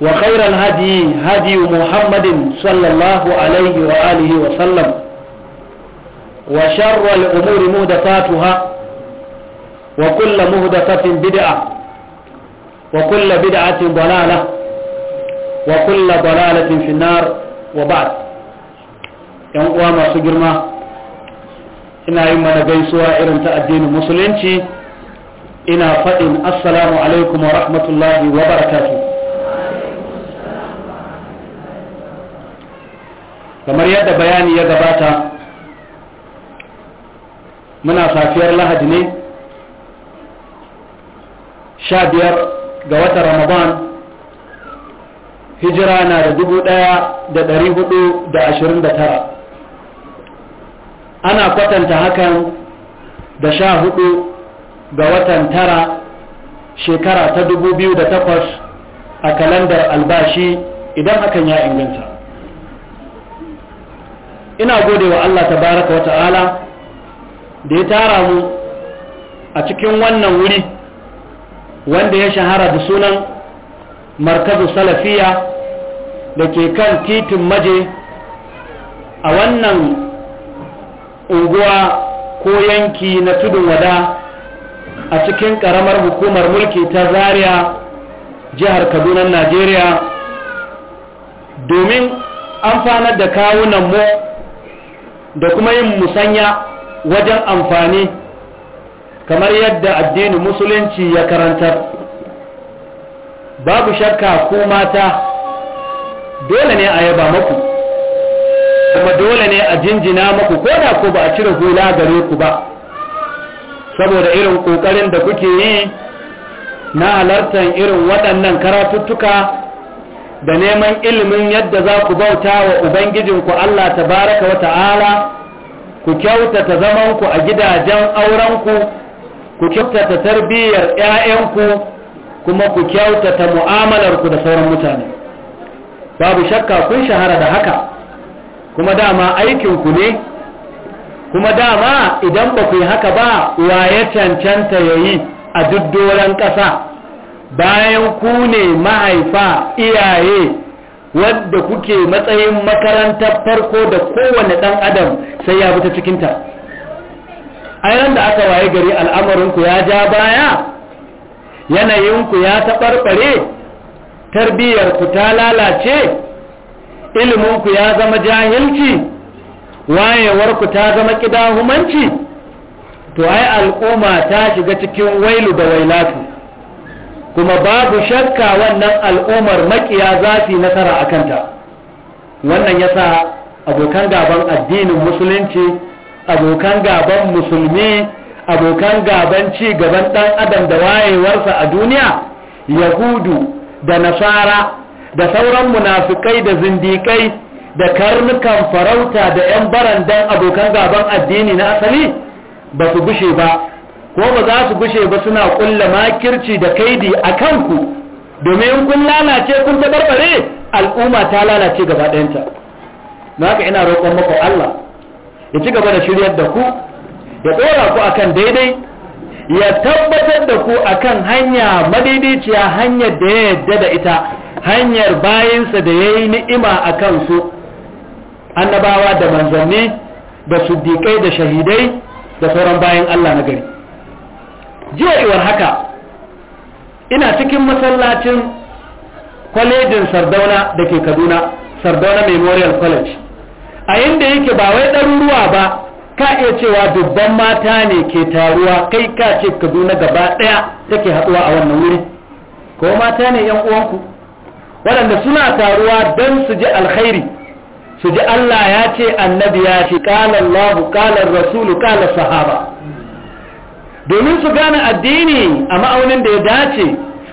وخير الهدي هدي محمد صلى الله عليه وآله وسلم وشر الأمور مهدفاتها وكل مهدفة بدعة وكل بدعة ضلالة وكل ضلالة في النار وبعد ينقوى ما سجرما ina yin mana gaisuwa irin ta addinin musulunci ina faɗin assalamu alaikum kamar yadda bayani ya gabata muna safiyar lahadi ne sha biyar ga wata ramadan hijira na da dubu ɗaya da ɗari hudu da ashirin da tara ana kwatanta hakan da sha hudu ga watan tara shekara ta dubu biyu da takwas a kalandar albashi idan hakan ya inganta ina gode wa Allah ta baraka wa ta'ala da ya tara mu a cikin wannan wuri wanda ya shahara da sunan markazu salafiya da ke kan titin maje a wannan unguwa ko yanki na tudun wada a cikin ƙaramar hukumar mulki ta zaria jihar kaduna najeriya domin amfanar da kawunan mu da kuma yin musanya wajen amfani kamar yadda addinin musulunci ya karantar babu shakka ko mata dole ne a yaba maku kuma dole ne a jinjina maku ko da ko ba a cire hula gare ku ba saboda irin kokarin da kuke yi na halartar irin waɗannan karatuttuka da neman ilimin yadda za ku bauta wa ubangijinku Allah tabaraka wa ta'ala ku kyautata zamanku a gidajen aurenku ku kyautata tarbiyyar 'ya'yanku kuma ku kyautata mu'amalarku da sauran mutane babu shakka kun shahara da haka kuma dama aikinku ne kuma dama idan ba ku yi haka ba waye cancanta ya yi a duk doron ƙasa bayan ku ne mahaifa iyaye wadda kuke matsayin makarantar farko da kowane ɗan adam sai ya bi ta cikinta ran da aka waye gari al'amarinku ya ja baya yanayinku ya taɓarɓare tarbiyyarku ta lalace iliminku ya zama jahilci wayewarku ta zama ƙidahumanci to ai al'umma ta shiga cikin wailu da wailatu kuma babu shakka wannan al'ummar makiya za su yi nasara a kanta wannan ya sa abokan gaban addinin musulunci abokan gaban musulmi abokan gaban ci gaban ɗan adam da wayewarsa a duniya yahudu da nasara da sauran munafikai da zindikai da karnukan farauta da 'yan barandan abokan gaban addini na asali ba su bushe ba ko ba za su gushe ba suna kulla makirci da kaidi a kanku domin kun lalace kun barbare al'umma ta lalace gaba ɗayanta na haka ina roƙon maku, Allah ya ci gaba da shiryar da ku ya ɗora ku akan daidai ya tabbatar da ku akan hanya madaidaiciya hanyar da ya yadda da ita hanyar bayansa da ya yi ni'ima a kansu annabawa da manzanni da suddiƙai da shahidai da sauran bayan Allah na gari jewar haka ina cikin masallacin kwalejin sardauna da ke kaduna sardauna memorial college a inda yake ba wai ɗaruruwa ba ka iya cewa dubban mata ne ke taruwa kai ka ce kaduna gaba ɗaya take haɗuwa a wannan wuri ko mata ne yan uwanku waɗanda suna taruwa don su ji alkhairi su ji allah ya ce annabi ya ce ƙalar lahu ƙalan rasulu ƙalan sahaba domin su gane addini a ma'aunin da ya dace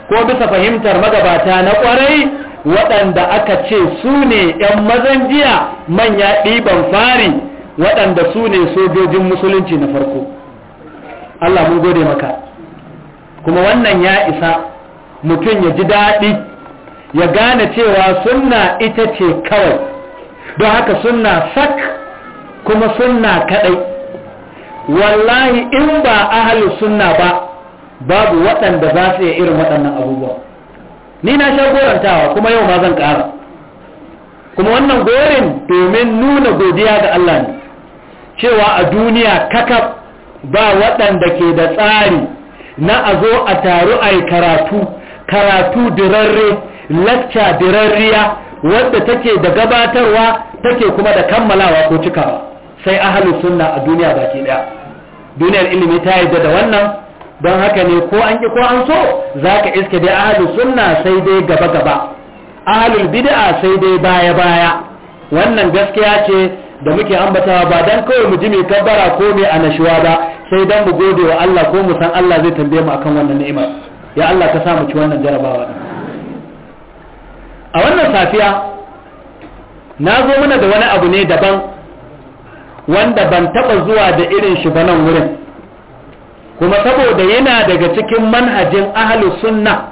ko bisa fahimtar magabata na kwarai waɗanda aka ce su ne 'yan mazan jiya manya ɗiban fari waɗanda su ne sojojin musulunci na farko Allah mun gode maka kuma wannan ya isa mutum ya ji daɗi ya gane cewa sunna ita ce kawai don haka sunna sak kuma sunna kaɗai wallahi in ba ahalus sunna ba babu waɗanda za su iya irin waɗannan abubuwa ni na sha gorantawa kuma yau ma zan ƙara kuma wannan gorin domin nuna godiya ga Allah ne cewa a duniya kakaf ba waɗanda ke da tsari na a zo a taru a yi karatu karatu dirarre lacca dirarriya wadda take da gabatarwa take kuma da kammalawa ko cikawa sai ahalu sunna a duniya baki daya duniyar ilimi ta yarda da wannan don haka ne ko an ki ko an so za ka iske dai ahalu sunna sai dai gaba gaba ahalul bid'a sai dai baya baya wannan gaskiya ce da muke ambatawa ba dan kawai mu ji mai kabbara ko mai anashuwa ba sai dan mu gode wa Allah ko mu san Allah zai tambaye mu akan wannan ni'imar ya Allah ka sa mu ci wannan jarabawa a wannan safiya na zo mana da wani abu ne daban wanda ban taba zuwa da irin shi ba nan wurin kuma saboda yana daga cikin manhajin ahlus sunna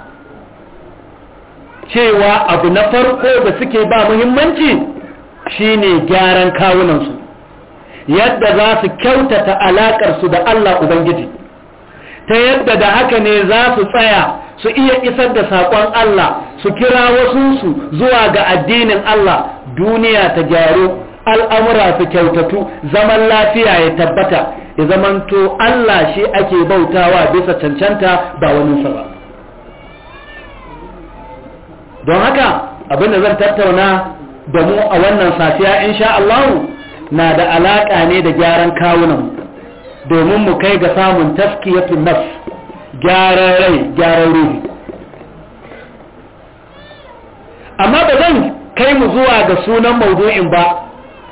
cewa abu na farko da suke ba muhimmanci shine gyaran kawunansu yadda za su kyautata alaƙarsu da Allah Ubangiji ta yadda da haka ne za su tsaya su iya isar da saƙon Allah su kira wasu su zuwa ga addinin Allah duniya ta gyaru al'amura su kyautatu zaman lafiya ya tabbata ya zamanto Allah shi ake bautawa bisa cancanta ba wani ba don haka da zan tattauna da mu a wannan safiya insha Allah na da alaƙa ne da gyaran kawunan domin mu kai ga samun taskiyatun nas gyaran rai gyaran ruhi amma ba zan kai mu zuwa ga sunan maudu'in ba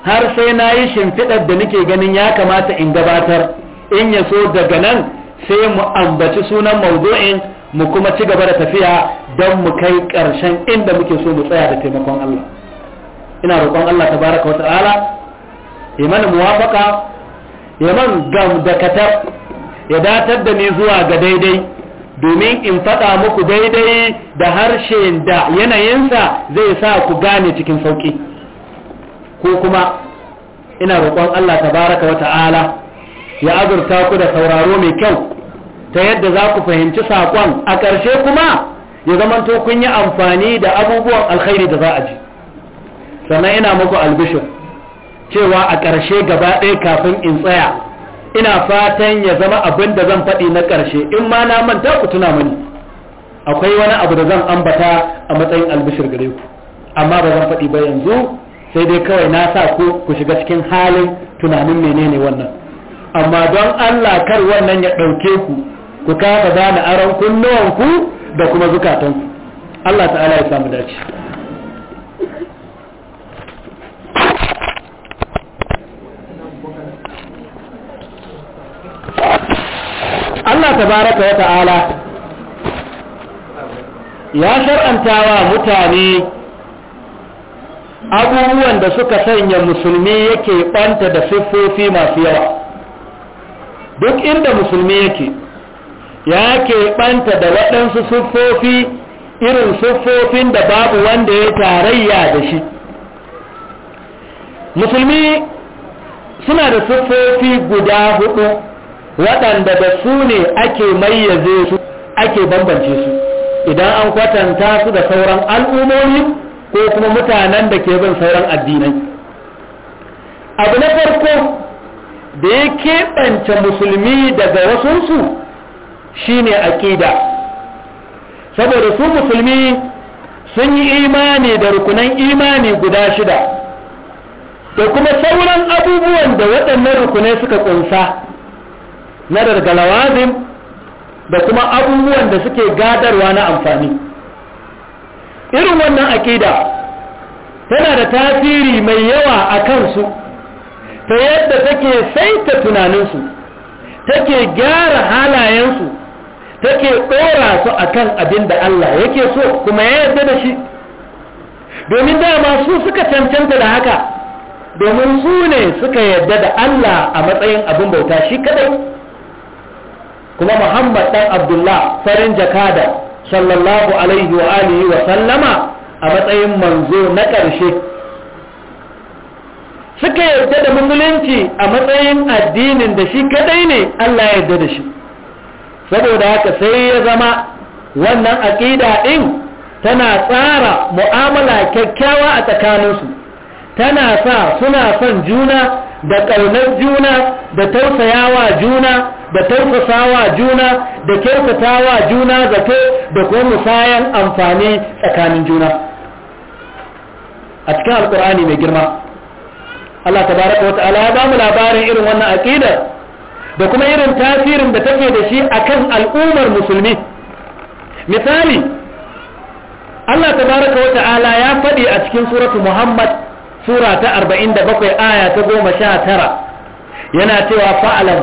har sai na yi shimfiɗar da nake ganin ya kamata in gabatar in ya so daga nan sai mu ambaci sunan mawdu'in mu kuma ci gaba da tafiya don mu kai ƙarshen inda muke so mu tsaya da taimakon Allah ina roƙon Allah tabaraka wa ta'ala ya mana muwafaka ya man gam da katar ya datar da ni zuwa ga daidai domin in faɗa muku daidai da harshen da yanayinsa zai sa ku gane cikin sauƙi ko kuma ina roƙon Allah tabaraka wa ta'ala ya azurta ku da sauraro mai kyau ta yadda za ku fahimci saƙon a ƙarshe kuma ya zamanto kun yi amfani da abubuwan alkhairi da za a ji sannan ina muku albishir cewa a ƙarshe gaba ɗaya kafin in tsaya ina fatan ya zama abin da zan faɗi na ƙarshe in ma na manta ku tuna mani akwai wani abu da zan ambata a matsayin albishir gare ku amma ba zan faɗi ba yanzu sai dai kawai na sa ku ku shiga cikin halin tunanin menene wannan amma don Allah kar wannan ya ɗauke ku ku kafa gane aron kunnuwan ku da kuma zukatan ku Allah ta'ala ya samu dace Allah tabaraka wa ta'ala ya shar'anta wa mutane abubuwan da suka sanya musulmi yake ɓanta da siffofi masu yawa duk inda musulmi yake yake ke ɓanta da waɗansu siffofi irin siffofin da babu wanda ya tarayya da shi musulmi suna da siffofi guda hudu waɗanda da su ne ake mayyaze su ake bambance su idan an kwatanta su da sauran al'ummomi ko kuma mutanen da ke bin sauran addinai abu na farko da ya keɓance musulmi daga wasunsu shine aƙida saboda su musulmi sun yi imani da rukunan imani guda shida da kuma sauran abubuwan da waɗannan rukunai suka ƙunsa na daga lawazim da kuma abubuwan da suke gadarwa na amfani irin wannan aƙida tana da tasiri mai yawa a kansu ta yadda take saita tunaninsu take gyara halayensu take ɗora su a kan abin da Allah yake so kuma ya yarda da shi domin dama su suka cancanta da haka domin su ne suka yarda da Allah a matsayin abin bauta shi kadai kuma muhammad ɗan abdullah farin jakada sallallahu alaihi wa alihi wa sallama a matsayin manzo na ƙarshe suka yarda da musulunci a matsayin addinin da shi kadai ne Allah ya yarda da shi saboda haka sai ya zama wannan aƙida ɗin tana tsara mu'amala kyakkyawa a tsakaninsu tana sa suna son juna da ƙaunar juna da tausayawa juna da tausasawa juna da kyautatawa juna zato da kuma musayan amfani tsakanin juna a cikin Alƙur'ani mai girma Allah baraka wa ta'ala ya ba mu labarin irin wannan aƙidar da kuma irin tasirin da take da shi a kan al'ummar musulmi misali Allah baraka wa ta'ala ya faɗi a cikin suratu Muhammad sura ta 47 aya ta 19 yana cewa fa'alam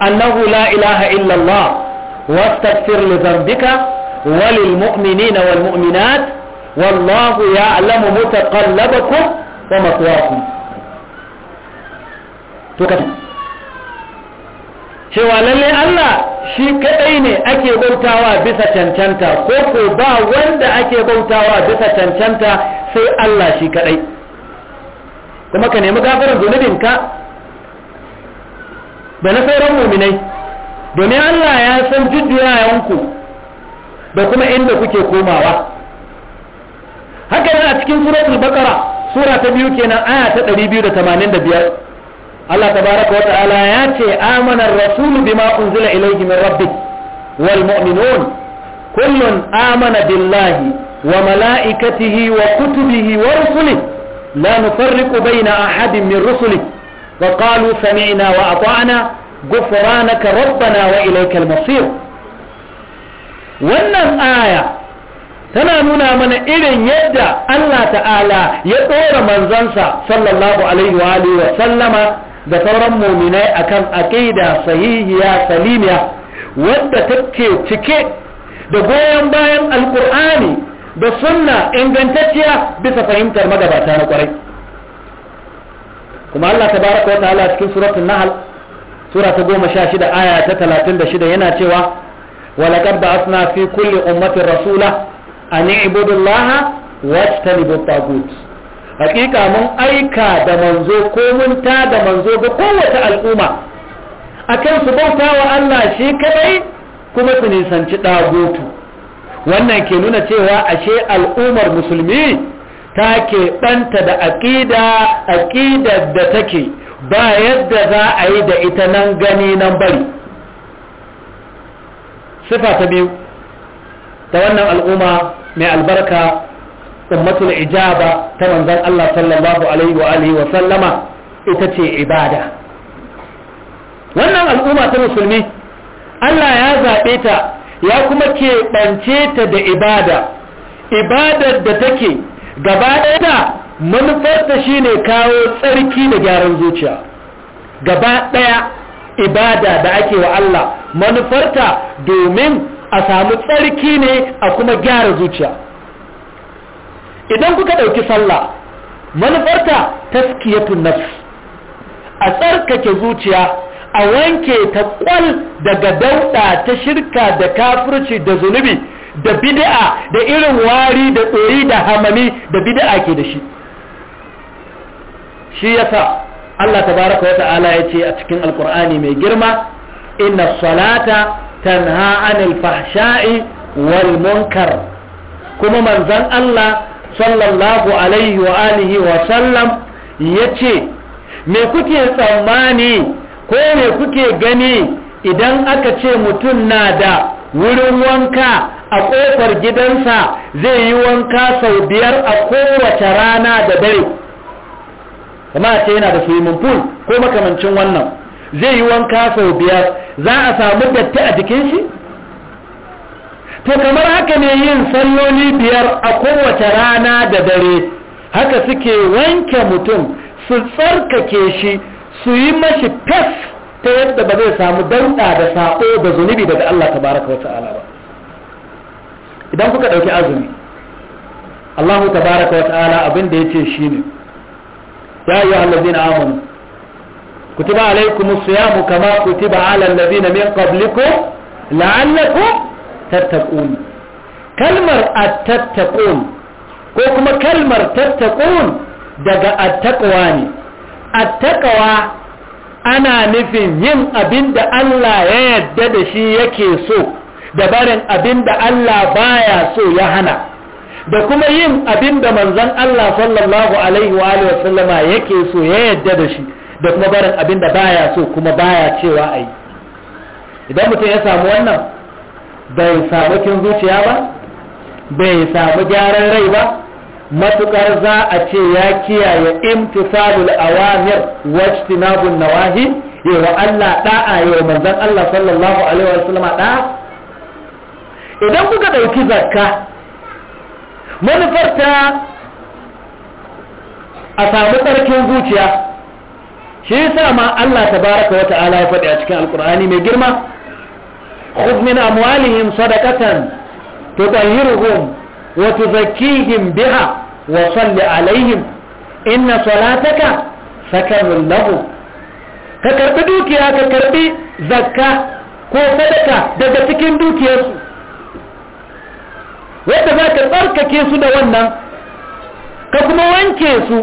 annahu la ilaha illallah, Allah wastaghfir li dhanbika wa mu'minina wal mu'minat wallahu ya'lamu mutaqallabakum wa maswaakum to ka cewa lalle Allah shi kadai ne ake bautawa bisa cancanta ko ko ba wanda ake bautawa bisa cancanta sai Allah shi kadai kuma ka nemi gafarar zunubinka da na sauran muminai domin Allah ya san jujjuyayenku da kuma inda kuke komawa haka yana cikin suratul bakara sura ta biyu kenan aya ta 285 Allah tabaraka wa ta'ala ya ce amana ar-rasul bima unzila ilayhi min rabbih wal mu'minun kullun amana billahi wa mala'ikatihi wa kutubihi wa rusulihi لا نفرق بين أحد من رسلك وقالوا سمعنا وأطعنا غفرانك ربنا وإليك المصير wannan aya tana nuna mana irin yadda Allah ta'ala ya ɗora manzansa sallallahu alaihi wa sallama da sauran muminai akan aqida sahihiya salimiya wadda take cike da goyon bayan alkur'ani da sunna ingantacciya bisa fahimtar magabata na kwarai kuma Allah ta baraka wa ta'ala cikin suratul nahl sura ta goma sha shida aya ta talatin da shida yana cewa wa laqad ba'athna fi kulli ummatin rasula an i'budu allaha wa tanibu tagut hakika mun aika da manzo ko mun ta da manzo ga kowace al'umma akan su bauta Allah shi kadai kuma su nisanci ɗagotu. wannan ke nuna cewa ashe al'ummar musulmi ta ke ɗanta da aƙida aƙidar da take ba yadda za a yi da ita nan gani nan bari sifa ta biyu ta wannan al'umma mai albarka ummatul ijaba ta manzon Allah sallallahu alaihi wa sallama ita ce ibada wannan al'umma ta musulmi Allah ya zaɓe ta ya kuma keɓance ta da ibada ibadar da take gaba ɗaya manufarta shine kawo tsarki da gyaran zuciya gaba ɗaya ibada da ake wa Allah manufarta domin a samu tsarki ne a kuma gyara zuciya idan kuka ɗauki sallah manufarta taskiyatun nafs a tsarkake zuciya a wanke ta kwal daga dauɗa ta shirka da kafirci da zunubi da bid'a da irin wari da tsori da hamami da bid'a ke da shi shi yasa Allah tabaraka wata'ala ya ce a cikin alkur'ani mai girma inna salata tanha anil fahsha'i wal munkar kuma manzon Allah sallallahu alaihi wa alihi wa sallam yace me kuke tsammani ko ne kuke gani idan aka ce mutum na da wurin wanka a ƙofar gidansa zai yi wanka sau biyar a kowace rana da dare kuma ce yana da swimming pool ko makamancin wannan zai yi wanka sau biyar za a samu datti a jikin shi to kamar haka ne yin salloli biyar a kowace rana da dare haka suke wanke mutum su tsarkake shi su yi mashi fes ta yadda ba zai samu dauda da sako da zunubi daga Allah tabaraka wa ta'ala ba idan kuka ɗauki azumi Allah tabaraka wa ta'ala abin da yace shine ya ayyuha allazina amanu kutiba alaykumus siyamu kama kutiba ala allazina min qablikum la'allakum tattaqun kalmar at-tattaqun ko kuma kalmar tattaqun daga at-taqwa ne attaqwa ana nufin yin abin da Allah ya yarda da shi yake so da barin abin da Allah baya so ya hana da kuma yin abin da manzon Allah sallallahu alaihi wa alihi yake so ya yarda da shi da kuma barin abin da baya so kuma baya cewa ayi idan mutum ya samu wannan bai samu kin zuciya ba bai samu gyaran rai ba matukar za a ce ya kiyaye imtisalul awamir ijtinabun nawahi yawa Allah da'a yawa manzon Allah sallallahu alaihi wasallam da idan kuka dauki zakka manufar ta a samu tsarkin zuciya shi yasa ma Allah tabaraka wa ta'ala ya faɗi a cikin alkur'ani mai girma khudh min amwalihim sadaqatan tutahhiruhum وتزكيهم بها وصل عليهم إن صلاتك سكن لهم dukiya دوكيا ككرب zakka ko sadaka daga cikin dukiyarsu wadda za ka tsarkake su da wannan ka kuma wanke su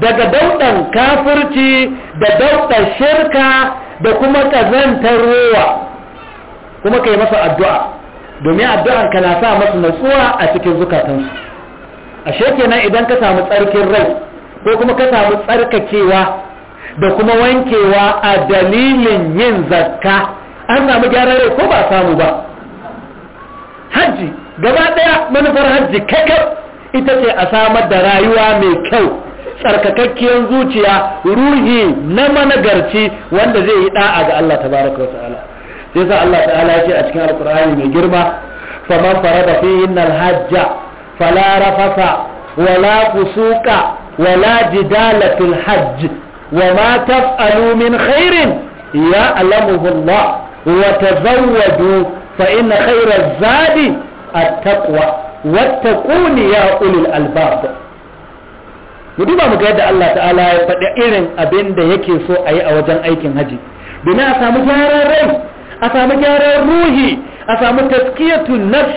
daga daudan kafirci da daudan shirka da kuma ƙazantar rowa kuma ka yi masa addu'a domin addu'ar ka na sa masu natsuwa a cikin zukatansu ashe kenan idan ka samu tsarkin rai ko kuma ka samu tsarkakewa da kuma wankewa a dalilin yin zakka an samu gyaran rai ko ba samu ba hajji gaba ɗaya manufar hajji kakar ita ce a samar da rayuwa mai kyau tsarkakakkiyar zuciya ruhi na managarci wanda zai yi da'a ga Allah tabaraka wa ta'ala sai sa Allah ta'ala ya ce a cikin alkur'ani mai girma faman farada fihin alhajja fala rafasa wala fusuka wala jidala fil hajj wa ma taf'alu min khairin ya'lamuhu Allah wa tazawwadu fa inna khayra zadi at-taqwa wattaquni ya ulul albab mu duba mu ga yadda Allah ta'ala ya faɗi irin abin da yake so a yi a wajen aikin haji bina a samu gyaran rai a samu gyaran ruhi a samu taskiyatun nas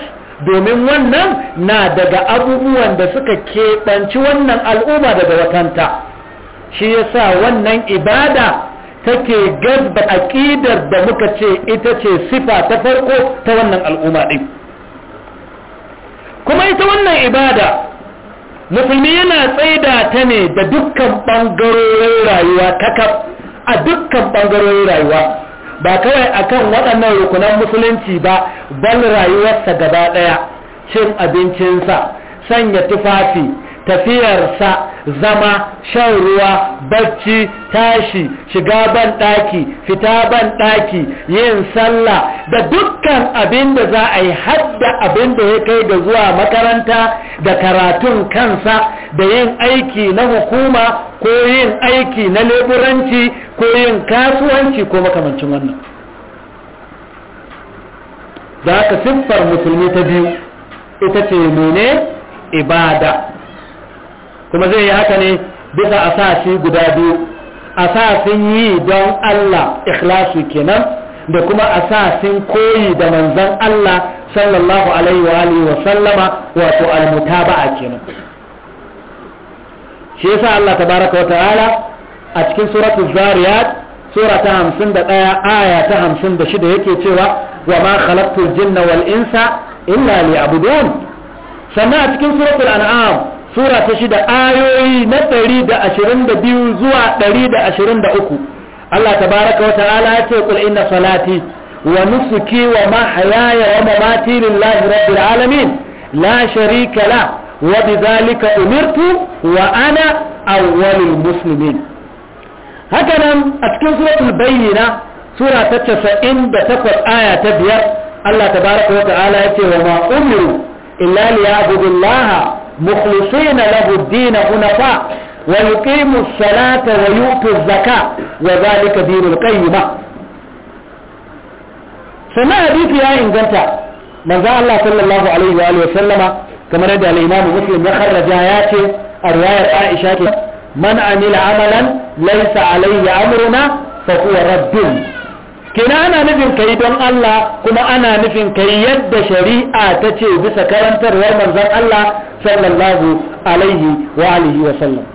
domin wannan na daga abubuwan da suka keɓanci wannan al'umma daga watanta shi yasa wannan ibada take gaba aƙidar da muka ce ita ce sifa ta farko ta wannan al'umma ɗin kuma ita wannan ibada musulmi yana tsaida ta ne da dukkan ɓangarorin rayuwa kakaf a dukkan ɓangarorin rayuwa ba kawai akan waɗannan rukunan musulunci ba bal rayuwarsa gaba ɗaya cin abincinsa sanya tufafi tafiyarsa zama shan ruwa bacci tashi shiga ban ɗaki fita ban ɗaki yin sallah da dukkan abin da za a yi hadda abin da ya kai da zuwa makaranta da karatun kansa da yin aiki na hukuma ko yin aiki na leburanci ko yin kasuwanci ko makamancin wannan da aka siffar musulmi ta biyu ita ce mene ibada kuma zai yi haka ne bisa asasi guda biyu asasin yi don Allah ikhlasu kenan da kuma asasin koyi da manzon Allah sallallahu alaihi wa wa sallama wato almutaba'a kenan shi yasa Allah baraka wa ta'ala a cikin suratul zariyat sura ta 51 aya ta 56 yake cewa wa ma khalaqtul jinna wal insa illa liya'budun sannan a cikin suratul an'am sura ta shida ayoyi na 122 zuwa 123 Allah tabaraka wa ta'ala ya ce kul inna salati wa nusuki wa mahayaya wa mamati lillahi rabbil alamin la sharika la wa bidhalika umirtu wa ana awwalul muslimin haka nan a cikin suratul bayyina sura ta 98 aya ta 5 Allah tabaraka wa ta'ala ya ce wa ma umiru illa liya'budu Allah مخلصين له الدين حنفاء ويقيم الصلاة ويؤتوا الزكاة وذلك دين القيمة سمع حديث يا إن جنت من ذا الله صلى الله عليه وآله وسلم كما ندى الإمام مسلم يخرج آيات الرواية عائشة من عمل عملا ليس عليه أمرنا فهو رد kina ana nufin kai don Allah kuma ana nufin kai yadda shari'a ta ce bisa karantarwar manzon Allah sallallahu alaihi wa alihi wa sallam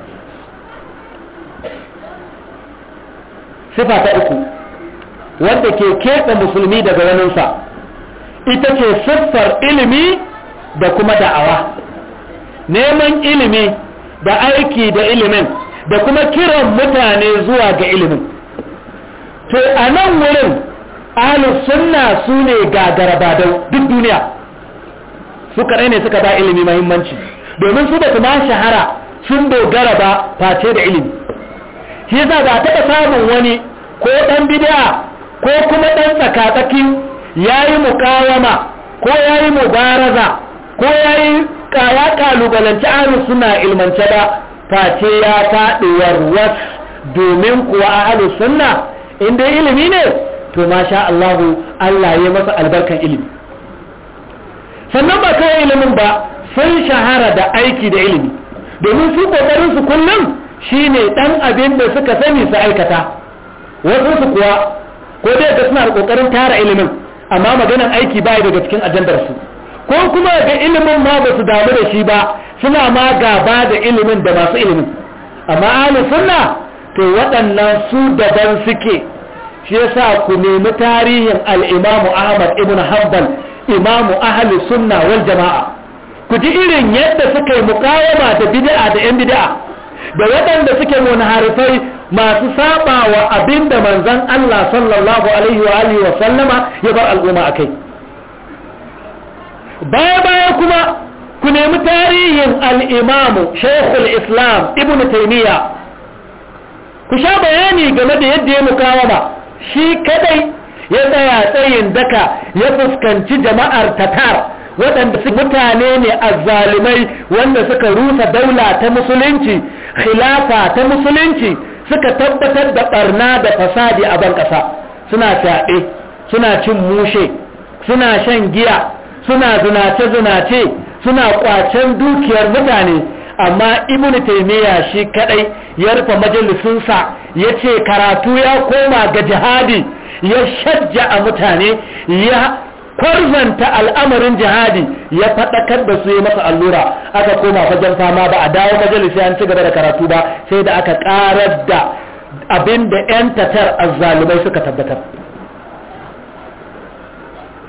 sifa ta uku wanda ke keɓe musulmi daga waninsa ita ce siffar ilimi da kuma da'awa neman ilimi da aiki da ilimin da kuma kiran mutane zuwa ga ilimin to a nan wurin ahlu sunna su ne gagara da duk duniya su kaɗai ne suka ba ilimi mahimmanci domin su ba kuma shahara sun dogara ba face da ilimi shi yasa ba taɓa samun wani ko ɗan bid'a ko kuma ɗan tsakatsaki ya yi mukawama ko ya yi mubaraza ko ya yi kawa kalubalanci ahlus sunna ilmance ba face ya faɗi wasu domin kuwa ahlus sunna in dai ilimi ne to masha Allahu Allah ya masa albarkan ilimi sannan ba kawai ilimin ba sun shahara da aiki da ilimi domin su kokarin su kullum shine dan abin da suka sani su aikata wasu su kuwa ko dai ga suna kokarin tara ilimin amma maganar aiki bai daga cikin ajandar su ko kuma ga ilimin ma ba su damu da shi ba suna ma gaba da ilimin da masu ilimin amma ahlus sunna to waɗannan su daban suke shi yasa ku nemi tarihin al'imamu ahmad ibn hanbal imamu ahli sunna wal jama'a ku ji irin yadda suka yi mukawama da bid'a da yan bid'a da waɗanda suke harifai masu saba wa abin da manzon Allah sallallahu alaihi wa alihi wa sallama ya bar al'umma kai baya baya kuma ku nemi tarihin al-imam shaykhul islam ibn taymiyyah ku sha bayani game da yadda ya mukawama shi kadai ya tsaya tsayin daka ya fuskanci jama'ar tatar waɗanda su mutane ne a azzalumai wanda suka rusa daula ta musulunci khilafa ta musulunci suka tabbatar da barna da fasadi a ban ƙasa suna fyaɗe suna cin mushe suna shan giya suna zinace-zinace suna ƙwacen dukiyar mutane amma ibn taimiyya shi kadai ya rufe majalisunsa ya ce karatu ya koma ga jihadi ya shajja a mutane ya kwarzanta al'amarin jihadi ya faɗakar da su yi masa allura aka koma fajen fama ba a dawo majalisi an ci gaba da karatu ba sai da aka karar da abin da 'yan tatar azzalumai suka tabbatar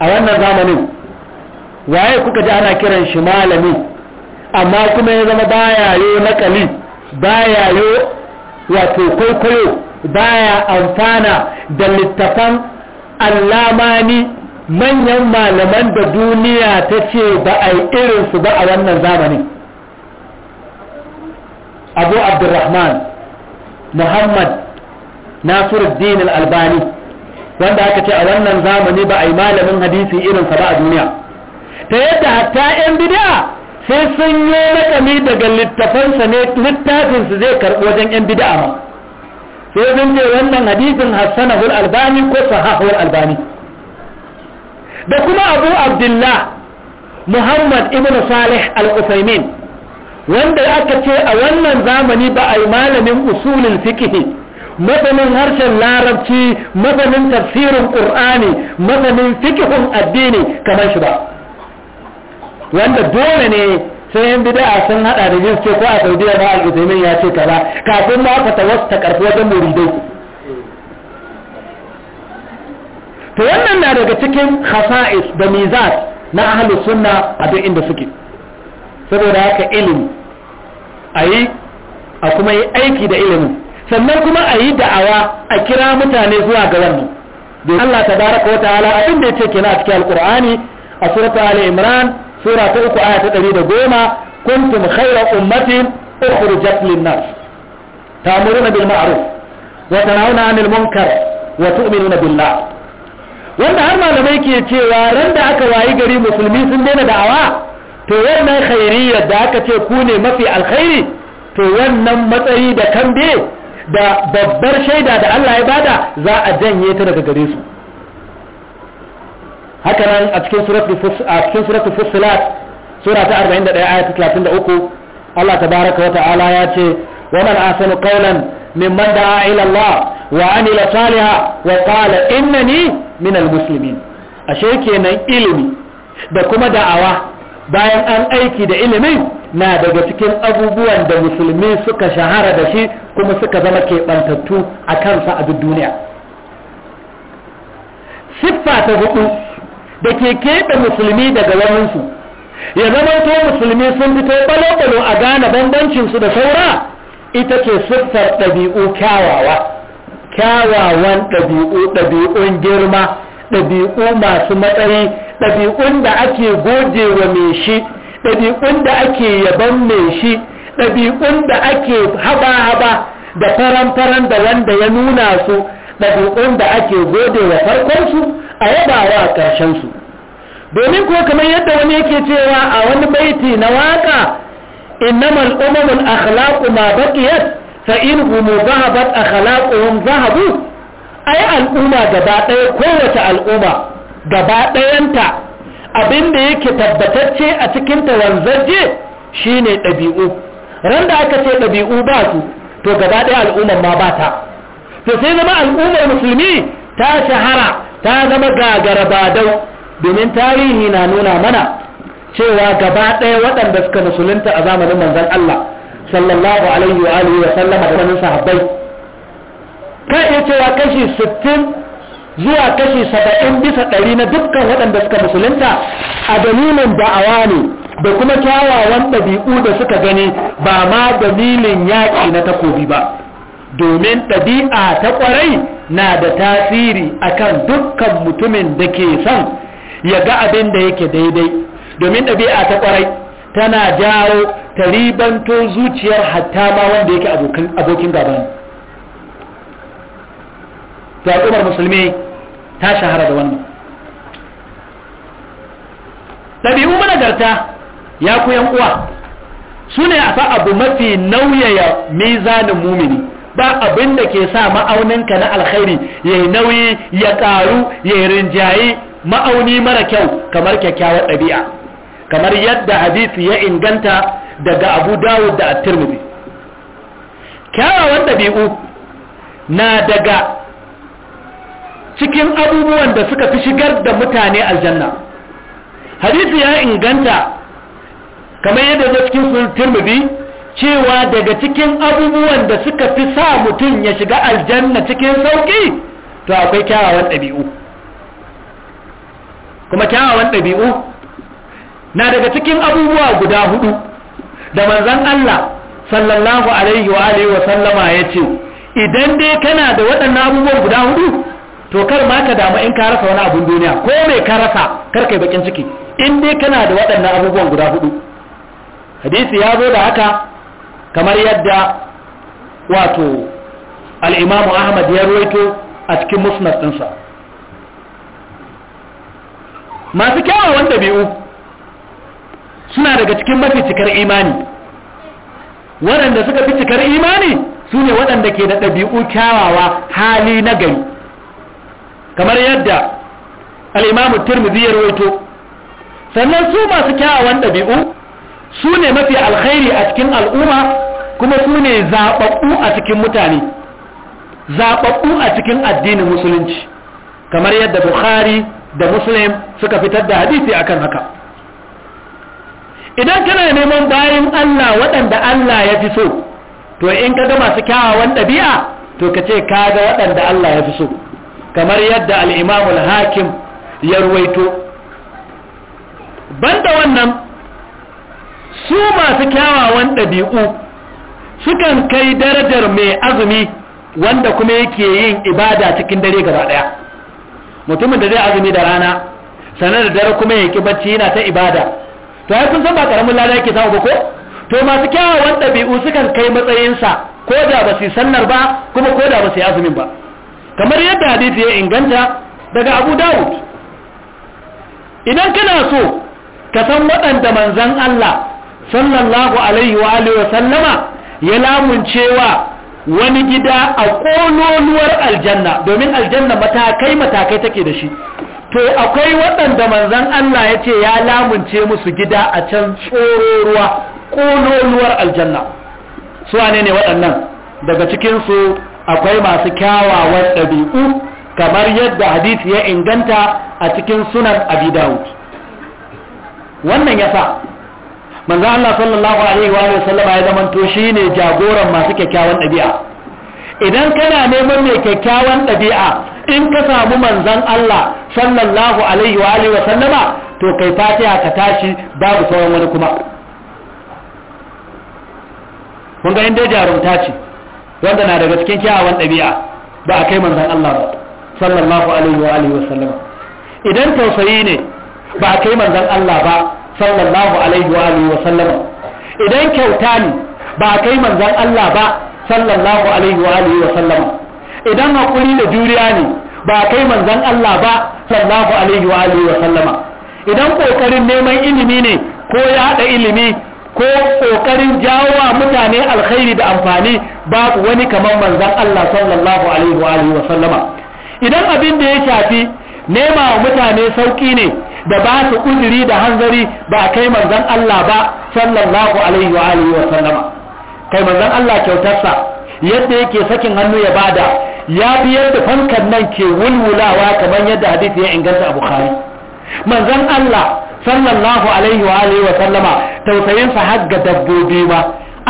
a wannan zamanin waye kuka ji ana kiran shi malami amma kuma ya zama baya yo nakali baya yo wato kwaikwayo baya amfana da littafan allamani manyan malaman da duniya ta ce ba a yi irinsu ba a wannan zamani abu abdurrahman muhammad nasiruddin al-albani wanda aka ce a wannan zamani ba a yi malamin hadisi irinsa ba a duniya ta yadda hatta 'yan bid'a sai sun yi nakami daga littafansa ne littafinsa zai karɓi wajen yan bid'a ma sai sun ce wannan hadisin hul albani ko sahahul albani da kuma abu abdullah muhammad ibn salih al-usaimin wanda aka ce a wannan zamani ba a yi malamin usulin fikihi masanin harshen larabci masanin tafsirin ƙur'ani masanin fikihun addini kamar shi ba wanda dole ne sai yan bid'a sun hada da jin ko a Saudiya ba al ya ce kaza kafin ma ka ta karfi wajen muridai to wannan na daga cikin khasa'is da mizat na ahlus sunna a duk inda suke saboda haka ilimi a yi a kuma yi aiki da ilimi sannan kuma a yi da'awa a kira mutane zuwa ga wannan domin Allah baraka wa ta'ala abin da ce kenan a cikin alkur'ani a suratul al imran sura ta uku aya ta ɗari da goma kuntum khaira ummatin ukhrijat lin-nas ta'muruna bil ma'ruf wa tanhauna 'anil munkar wa na billah wanda har malamai ke cewa ran da aka wayi gari musulmi sun daina da'awa to wannan khairiyyar da aka ce ku ne mafi alkhairi to wannan matsayi da kambe da babbar shaida da Allah ya bada za a janye ta daga gare su haka nan a cikin suratul fussilat sura ta 41 ayat 33 Allah tabaraka wa ta'ala ya ce wa man ahsanu qawlan mimman da'a ila Allah wa amila salihan wa qala innani minal muslimin ashe kenan ilimi da kuma da'awa bayan an aiki da ilimin na daga cikin abubuwan da musulmi suka shahara da shi kuma suka zama keɓantattu a kansa a duk duniya siffa ta hudu da ke keɓe musulmi daga su ya to musulmi sun fito balo-balo a gane su da saura ita ce siffar ɗabi'u kyawawa kyawawan ɗabi'u ɗabi'un girma ɗabi'u masu matsayi ɗabi'un da ake gode wa mai shi ɗabi'un da ake yaban mai shi ɗabi'un da ake haba-haba da faran-faran da wanda ya nuna su ɗabi'un da ake gode wa su. a yabawa ƙarshen su domin ko kamar yadda wani yake cewa a wani baiti na waka innamal umamul akhlaqu ma baqiyat fa inhum dhahabat akhlaquhum dhahabu ai al'umma gaba ɗaya kowace al'umma gaba ɗayanta abinda yake tabbatacce a cikin ta shi shine ɗabi'u ran da aka ce ɗabi'u ba su to gaba ɗaya al'ummar ma ba ta to sai zama al'ummar musulmi ta shahara ta zama gagara dau domin tarihi na nuna mana cewa gaba ɗaya waɗanda suka musulunta a zamanin manzan Allah sallallahu alaihi wa alihi wa sallama da wani sahabbai kai iya cewa kashi 60 zuwa kashi 70 bisa ɗari na dukkan waɗanda suka musulunta a dalilin da'awa ne da kuma kyawawan ɗabi'u da suka gani ba ma dalilin yaƙi na takobi ba domin ɗabi'a ta ƙwarai na da tasiri akan dukkan mutumin da ke son ya ga abin da yake daidai domin ɗabi'a ta ƙwarai tana jawo ta ribanto zuciyar hatta ma wanda yake abokin gaban ta al'ummar musulmi ta shahara da wannan ɗabi'u managarta ya ku uwa su ne a fa abu mafi nauyaya mizanin mumini ba abin da ke sa ma'auninka na alkhairi ya yi nauyi ya ƙaru ya yi rinjaye ma'auni mara kyau kamar kyakkyawar ɗabi'a kamar yadda hadisi ya inganta daga abu dawud da at kyawawan ɗabi'u na daga cikin abubuwan da suka fi shigar da mutane aljanna hadisi ya inganta kamar yadda zai cikin tirmidhi cewa daga cikin abubuwan da suka fi sa mutum ya shiga aljanna cikin sauƙi to akwai kyawawan ɗabi'u kuma kyawawan ɗabi'u na daga cikin abubuwa guda hudu da manzan Allah sallallahu alaihi wa alaihi wa sallama ya ce idan dai kana da waɗannan abubuwan guda hudu to kar ma ka damu in ka rasa wani abun duniya ko mai ka rasa kar kai bakin ciki in dai kana da waɗannan abubuwan guda hudu hadisi ya zo da haka kamar yadda wato al'imamu ahmad ya ruwaito a cikin musnad ɗinsa masu kyawawan ɗabi'u suna daga cikin mafi cikar imani waɗanda suka fi cikar imani su ne waɗanda ke da ɗabi'u kyawawa hali na gari kamar yadda al'imamu turmizi ya ruwaito sannan su masu kyawawan ɗabi'u su ne mafi alkhairi a cikin al'umma kuma su ne zaɓaɓɓu a cikin mutane zaɓaɓɓu a cikin addinin musulunci kamar yadda bukhari da muslim suka fitar da hadisi akan haka idan kana neman bayan allah waɗanda allah ya fi so to in ka ga masu kyawawan ɗabi'a to ka ce ka ga waɗanda allah ya fi so kamar yadda al'imamul hakim ya ruwaito banda wannan su masu kyawawan ɗabi'u sukan kai darajar mai azumi wanda kuma yake yin ibada cikin dare gaba ɗaya mutumin da zai azumi da rana sanar da dare kuma yake ki bacci yana ta ibada to ya sun san ba karamin lada yake samu ko to masu kyawawan ɗabi'u sukan kai matsayinsa ko da ba su sannar ba kuma ko da ba su yi azumin ba kamar yadda hadisi ya inganta daga abu dawud idan kana so ka san waɗanda manzan Allah sallallahu alaihi wa alihi wa sallama ya lamuncewa wani gida a kololuwar aljanna domin aljanna matakai matakai take da shi to akwai waɗanda manzan Allah ya ce ya lamunce musu gida a can tsororuwa kololuwar aljanna su wane ne waɗannan daga cikinsu akwai masu kyawawan ɗabi'u kamar yadda hadisi ya inganta a cikin sunan abi wannan ya sa manzo Allah sallallahu alaihi wa sallama ya zamanto shine jagoran masu kyakkyawan ɗabi'a idan kana neman mai kyakkyawan ɗabi'a in ka samu manzon Allah sallallahu alaihi wa wa sallama to kai fatiha ka tashi babu sauran wani kuma kun ga inda jarumta ce wanda na daga cikin kyawawan ɗabi'a ba a kai manzon Allah ba sallallahu alaihi wa sallama idan tausayi ne ba a kai manzon Allah ba sallallahu alaihi wa alihi wa sallama idan kyauta ne ba kai manzan Allah ba sallallahu alaihi wa alihi wa sallama idan hakuri da juriya ne ba kai manzan Allah ba sallallahu alaihi wa alihi wa sallama idan kokarin neman ilimi ne ko ya hada ilimi ko kokarin jawo wa mutane alkhairi da amfani babu wani kamar manzan Allah sallallahu alaihi wa alihi wa sallama idan abin da ya shafi nema wa mutane sauki ne da ba su uzuri da hanzari ba kai manzon Allah ba sallallahu alaihi wa alihi wa sallama kai manzon Allah kyautarsa yadda yake sakin hannu ya bada ya fi yadda fankan nan ke wulwulawa kamar yadda hadisi ya inganta a bukhari manzon Allah sallallahu alaihi wa alihi wa sallama tausayin sa har ga dabbobi ma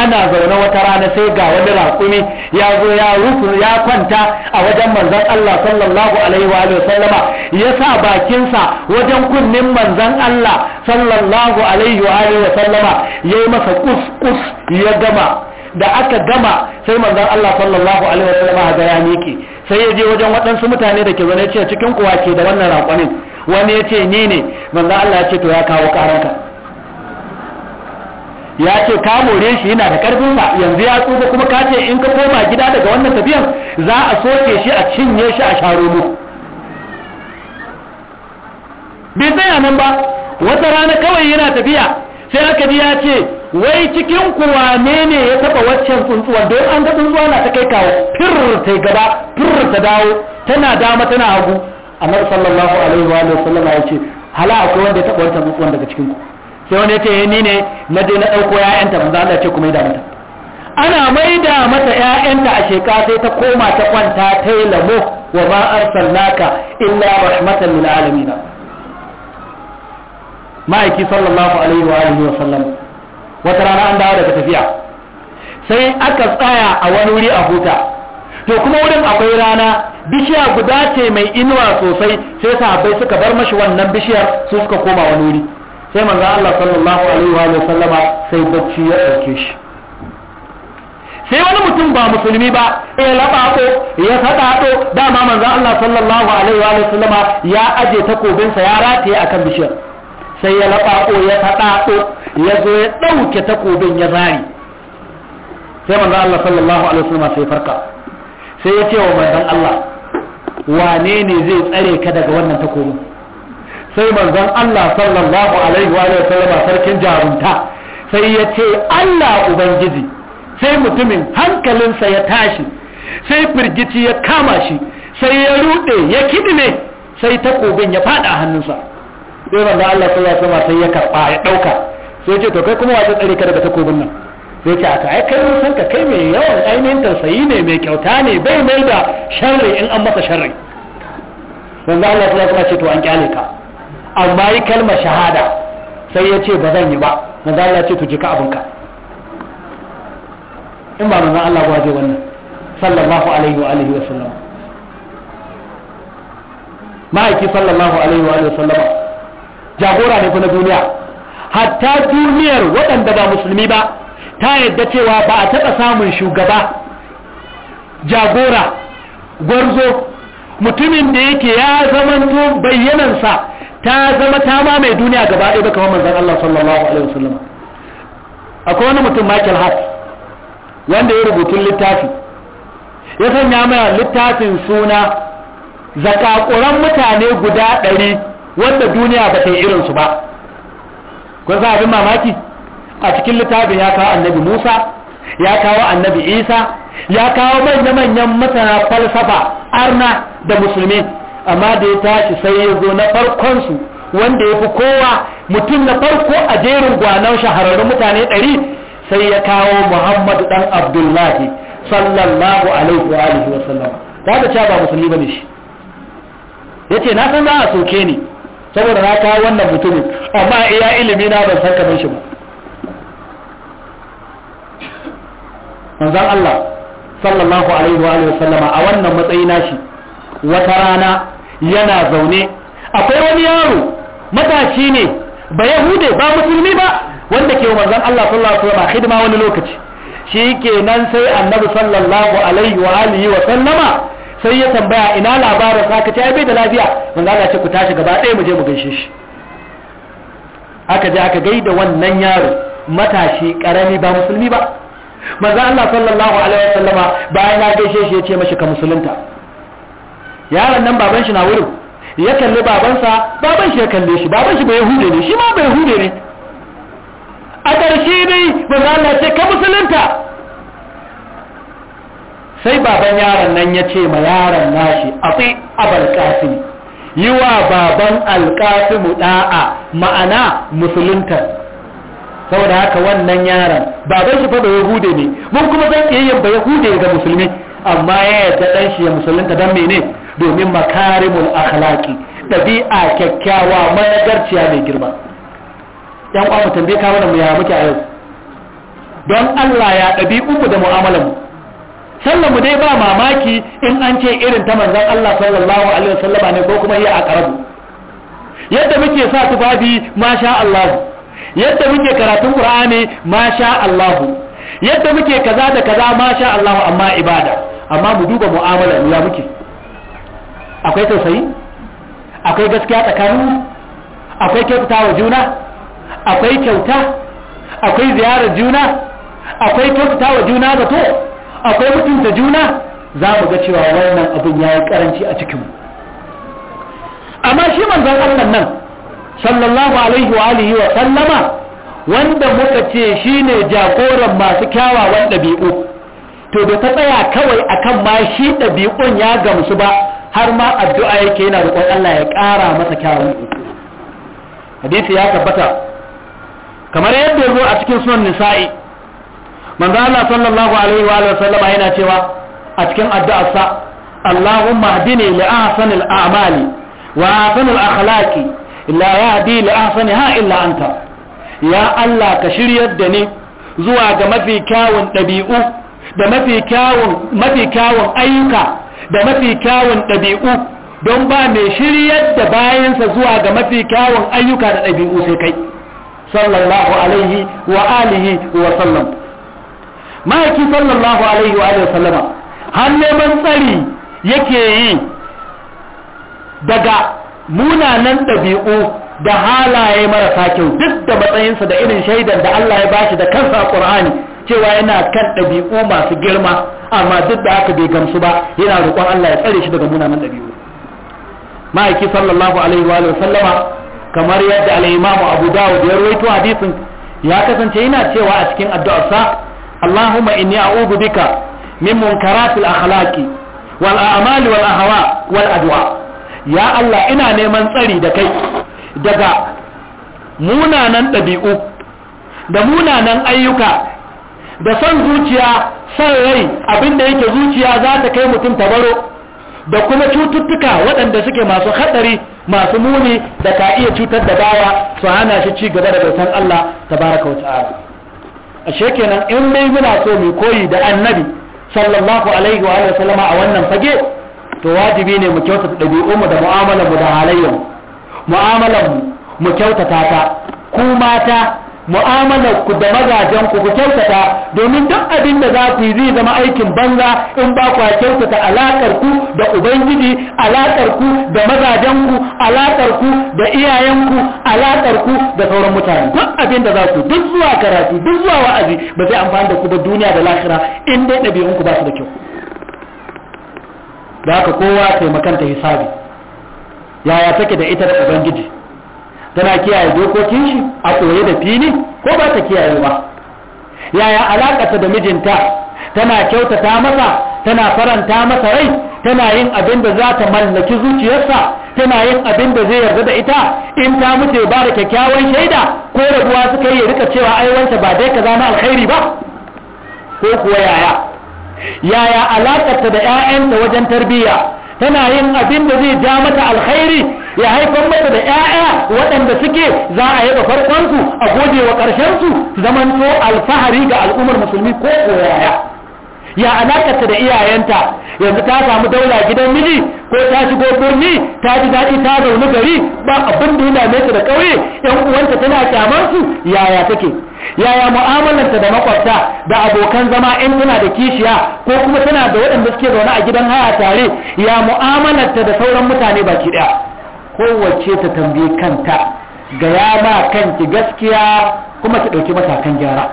ana zaune wata rana sai ga wani raƙumi ya zo ya rufu ya kwanta a wajen manzan Allah sallallahu alaihi wa sallama ya sa bakinsa wajen kunnin manzan Allah sallallahu alaihi wa sallama ya yi masa kus kus ya gama da aka gama sai manzan Allah sallallahu alaihi wa sallama ga ya miƙe sai ya je wajen waɗansu mutane da ke zaune ce cikin kuwa ke da wannan raƙumin wani ya ce ni ne manzan Allah ya ce to ya kawo karanka ya ce ka more shi yana da karfin sa yanzu ya tsufa kuma ka ce in ka koma gida daga wannan tafiyan za a soke shi a cinye shi a sharo mu bai tsaya nan ba wata rana kawai yana tafiya sai aka ji ya ce wai cikin kuwa ne ne ya taba waccan tsuntsuwa don an ga tsuntsuwa na ta kai kawo fir ta gaba fir ta dawo tana dama tana hagu annabi sallallahu alaihi wa sallam ya ce hala akwai wanda ya taba wancan tsuntsuwa daga cikin ku sai wani ya ce eh, ni ne na je na ɗauko ‘ya'yanta za a ce kuma ya mata ana maida mata ‘ya'yanta a sheka sai ta koma ta kwanta ta yi lamo wa ma arsalnaka illa rahmatan lil alamin ma'aiki sallallahu alaihi wa alihi wa sallam wata rana an dawo daga tafiya sai aka tsaya a wani wuri a huta to kuma wurin akwai rana bishiya guda ce mai inuwa sosai sai sahabbai suka bar mashi wannan bishiyar su suka koma wani wuri sai manzo Allah sallallahu alaihi wa sallama sai bacci ya dauke shi sai wani mutum ba musulmi ba ya labato ya fadato dama manzo Allah sallallahu alaihi wa sallama ya aje takobinsa ya rataye akan bishiyar sai ya labato ya fadato ya zo ya dauke takobin ya zari sai manzo Allah sallallahu alaihi wa sallama sai farka sai ya ce wa manzon Allah wane ne zai tsare ka daga wannan takobin sai manzon Allah sallallahu alaihi wa sallama sarkin jarunta sai ya ce Allah ubangiji sai mutumin hankalinsa ya tashi sai firgici ya kama shi sai ya rude ya kidime sai takobin ya fada hannunsa sai manzon Allah sallallahu alaihi wa sai ya karba ya dauka sai ya ce to kai kuma wace tsare ka daga takobin nan sai ce aka ai kai san ka kai mai yawan ainihin tausayi ne mai kyauta ne bai mai da sharri in an masa sharri manzon Allah sallallahu alaihi wa ce to an kyale ka amma yi kalmar shahada sai ya ce ba zan yi ba manzo Allah ce to ka abinka in ba manzo Allah ba zai wannan sallallahu alaihi wa alihi wa sallam ma'aiki sallallahu alaihi wa alihi wa sallama jagora ne na duniya hatta duniyar waɗanda ba musulmi ba ta yadda cewa ba a taɓa samun shugaba jagora gwarzo mutumin da yake ya zamanto bayyanansa ta zama ta ma mai duniya gaba ɗaya ba kamar manzon Allah sallallahu alaihi wasallam akwai wani mutum Michael Hart wanda ya rubutu littafi ya sanya mana littafin suna zakakuran mutane guda ɗari wanda duniya ba ta yi irinsu ba kun sa abin mamaki a cikin littafin ya kawo annabi musa ya kawo annabi isa ya kawo manya-manyan masana falsafa arna da musulmi amma da ya tashi sai ya zo na farkon su wanda ya fi kowa mutum na farko a jerin gwanon shahararrun mutane 100, sai ya kawo muhammadu ɗan abdullahi sallallahu alaihi wa alihi wa sallama ta da ba musulmi bane shi Ya ce na san za a soke ni saboda na kawo wannan mutumin amma iya ilimi na ban san kamar shi ba manzon Allah sallallahu alaihi wa alihi wa sallama a wannan matsayi shi, wata rana yana zaune akwai wani yaro matashi ne ba yahude ba musulmi ba wanda ke manzon Allah sallallahu alaihi wasallam hidima wani lokaci shi kenan sai annabi sallallahu alaihi wa alihi wa sallama sai ya tambaya ina labarin sa ka ai bai da lafiya manzon Allah ce ku tashi gaba ɗaya mu je mu gaishe shi aka je aka gaida wannan yaro matashi karami ba musulmi ba manzon Allah sallallahu alaihi wa sallama bayan ya gaishe shi ya ce mashi ka musulunta yaron nan baban shi na wurin ya kalli babansa baban shi ya kalle shi baban shi bai hude ne shi ma bai hude ne a ƙarshe dai ba za Allah ce ka musulunta sai baban yaron nan ya ce ma yaron nashi akwai abal kasimi yi wa baban alkasimu da'a ma'ana musulunta saboda haka wannan yaron baban shi fa yi yahude ne mun kuma zan iya yin ba yahude ga musulmi amma ya yarda dan shi ya musulunta dan mene domin makarimul akhlaqi dabi'a kyakkyawa managarciya mai girma yan uwa mu tambaye ka mana mu ya muke a yau don Allah ya mu da mu'amalanmu sallan mu dai ba mamaki in an ce irin ta manzon Allah sallallahu alaihi wasallama ne ko kuma iya aqrabu yadda muke sa tufafi masha Allah yadda muke karatun Qur'ani masha Allah yadda muke kaza da kaza masha Allah amma ibada amma mu duba mu'amala mu ya muke akwai tausayi akwai gaskiya tsakanin akwai kyauta wa juna akwai kyauta akwai ziyarar juna akwai kyauta wa juna da to akwai mutunta juna za mu ga cewa wannan abin ya yi karanci a cikinmu amma shi manzon Allah nan sallallahu alaihi wa alihi wa sallama wanda muka ce shine jagoran masu kyawawan ɗabi'u to da ta tsaya kawai akan ma shi ɗabi'un ya gamsu ba har ma addu'a yake yana roƙon Allah ya ƙara masa kyawun hadisi ya tabbata kamar yadda ya zo a cikin sunan nisa'i manzo Allah sallallahu alaihi wa sallama yana cewa a cikin addu'arsa Allahumma hdini li ahsanil a'mali wa ahsanil akhlaqi la yahdi li ahsaniha illa anta ya Allah ka shiryar da ni zuwa ga mafi kyawun ɗabi'u da mafi kyawun mafi kyawun ayyuka da mafi kyawun ɗabi'u don ba mai shiryar da bayansa zuwa ga mafi kyawun ayyuka da ɗabi'u sai kai sallallahu alaihi wa alihi wa sallam ma'aiki sallallahu alaihi wa alihi wa sallama har neman tsari yake yi daga munanan ɗabi'u da halaye marasa kyau duk da matsayinsa da irin shaidan da Allah ya bashi da kansa a cewa yana kan ɗabi'u masu girma amma duk da aka bai gamsu ba yana roƙon Allah ya tsare shi daga munanan ɗabi'u ma'aiki sallallahu alaihi wa sallama kamar yadda al-imamu Abu Dawud ya rawaito hadisin ya kasance yana cewa a cikin addu'arsa Allahumma inni a'udhu bika min munkaratil akhlaqi wal a'mali wal ahwa wal adwa ya Allah ina neman tsari da kai daga munanan ɗabi'u da munanan ayyuka da son zuciya son rai abinda yake zuciya za ta kai mutum tabaro da kuma cututtuka waɗanda suke masu haɗari masu muni da ka iya cutar da bawa su hana shi ci gaba da bautan Allah tabaraka wa ta'ala ashe kenan in dai muna so mu koyi da annabi sallallahu alaihi wa alihi sallama a wannan fage to wajibi ne mu kyautata ɗabi'unmu da mu da halayyarmu mu'amalarmu mu kyautata ta ku mata mu'amalar ku da mazajen ku ku kyautata domin duk abin da za ku yi zai zama aikin banza in ba ku kyautata alakar ku da ubangiji alakar ku da mazajen ku alakar ku da iyayen ku alakar ku da sauran mutane duk abin da za ku duk zuwa karatu duk zuwa wa'azi ba zai amfani da ku ba duniya da lahira in dai ɗabi'un ku ba su da kyau da haka kowa taimakanta hisabi yaya take da ita da ubangiji tana kiyaye dokokin shi a koye da fili ko ba ta kiyaye ba yaya alaƙarta da mijinta tana kyautata masa tana faranta masa rai tana yin abin da za ta mallaki zuciyarsa tana yin abin da zai yarda da ita in ta mutu ba da kyakkyawan shaida ko rabuwa suka yi rika cewa ai wanta ba dai kaza na alkhairi ba ko kuwa yaya yaya ta da 'ya'yanta wajen tarbiyya tana yin abin da zai ja mata alkhairi ya haifar mata da 'ya'ya waɗanda suke za a yaba farkonsu a gode wa ƙarshensu zamanto alfahari ga al'ummar musulmi ko koyaya ya alakarta da iyayenta yanzu ta samu daula gidan miji ko ta shigo birni ta ji daɗi ta zaune gari ba abin da yana nesa da ƙauye 'yan uwanta tana kyamansu yaya take yaya mu'amalarta da makwabta da abokan zama in tana da kishiya ko kuma tana da waɗanda suke zaune a gidan haya tare ya mu'amalarta da sauran mutane baki ɗaya kowace ta tambayi kanta ga ya ma kanki gaskiya kuma ki ɗauki matakan gyara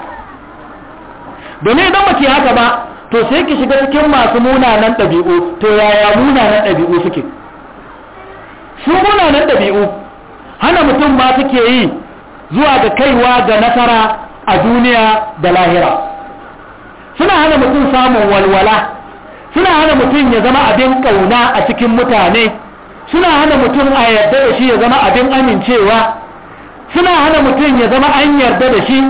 domin idan ba haka ba to sai ki shiga cikin masu munanan ɗabi'u to yaya munanan ɗabi'u suke su munanan ɗabi'u hana mutum ma suke yi zuwa ga kaiwa da nasara a duniya da lahira suna hana mutum samun walwala suna hana mutum ya zama abin kauna a cikin mutane suna hana mutum a yarda da shi ya zama abin amincewa suna hana mutum ya zama an yarda da shi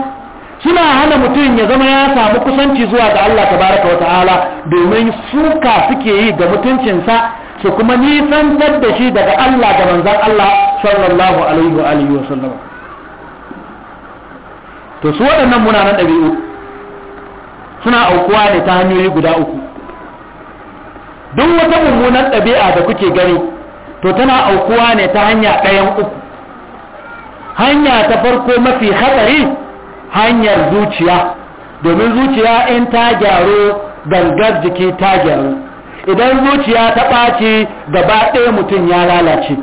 suna hana mutum ya zama ya samu kusanci zuwa ga Allah tabaraka wa ta'ala domin suka suke yi ga mutuncinsa su kuma nisantar da shi daga Allah da manzan Allah sallallahu alaihi wa alihi wa sallam to su waɗannan muna na ɗabi'u suna aukuwa ne ta hanyoyi guda uku duk wata mummunan ɗabi'a da kuke gani to tana aukuwa ne ta hanya ɗayan uku hanya ta farko mafi hatsari hanyar zuciya domin zuciya in ta gyaro gangar jiki ta gyaru idan zuciya ta ɓaci gaba ɗaya mutum ya lalace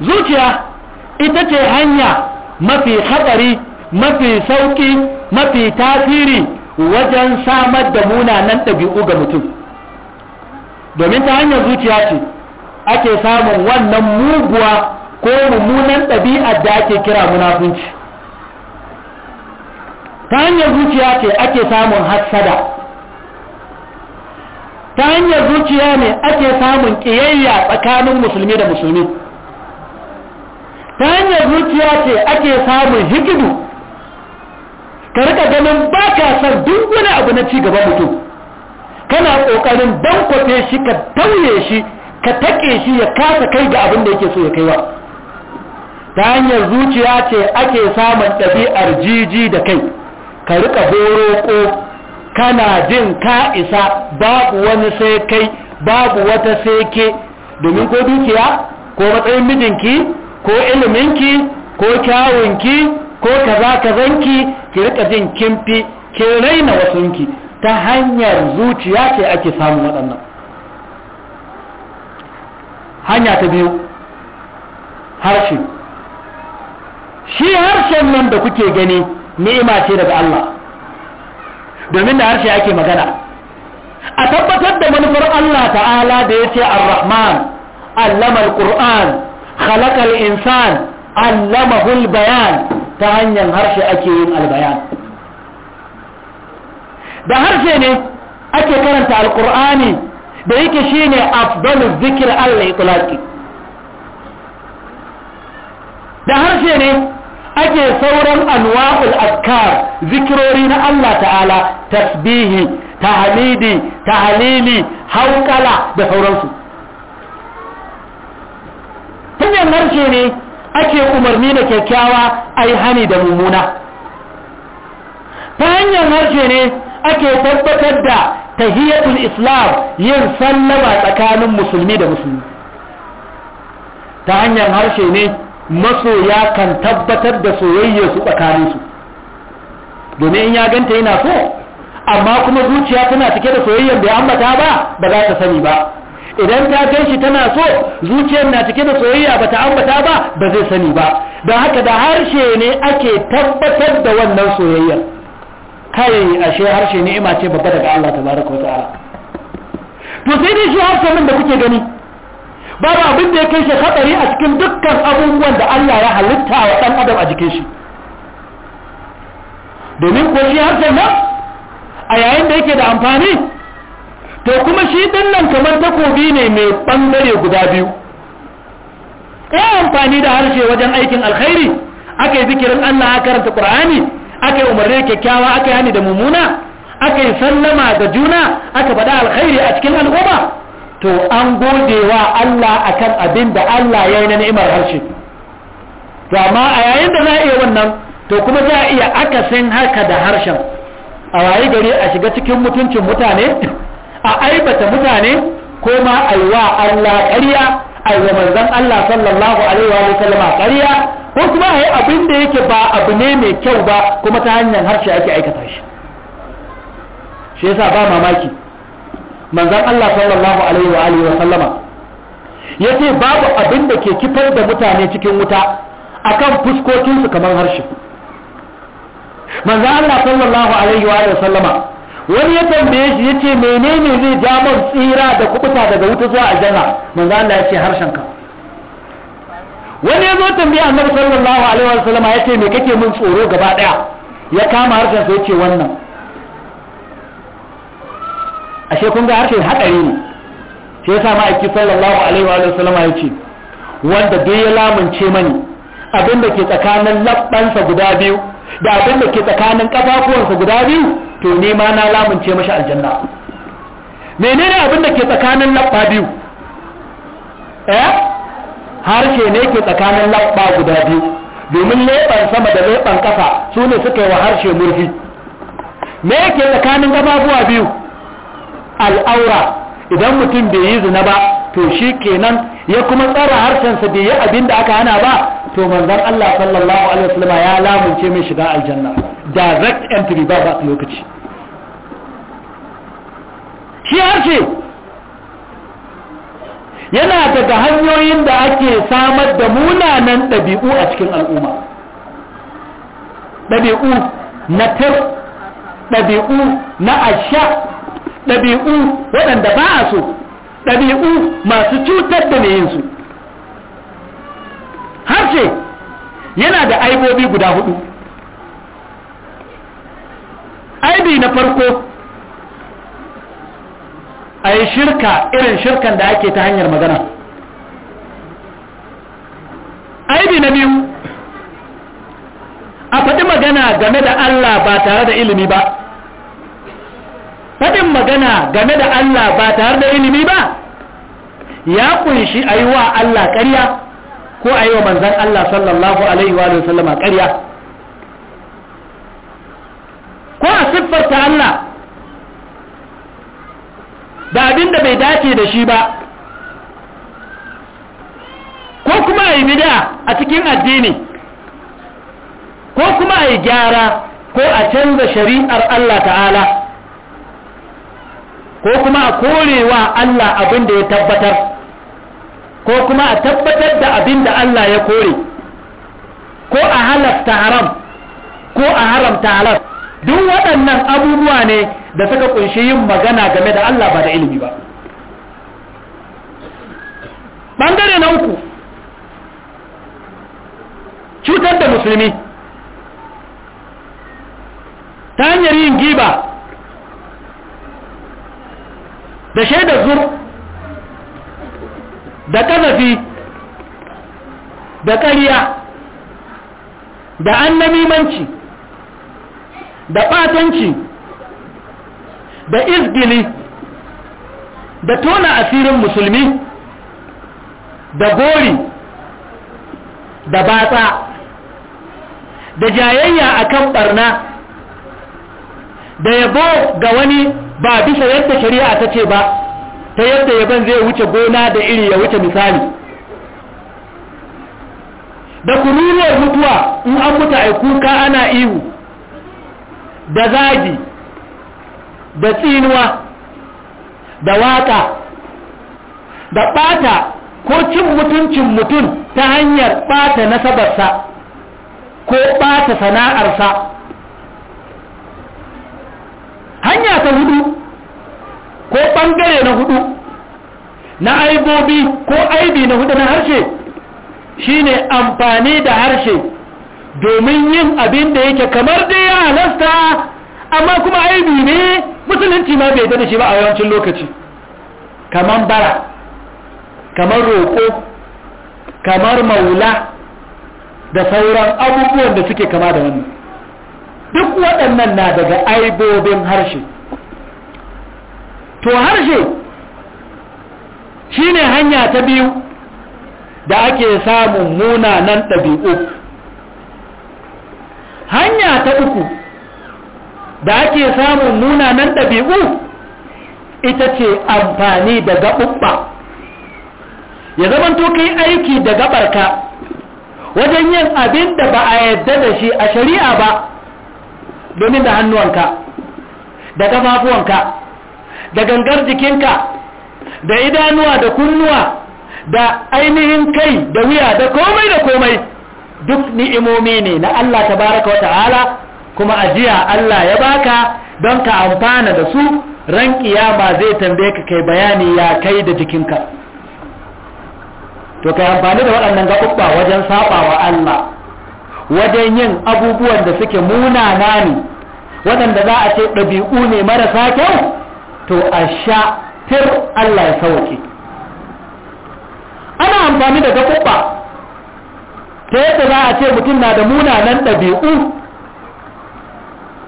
zuciya ita ce hanya mafi hatsari mafi sauki mafi tasiri wajen samar da munanan ɗabi'u ga mutum domin ta hanyar zuciya ce ake samun wannan muguwa ko mummunan ɗabi'a da ake kira munafunci ta hanyar zuciya ce ake samun hassada ta hanyar zuciya ne ake samun ƙiyayya tsakanin musulmi da musulmi ta hanyar zuciya ce ake samun hikimu ka rika ganin ba ka san duk wani abu na ci gaba mutum kana kokarin dankwafe shi ka tauye shi ka take shi ya kasa kai ga abin da yake so ya kaiwa ta hanyar zuciya ce ake samun ɗabi'ar jiji da kai ka rika horoko kana jin ka isa babu wani sai kai babu wata sai ke domin ko dukiya ko matsayin mijinki ko iliminki ko kyawunki ko kaza kazanki ki rika jin kimfi ki raina wasunki ta hanyar zuciya ce ake samun waɗannan hanya ta biyu harshe shi harshen nan da kuke gani ni'ima ce daga Allah domin da harshe ake magana a tabbatar da manufar Allah ta'ala da ya ce ar-rahman allama al-qur'an خلق الإنسان علمه البيان تعني هرش أكيم البيان ده هرش يعني أكي كانت على القرآن شي شيني أفضل الذكر على إطلاقك ده هرش يعني أجي ثورا أنواع الأذكار ذكرورين الله تعالى تسبيه تعليدي تعليلي حوكلا بحرنسك hanyar harshe ne ake umarni da kyakkyawa a yi hani da mummuna ta hanyar harshe ne ake tabbatar da tahiyatul islam yin sallama tsakanin musulmi da musulmi ta hanyar harshe ne masoya kan tabbatar da soyayyarsu tsakaninsu domin in ya ganta yana so amma kuma zuciya tana cike da soyayyar bai ambata ba ba za ta sani ba idan ta kai shi tana so zuciyar na cike da soyayya ba ta ambata ba ba zai sani ba don haka da harshe ne ake tabbatar da wannan soyayya kai ashe harshe ne ima ce babba daga Allah tabaraka wa ta'ala to sai dai shi harshe min da kuke gani babu abin da ya kai shi hatsari a cikin dukkan abubuwan da Allah ya halitta wa dan adam a jikin shi domin ko shi harshen nan a yayin da yake da amfani to kuma shi dinnan kamar takobi ne mai bangare guda biyu ya amfani da harshe wajen aikin alkhairi aka yi zikirin Allah aka karanta Qur'ani aka yi umarni kyakkyawa aka yi hani da mummuna aka yi sallama ga juna aka faɗa alkhairi a cikin al'umma to an gode wa Allah akan abin da Allah ya yi na ni'imar harshe to amma a yayin da za a iya wannan to kuma za a iya akasin haka da harshen a wayi gari a shiga cikin mutuncin mutane a aibata mutane ko ma aiwa Allah ƙarya aiwa manzan Allah sallallahu alaihi wa sallam ƙarya ko kuma yi abin da yake ba abu ne mai kyau ba kuma ta hanyar harshe ake aikata shi shi yasa ba mamaki manzan Allah sallallahu alaihi wa sallama ce babu abin da ke kifar da mutane cikin wuta akan fuskokinsu kamar harshe Manzan Allah sallallahu alaihi wa sallama wani ya tambaye shi yace menene zai ja mun tsira da kubuta daga wuta zuwa aljanna manzo Allah yace harshen ka wani ya zo tambaye annabi sallallahu alaihi wasallam ya ce me kake mun tsoro gaba daya ya kama harshen sa yace wannan ashe kun ga harshen hadari ne sai yasa ma'aiki sallallahu alaihi wasallam ya ce wanda duk ya lamunce mani abin da ke tsakanin labbansa guda biyu da abin da ke tsakanin kafafuwansa guda biyu to ne ma na lamunce mashi aljanna menene abin da ke tsakanin labba biyu eh harshe ne ke tsakanin labba guda biyu domin leban sama da leban kasa su ne suka yi wa harshe murfi me ke tsakanin ƙafafuwa biyu al'aura idan mutum bai yi zina ba to shi kenan ya kuma tsara harshensa bai yi abin da aka hana ba to manzon Allah sallallahu alaihi wasallam ya lamunce mai shiga aljanna direct entry ba ba lokaci shi harshe yana daga hanyoyin da ake samar da munanan ɗabi'u a cikin al'umma ɗabi'u na tir ɗabi'u na asha ɗabi'u waɗanda ba a so dabi'u masu cutar da mai yinsu harshe yana da aibobi guda hudu aibi na farko ayi shirka irin shirkan da ake ta hanyar magana aibi na biyu a faɗi magana game da Allah ba tare da ilimi ba faɗin magana game da Allah ba tare da ilimi ba ya ƙunshi a wa Allah ƙarya ko a yi wa manzan Allah sallallahu Alaihi wa sallama ƙarya ko a siffarta Allah da abin da bai dace da shi ba ko kuma a yi bida a cikin addini ko kuma a yi gyara ko a canza shari'ar Allah ta'ala ko kuma a kore wa Allah abin da ya tabbatar ko kuma a tabbatar da abin da Allah ya kore ko a halatta haram ko a haramta halal duk waɗannan abubuwa ne da suka kunshi yin magana game da Allah ba da ilimi ba Bangare na uku cutar da musulmi ta hanyar yin giba da shaidar zur da kazafi da ƙarya da annamimanci da ɓatanci da izgili da tona asirin musulmi da gori da batsa da jayayya akan barna da yabo ga wani ba bisa yadda shari'a ta ce ba ta yadda yaban zai wuce gona da iri ya wuce misali da kururuwar mutuwa in an mutu ai kuka ana ihu da zagi da tsinuwa da waka da bata ko cin mutuncin mutum ta hanyar bata nasabarsa ko bata sana'arsa hanya ta hudu ko bangare na hudu na aibobi ko aibi na hudu na harshe shine amfani da harshe domin yin abin da yake kamar da ya halasta amma kuma aibi ne musulunci ma bai da shi ba a yawancin lokaci kamar bara kamar roƙo kamar maula da sauran abubuwan da suke kama da wannan duk waɗannan na daga aibobin harshe to harshe shine hanya ta biyu da ake samun munanan ɗabi'u hanya ta uku da ake samun munanan ɗabi'u ita ce amfani da gaɓuɓɓa ya zama to kai aiki da gaɓarka wajen yin abin da ba a yarda da shi a shari'a ba domin da hannuwanka da kafafuwanka da gangar jikinka da idanuwa da kunnuwa da ainihin kai da wuya da komai da komai duk ni'imomi ne na Allah tabaraka wa ta'ala kuma ajiya Allah ya baka don ka amfana da su ran kiyama zai tambaye ka kai bayani ya kai da jikinka to kai amfani da waɗannan gaɓuɓɓa wajen saɓawa Allah wajen yin abubuwan da suke munana ne waɗanda za a ce ɗabi'u ne marasa kyau to a sha fir Allah ya sauke ana amfani da gaɓuɓɓa ta yadda za a ce mutum na da munanan ɗabi'u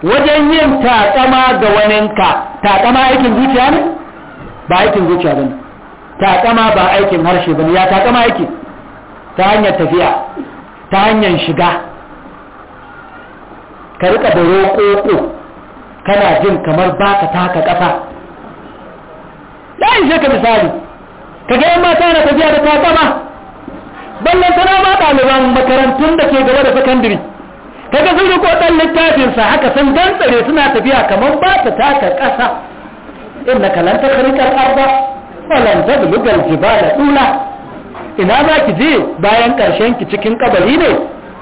wajen yin taƙama ga waninka taƙama aikin zuciya ne ba aikin zuciya ba ne taƙama ba aikin harshe ba ne ya taƙama aiki ta hanyar tafiya ta hanyar shiga ka rika da roƙoƙo kana jin kamar baka taka ƙasa da ishe ka misali ka ga yan mata na tafiya da takama ballon tana ba ɗaliban makarantun da ke gaba da sakandiri ka ga sun ko ɗan littafinsa haka sun dantsare suna tafiya kamar ba ta taka ƙasa in na kalanta karikar arba walan da bulugar jibala ɗula ina za ki je bayan ƙarshen ki cikin ƙabari ne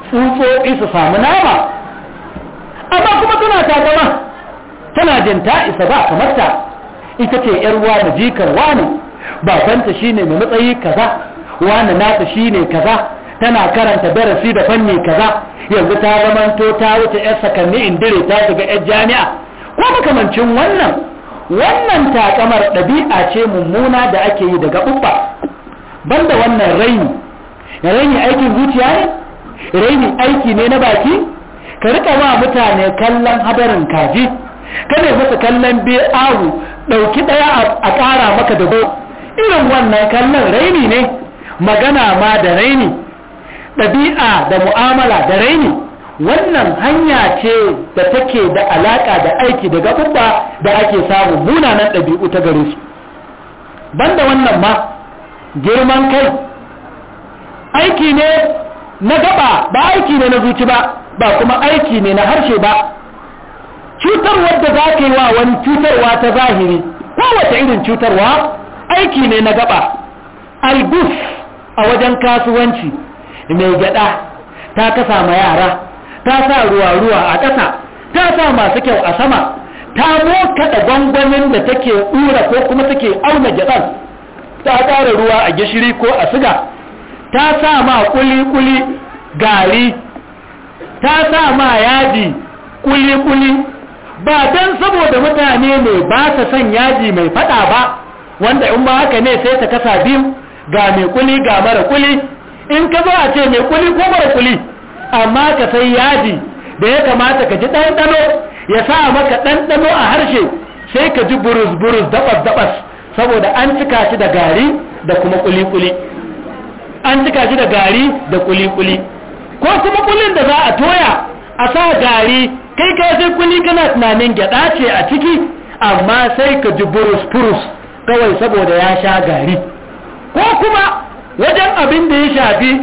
tsutsotsi su samu nama amma kuma tana takama tana jin ta isa ba kamarta. ita ce yar uwa da jikar wani babanta shine mai matsayi kaza wani nata shine kaza tana karanta darasi da fanni kaza yanzu ta to ta wuce yar sakanni indire ta shiga yar jami'a ko makamancin wannan wannan takamar ɗabi'a ce mummuna da ake yi daga uba. banda wannan raini raini aikin zuciya ne raini aiki ne na baki ka rika ba mutane kallon hadarin kaji ka ne masa kallon biyu awu ɗauki ɗaya a ƙara maka da irin wannan kallon raini ne magana ma da raini ɗabi'a da mu'amala da raini wannan hanya ce da take da alaƙa da aiki da gaɓuɓɓa da ake samu munanan ɗabi'u ta gare su banda wannan ma girman kai aiki ne na gaba ba aiki ne na zuci ba ba kuma aiki ne na harshe ba cutarwar da za ka yi wa wani cutarwa ta zahiri kowace irin cutarwa aiki ne na gaba albus a wajen kasuwanci mai gyada ta kasa ma yara ta sa ruwa-ruwa a ƙasa ta sa masu kyau a sama ta da gwangwanin da take ɗura ko kuma take auna gyaɗar ta ƙara ruwa a gishiri ko a siga ta sa ma kuli-kuli gari ta sa ma yaji kuli-kuli ba don saboda mutane ne ba ta son yaji mai fada ba wanda in ba haka ne sai ta kasa biyu ga mai kuli ga mara kuli in ka zo a ce mai kuli ko mara kuli amma ka sai yaji da ya kamata ka ji ɗanɗano ya sa maka ɗanɗano a harshe sai ka ji burus-burus daɓas-daɓas saboda an cika shi da gari da kuma kuli-kuli an cika shi da gari da kuli-kuli ko kuma kullun da za a toya a sa gari kai ka sai kulli kana tunanin gyada ce a ciki amma sai ka ji burus burus kawai saboda ya sha gari ko kuma wajen abin da ya shafi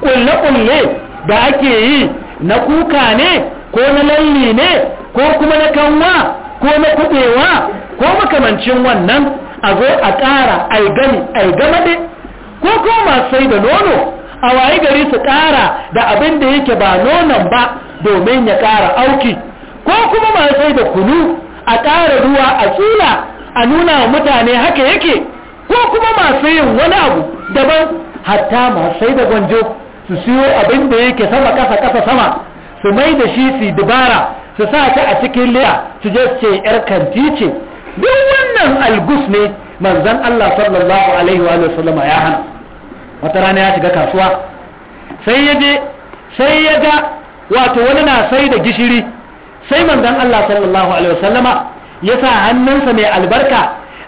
kulle-kulle da ake yi na kuka ne ko na lalli ne ko kuma na kanwa ko na kuɗewa ko makamancin wannan a zo a ƙara aigami aigamade ko kuma sai da nono a waye gari su ƙara da abin da yake ba nonon ba domin ya ƙara auki ko kuma ma sai da kunu a ƙara ruwa a tsula a nuna wa mutane haka yake ko kuma masu yin wani abu daban hatta masu sai da gwanjo su siyo abin da yake sama ƙasa ƙasa sama su mai da shi su dubara su sa ta a cikin liya su je ce yar kanti ce duk wannan algus ne manzon Allah sallallahu alaihi wa sallama ya hana wata rana ya shiga kasuwa sai ya je sai ya ga wato wani na sai da gishiri sai manzon Allah sallallahu alaihi wasallama ya sa hannunsa mai albarka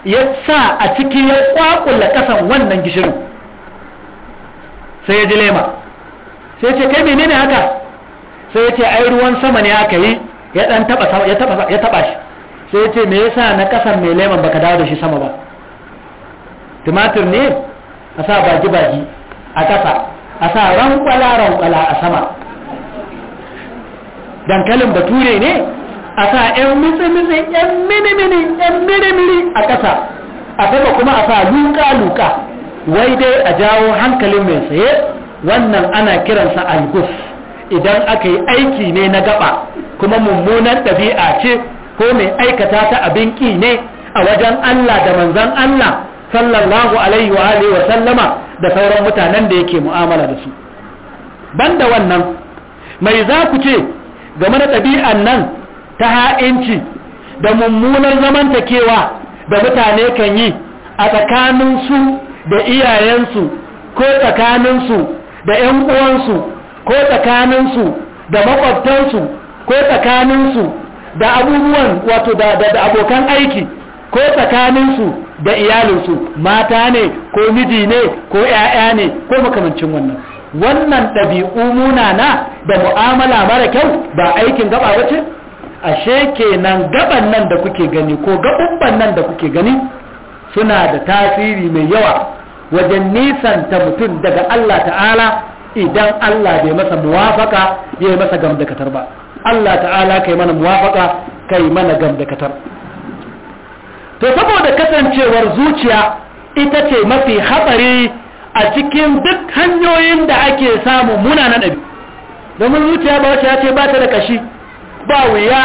ya sa a ciki ya kwakula kasan wannan gishirin sai ya ji lema sai ce kai menene haka sai ya ce ai ruwan sama ne aka yi ya dan taba ya taba ya taba shi sai ya ce me yasa na kasan mai leman baka dawo da shi sama ba tumatir ne a sa baji-baji a ƙasa a sa rankwala-rankwala a sama dankalin bature ne a sa 'yan mitsi-mitsi 'yan mini-mini 'yan mini-mini a ƙasa a saba kuma a sa luka-luka wai dai a jawo hankalin mai saye wannan ana kiransa algus idan aka yi aiki ne na gaba kuma mummunan ɗabi'a ce ko mai aikata ta abin ƙi ne a wajen Allah da manzan Allah sallallahu alaihi wa alihi wa sallama da sauran mutanen da yake mu'amala da su banda wannan mai za ku ce game da ɗabi'an nan ta ha'inci da mummunar zamantakewa da mutane kan yi a tsakaninsu da iyayensu ko tsakaninsu da 'yan uwansu ko tsakaninsu da makwabtansu ko tsakaninsu da abubuwan wato da abokan aiki ko tsakaninsu da iyalinsu mata ne ko miji ne ko 'ya'ya ne ko makamancin wannan wannan ɗabi'u munana da mu'amala mara kyau ba aikin gaba wace ashe kenan gaban nan da kuke gani ko gaɓuɓɓan nan da kuke gani suna da tasiri mai yawa wajen nisanta mutum daga Allah ta'ala idan Allah bai masa muwafaka ya masa gamdakatar ba Allah ta'ala kai mana muwafaka kai mana gamdakatar to saboda kasancewar zuciya ita ce mafi hatsari a cikin duk hanyoyin da ake samu muna na ɗabi domin zuciya ba wacce ya ce ba ta da kashi ba wuya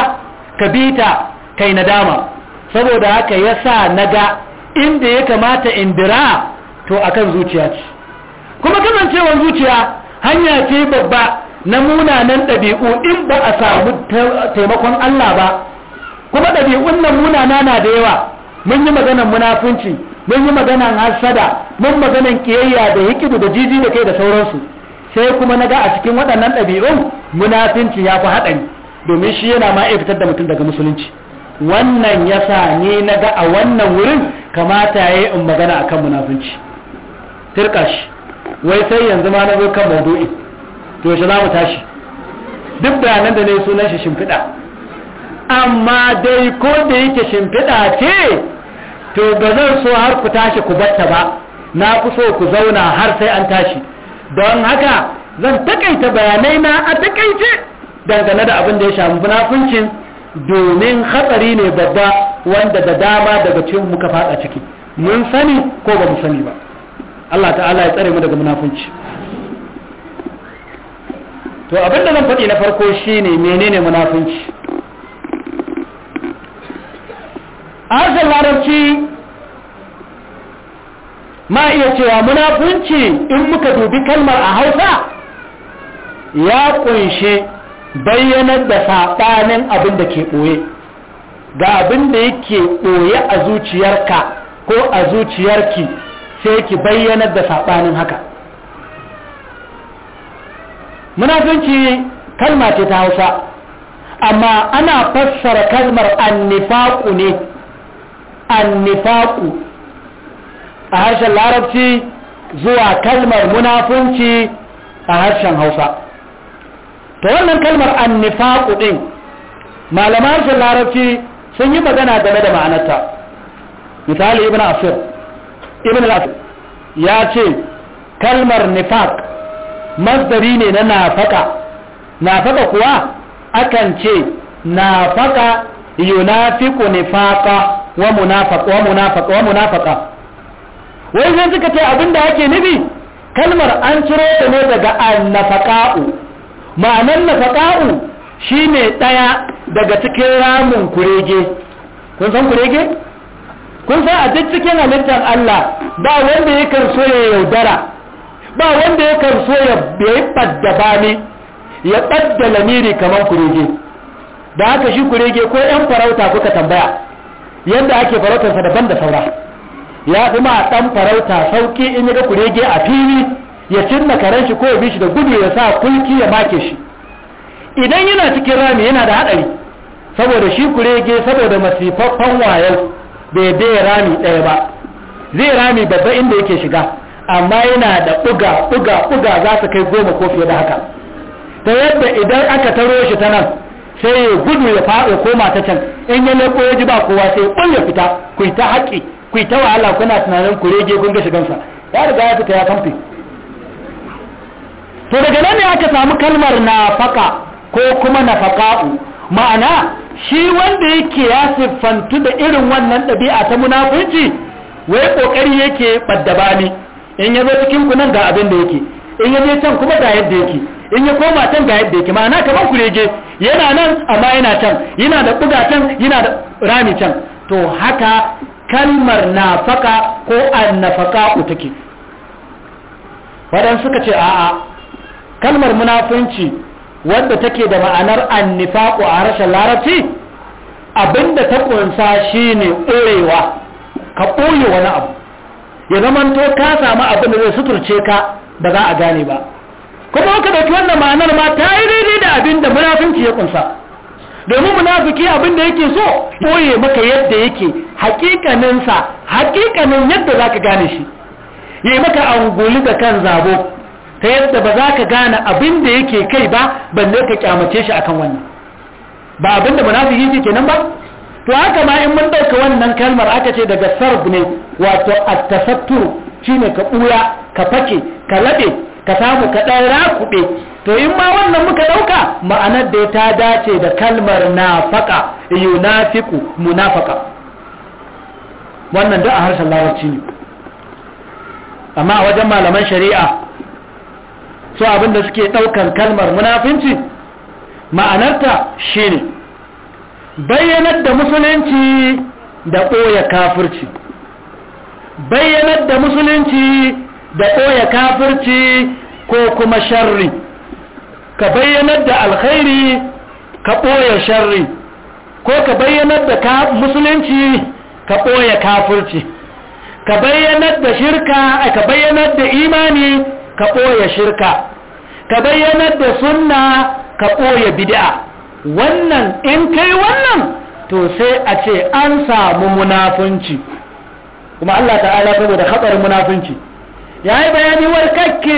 ka bi ta kai nadama saboda haka ya sa ga, inda ya kamata in dira to kan zuciya ce kuma kasancewar zuciya hanya ce babba na munanan ɗabi'u in ba a samu taimakon Allah ba kuma ɗabi'un nan munana na da yawa mun yi maganan munafunci mun yi maganan hasada mun maganan kiyayya da hikidu da jiji da kai da sauransu sai kuma na ga a cikin waɗannan ɗabi'un munafunci ya fi haɗari domin shi yana ma fitar da mutum daga musulunci wannan ya sa ni na ga a wannan wurin kamata ya yi in magana a kan munafunci turka wai sai yanzu ma na zo kan maudu'i to shi za mu tashi duk da nan da na sunan shi shimfiɗa amma dai ko da yake shimfiɗa ce to ba zan so har ku tashi ku batta ba na fi so ku zauna har sai an tashi don haka zan takaita bayanai na a takaice dangane da abin da ya shafi munafuncin domin hatsari ne babba wanda da dama daga cin muka fada ciki mun sani ko ba mu sani ba Allah ta'ala ya tsare mu daga munafunci to abin da zan faɗi na farko shine menene munafunci a harshen larabci ma iya cewa munafunci in muka dubi kalmar a hausa ya kunshe bayyanar da saɓanin abin da ke ɓoye ga abin da yake ɓoye a zuciyarka ko a zuciyarki sai ki bayyanar da saɓanin haka munafunci kalma ce ta hausa amma ana fassara kalmar annifaku ne annifaku a harshen larabci zuwa kalmar munafunci a harshen hausa Ta wannan kalmar annifaku ɗin malaman harshen larabci sun yi magana game da ma'anarta misali ibn asir ibn asir ya ce kalmar nifak mazdari ne na nafaka nafaka kuwa akan ce nafaka yunafiku nifaka wa munafaqa wa wa wai sai suka ce abinda ake nufi kalmar an ciro ta ne daga annafaqa'u ma'anar nafaqa'u shine ɗaya daga cikin ramin kurege kun san kurege kun san a duk cikin halittar Allah ba wanda yakan so ya yaudara ba wanda yakan so ya bai faddaba ne ya ɓadda lamiri kamar kurege da haka shi kurege ko 'yan farauta kuka tambaya yadda ake farautarsa daban da saura ya fi ma ɗan farauta sauƙi in ya ga kurege a fili ya cinna karen shi ko ya da gudu ya sa kulki ya make shi idan yana cikin rami yana da haɗari saboda shi kurege saboda masifaffan wayo bai bai rami ɗaya ba zai rami babba inda yake shiga amma yana da ɓuga ɓuga ɓuga za su kai goma ko fiye da haka ta yadda idan aka taro shi ta nan sai ya gudu ya faɗo koma ta can in ya leko ya ji ba kowa sai ya kulle fita ku ta haƙi ku ta wahala kuna tunanin ku rege kun ga shigansa ya riga ya fita ya kamfe to daga nan ne aka samu kalmar na faka ko kuma na faka'u ma'ana shi wanda yake ya siffantu da irin wannan ɗabi'a ta munafunci wai ƙoƙari yake ɓadda bani in ya zo cikin ku nan ga abin da yake in ya je can kuma ga yadda yake in ya koma can ga yadda yake ma'ana kamar kurege yana nan amma yana can yana da buga can yana da rami can to haka kalmar nafaka ko an uta take waɗansu suka ce a'a kalmar munafunci wadda take da ma'anar an ku a harshen larabci abinda ta kunsa shine ɓoyewa ka ɓoye wani abu ya zamanto ka samu abin da zai suturce ka ba za a gane ba kuma aka dauki wannan ma'anar ma ta yi daidai da abin da munafinci ya kunsa domin munafiki abin da yake so boye maka yadda yake hakikaninsa hakikanin yadda za ka gane shi ya yi maka anguli da kan zabo ta yadda ba za ka gane abin da yake kai ba balle ka kyamace shi akan wannan ba abin da munafiki yake kenan ba to haka ma in mun dauka wannan kalmar aka ce daga sarb ne wato at-tasattur shine ka ɓuya ka fake ka laɓe ka samu ka ɗan rakuɓe to in ma wannan muka ɗauka ma'anar da ta dace da kalmar nafaka yunafiku munafaka wannan da a harshen larabci ne amma a wajen malaman shari'a su da suke ɗaukan kalmar munafinci ma'anarta shine bayyanar da musulunci da ɓoye kafirci bayyanar da musulunci da ɓoye kafirci ko kuma sharri ka bayyanar da alkhairi ka ɓoye sharri ko ka bayyanar da musulunci ka ɓoye kafirci ka bayyanar da shirka ka bayyanar da imani ka ɓoye shirka ka bayyanar da sunna ka ɓoye bid'a wannan in kai wannan to sai a ce an samu munafunci kuma Allah ta'ala saboda hatsarin munafunci yayi bayani warkakke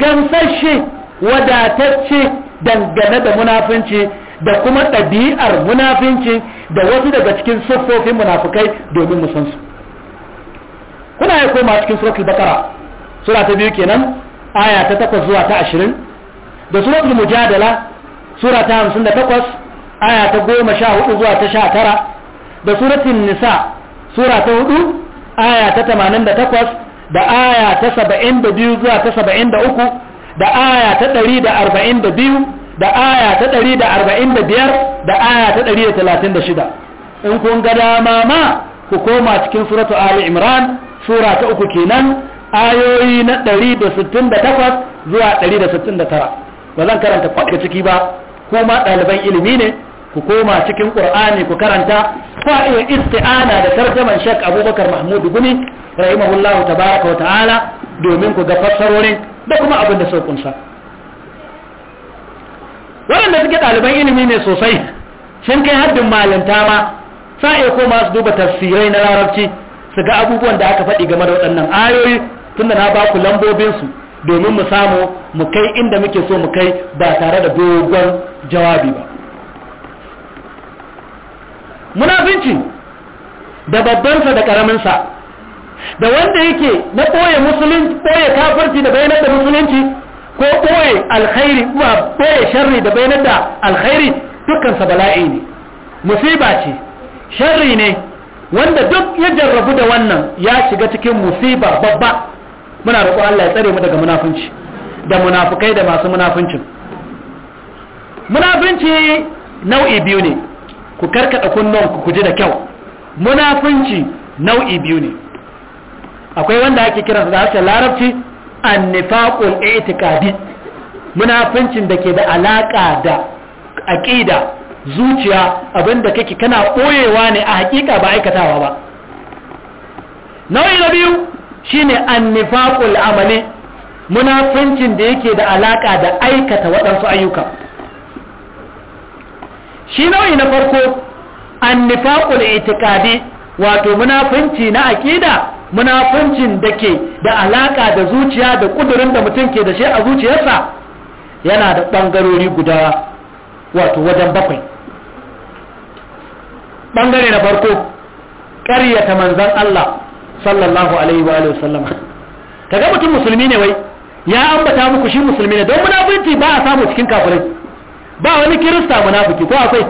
gamsashe wadatacce dangane da munafunci da kuma ɗabi'ar munafunci da wasu daga cikin siffofin munafukai domin mu san su kuna ya koma cikin suratul bakara sura ta biyu kenan aya ta takwas zuwa ta ashirin da suratul mujadala sura ta hamsin da takwas aya ta goma sha hudu zuwa ta sha tara da suratin nisa sura ta hudu aya ta 88 da aya ta 72 zuwa ta 73 da aya ta 142 da aya ta 145 da aya ta 136 in kun ga dama ma ku koma cikin suratu ali imran sura ta uku kenan ayoyi na 168 zuwa 169 ba zan karanta kwaɗa ciki ba kuma ɗaliban ilimi ne ku koma cikin qur'ani ku karanta fa isti'ana da tarjaman shek abubakar mahmud gumi rahimahullahu tabaraka wa ta'ala domin ku ga fassarorin da kuma abin da saukunsa waɗanda suke ɗaliban ilimi ne sosai sun kai haddin malinta ma sa iya koma su duba tafsirai na larabci su ga abubuwan da aka faɗi game da waɗannan ayoyi tunda na ba ku lambobinsu domin mu samu mu kai inda muke so mu kai ba tare da dogon jawabi ba munafinci da babbansa da karaminsa da wanda yake na ɓoye musulunci ɓoye kafirci da bayanar da musulunci ko ɓoye alkhairi kuma ɓoye sharri da bayanar da alkhairi dukkansa bala'i ne musiba ce sharri ne wanda duk ya jarrabu da wannan ya shiga cikin musiba babba muna roƙo Allah ya tsare mu daga munafunci da munafukai da masu munafuncin munafunci nau'i biyu ne ku karkada kunnon ku ji da kyau munafunci nau'i biyu ne akwai wanda ake kira da harshen larabci annifaqul i'tiqadi munafincin da ke da alaka da aqida zuciya abinda kake kana koyewa ne a haƙiƙa ba aikatawa ba nau'i na biyu shine annifaqul amali munafincin da yake da alaka da aikata waɗansu ayyuka shi nau'i na farko annifaqul itiqadi wato munafunci na aƙida? munafuncin dake da alaƙa da zuciya da kudurin da mutum ke da shi a zuciyarsa yana da bangarori guda wato wajen bakwai bangare na farko ƙaryata manzon Allah sallallahu alaihi wa sallama kaga mutum musulmi ne wai ya ambata muku shi musulmi ne don munafunci ba a samu cikin kafirai ba wani kirista munafiki ko akwai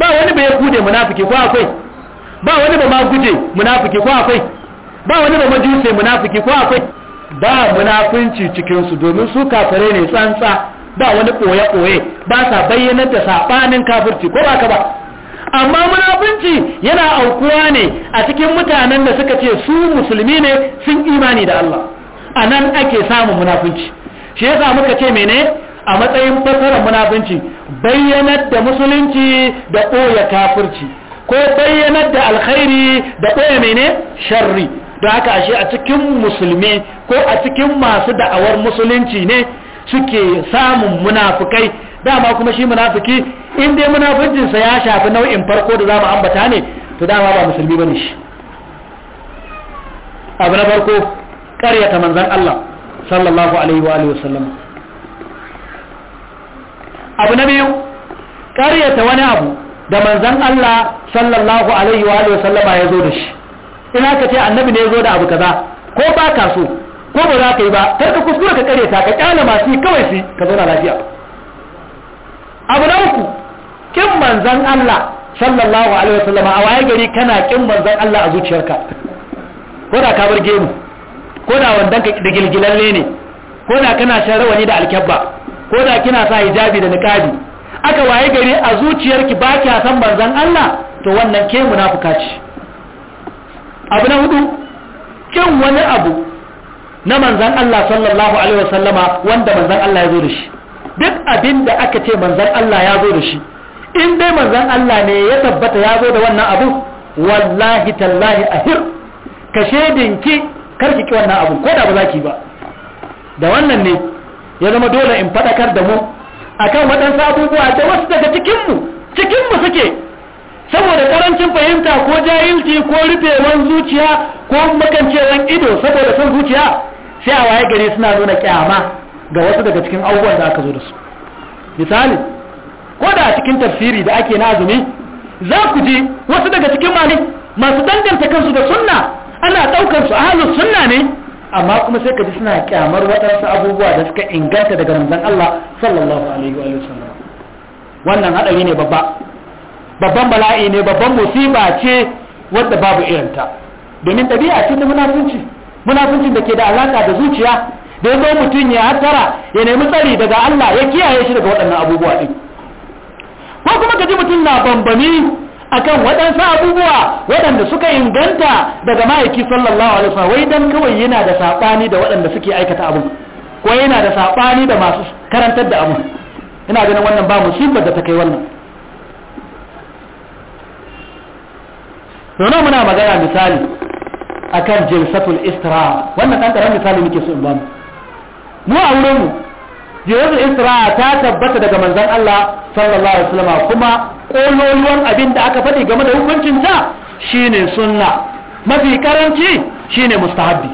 ba wani bai kude munafiki ko akwai ba wani ba ma guje munafiki ko akwai ba wani ba majuse munafiki ko akwai ba munafinci cikin su domin su kafare ne tsantsa ba wani koye koye ba sa bayyana da sabanin kafirci ko ba ka ba amma munafinci yana aukuwa ne a cikin mutanen da suka ce su musulmi ne sun imani da Allah a nan ake samun munafinci shi yasa muka ce mene a matsayin fasarar munafunci bayyanar da musulunci da ɓoye kafirci ko bayyanar da alkhairi da ɓoye mene sharri don haka ashe a cikin musulmi ko a cikin masu da'awar musulunci ne suke samun munafukai dama kuma shi munafuki in dai munafuncinsa ya shafi nau'in farko da za mu ambata ne to dama ba musulmi ba ne shi abu na farko ƙaryata manzan Allah sallallahu alaihi wa sallam. abu na biyu ƙaryata wani abu da manzan Allah sallallahu alaihi wa sallama ya zo da shi ina ka ce annabi ne ya zo da abu kaza ko ba ka so ko ba za ka yi ba kar ka kuskura ka ƙaryata ka ƙyale masu kawai su ka zauna lafiya abu na uku kin manzan Allah sallallahu alaihi wa sallama a waye gari kana kin manzan Allah a zuciyarka ko da ka bar gemu ko da wandan ka da gilgilalle ne ko da kana shan rawani da alkyabba ko da kina sa hijabi da niqabi aka waye gari a zuciyarki ba kya san banzan Allah to wannan ke munafuka ce abu na hudu kin wani abu na manzan Allah sallallahu alaihi wasallama wanda manzan Allah ya zo da shi duk abin da aka ce manzan Allah ya zo da shi in dai manzan Allah ne ya tabbata ya zo da wannan abu wallahi tallahi ahir ka shedinki karki ki wannan abu ko da ba za ki ba da wannan ne ya zama dole in faɗakar da mu a kan waɗansu abubuwa da wasu daga cikinmu cikinmu suke saboda karancin fahimta ko jahilci ko rufewan zuciya ko makancewan ido saboda son zuciya sai a waye gari suna nuna kyama ga wasu daga cikin abubuwan da aka zo da su misali ko da a cikin tafsiri da ake na azumi za ku ji wasu daga cikin mali masu danganta kansu da sunna ana ɗaukar su halin sunna ne amma kuma sai ka ji suna kyamar waɗansu abubuwa da suka inganta daga manzon Allah sallallahu alaihi wa sallam wannan hadari ne babba babban bala'i ne babban musiba ce wadda babu irinta domin ɗabi'a ce ta munafunci munafuncin da ke da alaka da zuciya da ya zo mutum ya hattara ya nemi tsari daga Allah ya kiyaye shi daga waɗannan abubuwa ɗin ko kuma ka ji mutum na bambami akan waɗansu abubuwa waɗanda suka inganta daga ma'aiki sallallahu alaihi wasallam wai dan kawai yana da sabani da waɗanda suke aikata abu, ko yana da sabani da masu karantar da abun ina ganin wannan ba musibar da ta kai wannan nuna muna magana misali akan jilsatul istiraha wannan ɗan ƙaramin misali muke so in ba mu mu a wurinmu jirgin isra'a ta tabbata daga manzan Allah sallallahu alaihi wasallam kuma kololuwan abin da aka faɗi game da hukuncin ta shine sunna mafi karanci shine mustahabbi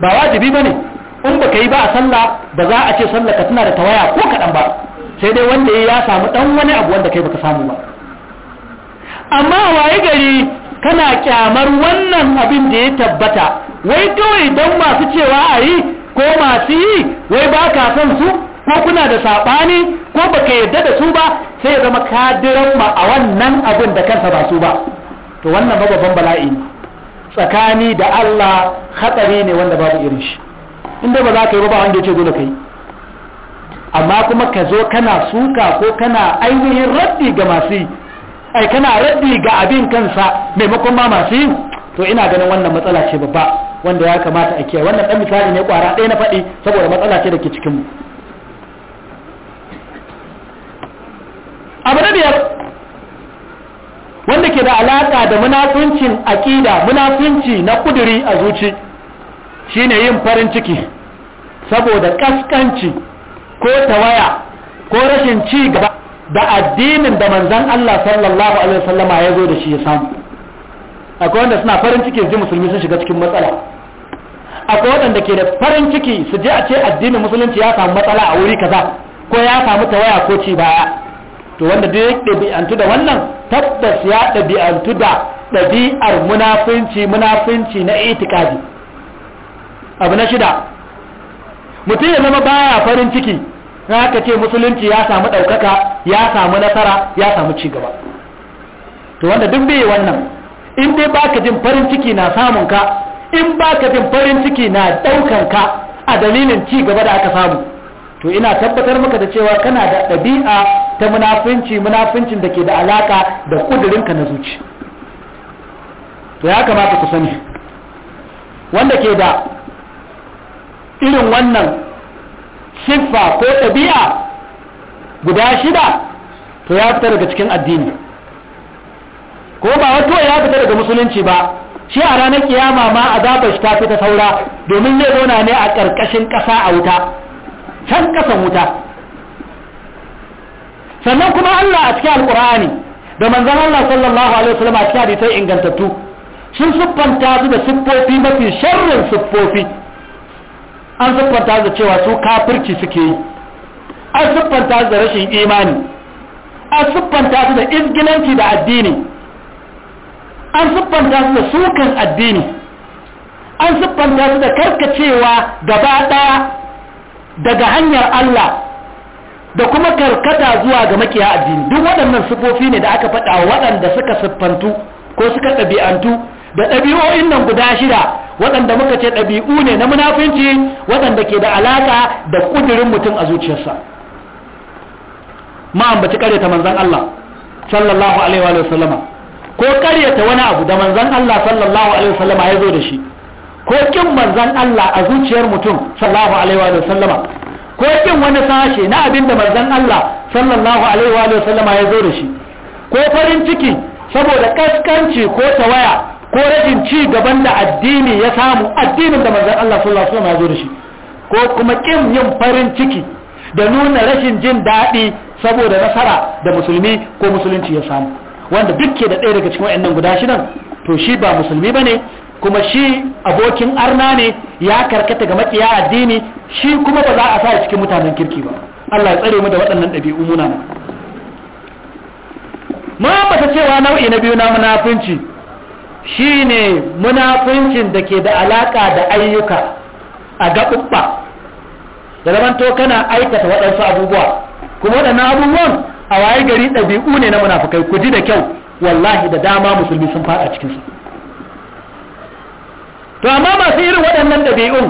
ba wajibi bane in baka yi ba a sallah ba za a ce sallah ka tana da tawaya ko kaɗan ba sai dai wanda ya samu dan wani abu wanda kai baka samu ba amma waye gari kana kyamar wannan abin da ya tabbata wai kawai don masu cewa ayi ko masu yi wai ba ka son su ko kuna da saɓani ko baka yarda da su ba sai ya zama kadiran ma a wannan abin da kansa ba su ba to wannan ba babban bala'i ne tsakani da Allah hatsari ne wanda babu irin shi inda ba za ka yi ba wanda ya ce dole ka yi amma kuma ka zo kana suka ko kana ainihin raddi ga masu ai kana raddi ga abin kansa maimakon ma masu yi to ina ganin wannan matsala ce babba wanda ya kamata a kiyaye wannan dan misali ne kwara ɗaya na faɗi saboda matsala ce da ke cikinmu abu na biyar wanda ke da alaƙa da munafuncin aƙida munafunci na kuduri a zuci shine yin farin ciki saboda ƙasƙanci ko tawaya ko rashin ci gaba da addinin da manzan Allah sallallahu alaihi wasallama ya zo da shi ya samu akwai wanda suna farin ciki ji musulmi sun shiga cikin matsala akwai waɗanda ke da farin ciki su je a ce addinin musulunci ya samu matsala a wuri kaza ko ya samu tawaya ko ci baya to wanda duk ya ɗabi'antu da wannan tabbas ya ɗabi'antu da ɗabi'ar munafunci munafunci na itikadi abu na shida mutum ya zama baya farin ciki na haka ce musulunci ya samu ɗaukaka ya samu nasara ya samu cigaba to wanda duk bai wannan in dai baka jin farin ciki na samun ka in baka jin farin ciki na ɗaukan ka a dalilin ci gaba da aka samu to ina tabbatar maka da cewa kana da ɗabi'a ta munafinci munafincin da ke da alaka da kudurinka na zuci to ya kamata ku sani wanda ke da irin wannan siffa ko ɗabi'a guda shida to ya fita daga cikin addini ko ba wato ya fita daga musulunci ba shi a ranar kiyama ma a azabar shi ta fita saura domin zai zauna ne a ƙarƙashin ƙasa a wuta can ƙasan wuta sannan kuma Allah a cikin alkur'ani da manzon Allah sallallahu alaihi wasallam a cikin hadisai ingantattu sun siffanta su da siffofi mafi sharrin siffofi an siffanta da cewa su kafirci suke yi an siffanta su da rashin imani an siffanta su da izgilanci da addini an siffanta su da sukan addini an siffanta su da karkacewa gaba daya daga hanyar Allah da kuma karkata zuwa ga makiya addini duk waɗannan sifofi ne da aka faɗa waɗanda suka siffantu ko suka ɗabi'antu da ɗabi'o'in nan guda shida waɗanda muka ce ɗabi'u ne na munafunci waɗanda ke da alaƙa da ƙudurin mutum a zuciyarsa ambaci ƙaryata manzan Allah sallallahu alaihi wa sallama ko ƙaryata wani abu da manzan Allah sallallahu alaihi wa sallama ya zo da shi ko kin manzan Allah a zuciyar mutum sallallahu alaihi wa sallama ko kin wani sashe na abin da manzon Allah sallallahu alaihi wa sallama ya zo da shi ko farin ciki saboda kaskanci ko tawaya ko rajin ci gaban da addini ya samu addinin da manzon Allah sallallahu alaihi wa ya zo da shi ko kuma kin yin farin ciki da nuna rashin jin daɗi saboda nasara da musulmi ko musulunci ya samu wanda duk ke da ɗaya daga cikin waɗannan guda shidan to shi ba musulmi bane kuma shi abokin arna ne ya karkata ga makiya addini shi kuma ba za a sa cikin mutanen kirki ba Allah ya tsare mu da waɗannan ɗabi'u muna ma ta cewa nau'i na biyu na munafunci ne munafuncin da ke da alaƙa da ayyuka a gaɓuɓɓa da to kana aikata waɗansu abubuwa kuma waɗannan abubuwan a waye gari ɗabi'u ne na munafukai ku ji da kyau wallahi da dama musulmi sun faɗa cikinsu to amma masu irin waɗannan ɗabi'un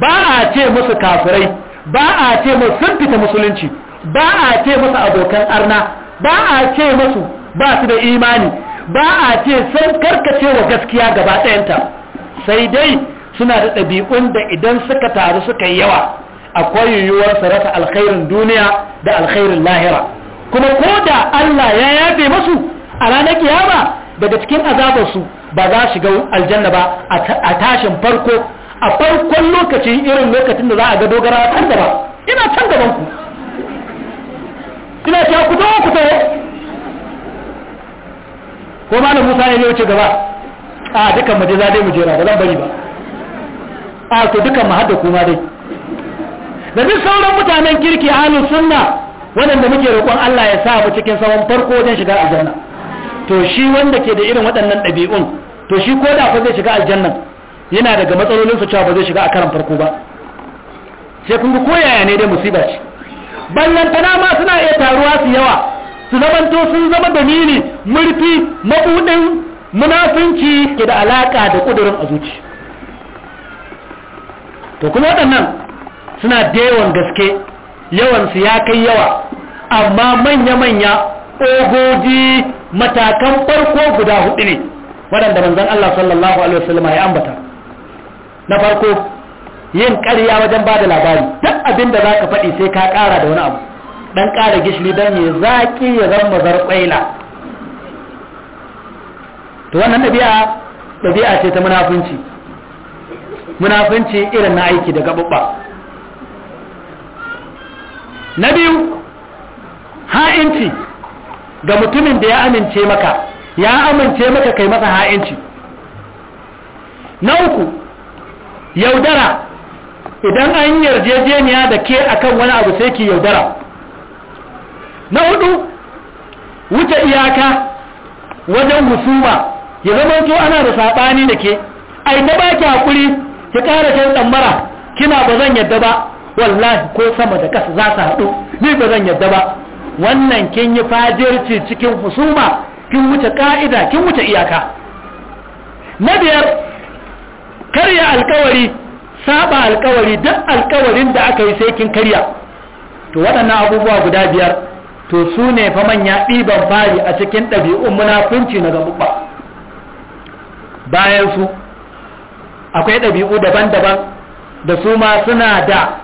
ba a ce musu kafirai ba a ce musu sun fita musulunci ba a ce musu abokan arna ba a ce musu ba su da imani ba a ce sun karkace wa gaskiya gaba ɗayanta sai dai suna da ɗabi'un da idan suka taru suka yi yawa akwai yiwuwar su rasa alkhairin duniya da alkhairin lahira kuma ko da Allah ya yafe musu a ranar kiyama daga cikin azabarsu ba za shiga aljanna ba a tashin farko a farkon lokacin irin lokacin da za a ga dogara a can gaba ina can gaban ku ina cewa ku zo ku taho ko ma musa ne wuce gaba a dukan maje za dai mu jera ba zan bari ba a to dukan mu hadda kuma dai da duk sauran mutanen kirki halin sunna waɗanda muke roƙon Allah ya sa mu cikin sabon farko wajen shigar aljanna to shi wanda ke da irin waɗannan ɗabi'un to shi ko da fa zai shiga aljanna yana daga matsalolin su cewa ba zai shiga a karan farko ba sai kun ga koyaya ne dai musiba ce tana ma suna iya taruwa su yawa su zamanto sun zama dalili murfi mabuɗin munafunci ke da alaka da kudurin a zuci to kuma waɗannan suna da yawan gaske yawansu ya kai yawa amma manya-manya ogoji matakan farko guda hudu ne waɗanda manzon Allah sallallahu alaihi wasallam ya ambata na farko yin ƙarya wajen ba da labari duk abin da zaka faɗi sai ka ƙara da wani abu dan ƙara gishiri dan ya zaki ya zama zarƙwaila to wannan ɗabi'a ɗabi'a ce ta munafunci munafunci irin na aiki da gaɓuɓɓa na biyu ha'inci ga mutumin da ya amince maka ya amince maka kai masa ha'inci na uku yaudara idan an yi yarjejeniya da ke akan wani abu sai ki yaudara na hudu wuce iyaka wajen husuma ya zama to ana da sabani da ke ai ta baki hakuri ki ƙara shan tsammara kina ba zan yadda ba wallahi ko sama da ƙasa za su haɗu ni ba zan yadda ba wannan kin yi fajirci cikin husuma kin wuce ka'ida kin wuce iyaka na biyar karya alkawari saba alkawari duk alkawarin da aka yi sai kin karya to waɗannan abubuwa guda biyar to su ne fa manya ɗiban fari a cikin ɗabi'un munafunci na gaɓuɓɓa bayan su akwai ɗabi'u daban-daban da su ma suna da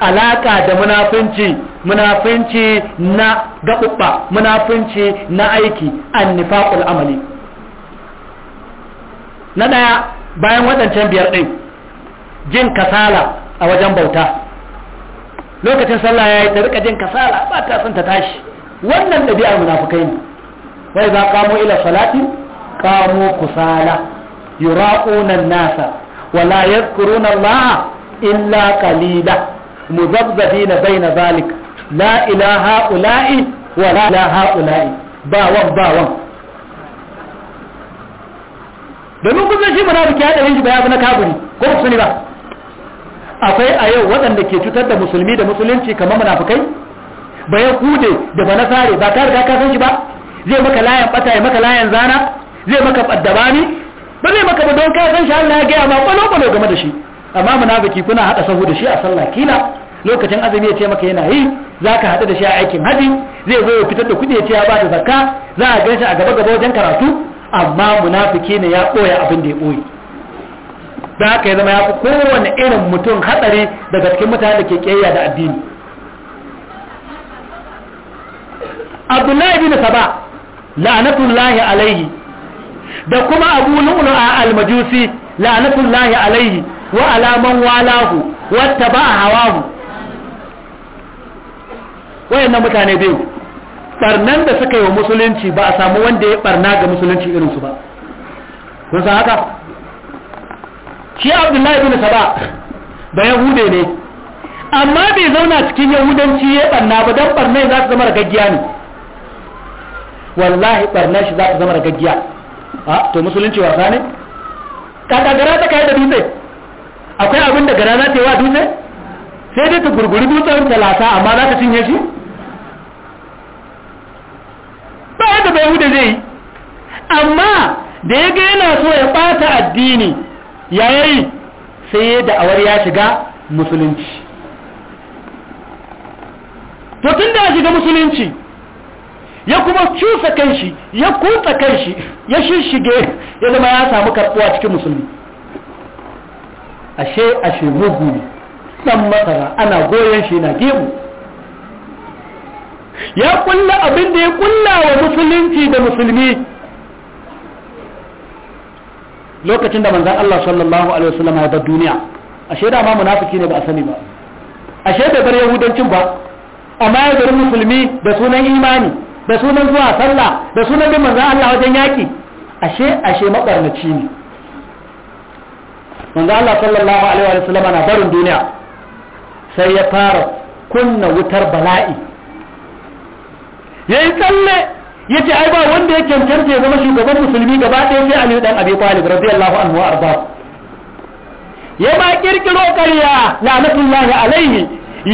alaka da munafinci munafinci na gaɓuɓɓa munafinci na aiki an nifaƙul amali na ɗaya bayan waɗancan biyar ɗin jin kasala a wajen bauta lokacin sallah ya yi ta rika jin kasala ba ta sun ta tashi wannan ɗabi'ar munafukai ne wai za kamo ila salati kamo kusala yura'unan nasa wala yadhkuruna allaha illa qalila muzabzabina baina zalik la ilaha ula'i wa la ilaha ula'i ba wan ba wan domin kun san shi munafiki ya dare shi ba ya fi na kafiri ko musulmi ba akwai a yau waɗanda ke cutar da musulmi da musulunci kamar munafikai ba ya kude da bana sare ba ka riga ka san shi ba zai maka layan bata ya maka layan zana zai maka addabani ba zai maka ba don ka san shi Allah ya gaya ma kwalo kwalo game da shi amma munafiki kuna hada sahu da shi a sallah kila lokacin azumi ya ce maka yana yi zaka haɗu da shi a aikin haji zai zo ya fitar da kudi ya ce ya da zakka za a ganshi a gaba gaba wajen karatu amma munafiki ne ya ɓoye abin da ya ɓoye. da haka ya zama ya fi kowane irin mutum hatsari daga cikin mutane da ke kiyayya da addini abdullahi bin saba la'anatullahi alaihi da kuma abu lu'lu'a al-majusi la'anatullahi alaihi wa alaman walahu wata ba a hawahu wayannan mutane biyu barnan da suka yi wa musulunci ba a samu wanda ya barna ga musulunci irinsu ba kun san haka shi abdullahi bin saba da yahude ne amma bai zauna cikin yahudanci ya barna ba don barnai za su zama gaggiya ne wallahi barna shi za su zama gaggiya a ah, to musulunci wasa ne kakagara ta kai da dutse akwai abin da garana za ta yi wa dutse sai dai ta gurguri dutsen talata amma za ta cinye shi ba yadda bai huda zai yi amma da ya ga yana so ya ɓata addini ya yayi sai ya awar ya shiga musulunci to tun da ya shiga musulunci ya kuma cusa kanshi ya kuta kanshi ya shishige ya zama ya samu karbuwa cikin musulmi ashe ashe mugu ne dan masara ana goyon shi na gemu ya kulla abin da ya kulla wa musulunci da musulmi lokacin da manzan Allah sallallahu alaihi wasallam ya bar duniya ashe da ma munafiki ne ba a sani ba ashe da bar yahudancin ba amma ya bar musulmi da sunan imani da sunan zuwa sallah da sunan bin manzan Allah wajen yaki ashe ashe mabarnaci ne manzo Allah sallallahu alaihi wa sallam na barin duniya sai ya fara kunna wutar bala'i yayi tsalle yace ai ba wanda ya cancanta ya zama shugaban musulmi gaba ɗaya sai Ali dan Abi Talib radiyallahu anhu arda ya ba kirkiro ƙarya la'natullahi alaihi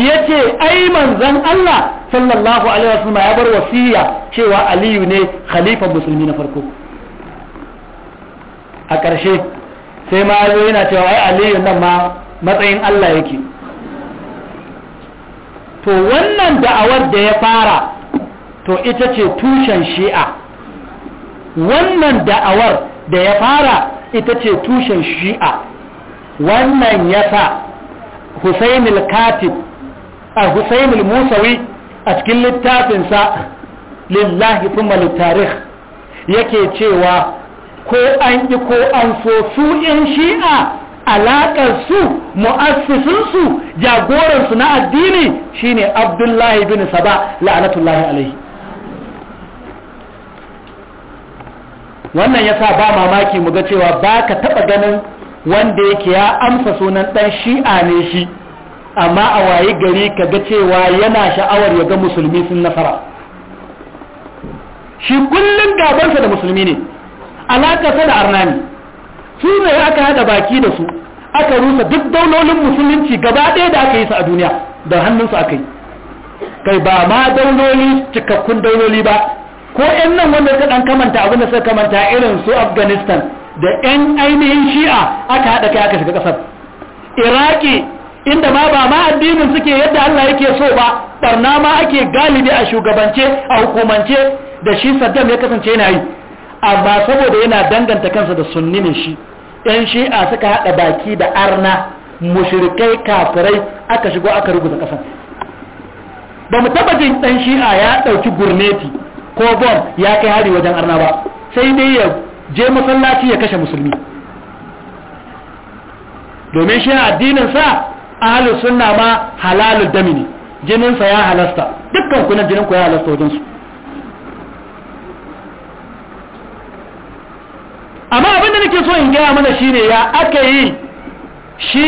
yace ai manzon Allah sallallahu alaihi wasallam ya bar wasiya cewa Aliyu ne khalifan musulmi na farko a ƙarshe sai ma yazo yana cewa ai aliyu nan ma matsayin Allah yake to wannan da'awar da ya fara to ita ce tushen shi'a wannan da'awar da ya fara ita ce tushen shi'a wannan ya sa husainul katib a Musa musawi a cikin littafinsa lillahi kuma littarih yake cewa ko an yi ko an so su in shi'a alaƙar su jagoran jagoransu na addini shine abdullahi bin saba la'anatullahi alaihi wannan yasa ba mamaki mu ga cewa ba ka taɓa ganin wanda yake ya amsa sunan ɗan shi'a ne shi amma a waye gari ka ga cewa yana sha'awar ya ga musulmi sun nasara shi kullum gabansa da musulmi ne alakasa da arnani su ne aka haɗa baki da su aka rusa duk daulolin musulunci gaba ɗaya da aka yi su a duniya da hannunsu aka yi kai ba ma dauloli cikakkun dauloli ba ko 'yan nan wanda suka ɗan kamanta abin da suka kamanta irin su afghanistan da 'yan ainihin shi'a aka haɗa kai aka shiga ƙasar iraki inda ma ba ma addinin suke yadda allah yake so ba barna ma ake galibi a shugabance a hukumance da shi saddam ya kasance yana yi amma saboda yana danganta kansa da sunni ne shi yan shi'a suka haɗa baki da arna mushrikai kafirai aka shigo aka rubuta kasan ba mu tabbacin ɗan shi'a ya ɗauki gurneti ko bom ya kai hari wajen arna ba sai dai ya je masallaci ya kashe musulmi domin shi addinin sa ahlus sunna ma halalul dami ne jinin ya halasta dukkan kunan jinin ku ya halasta wajen su amma da nake so in gaya mana shine ya aka yi shi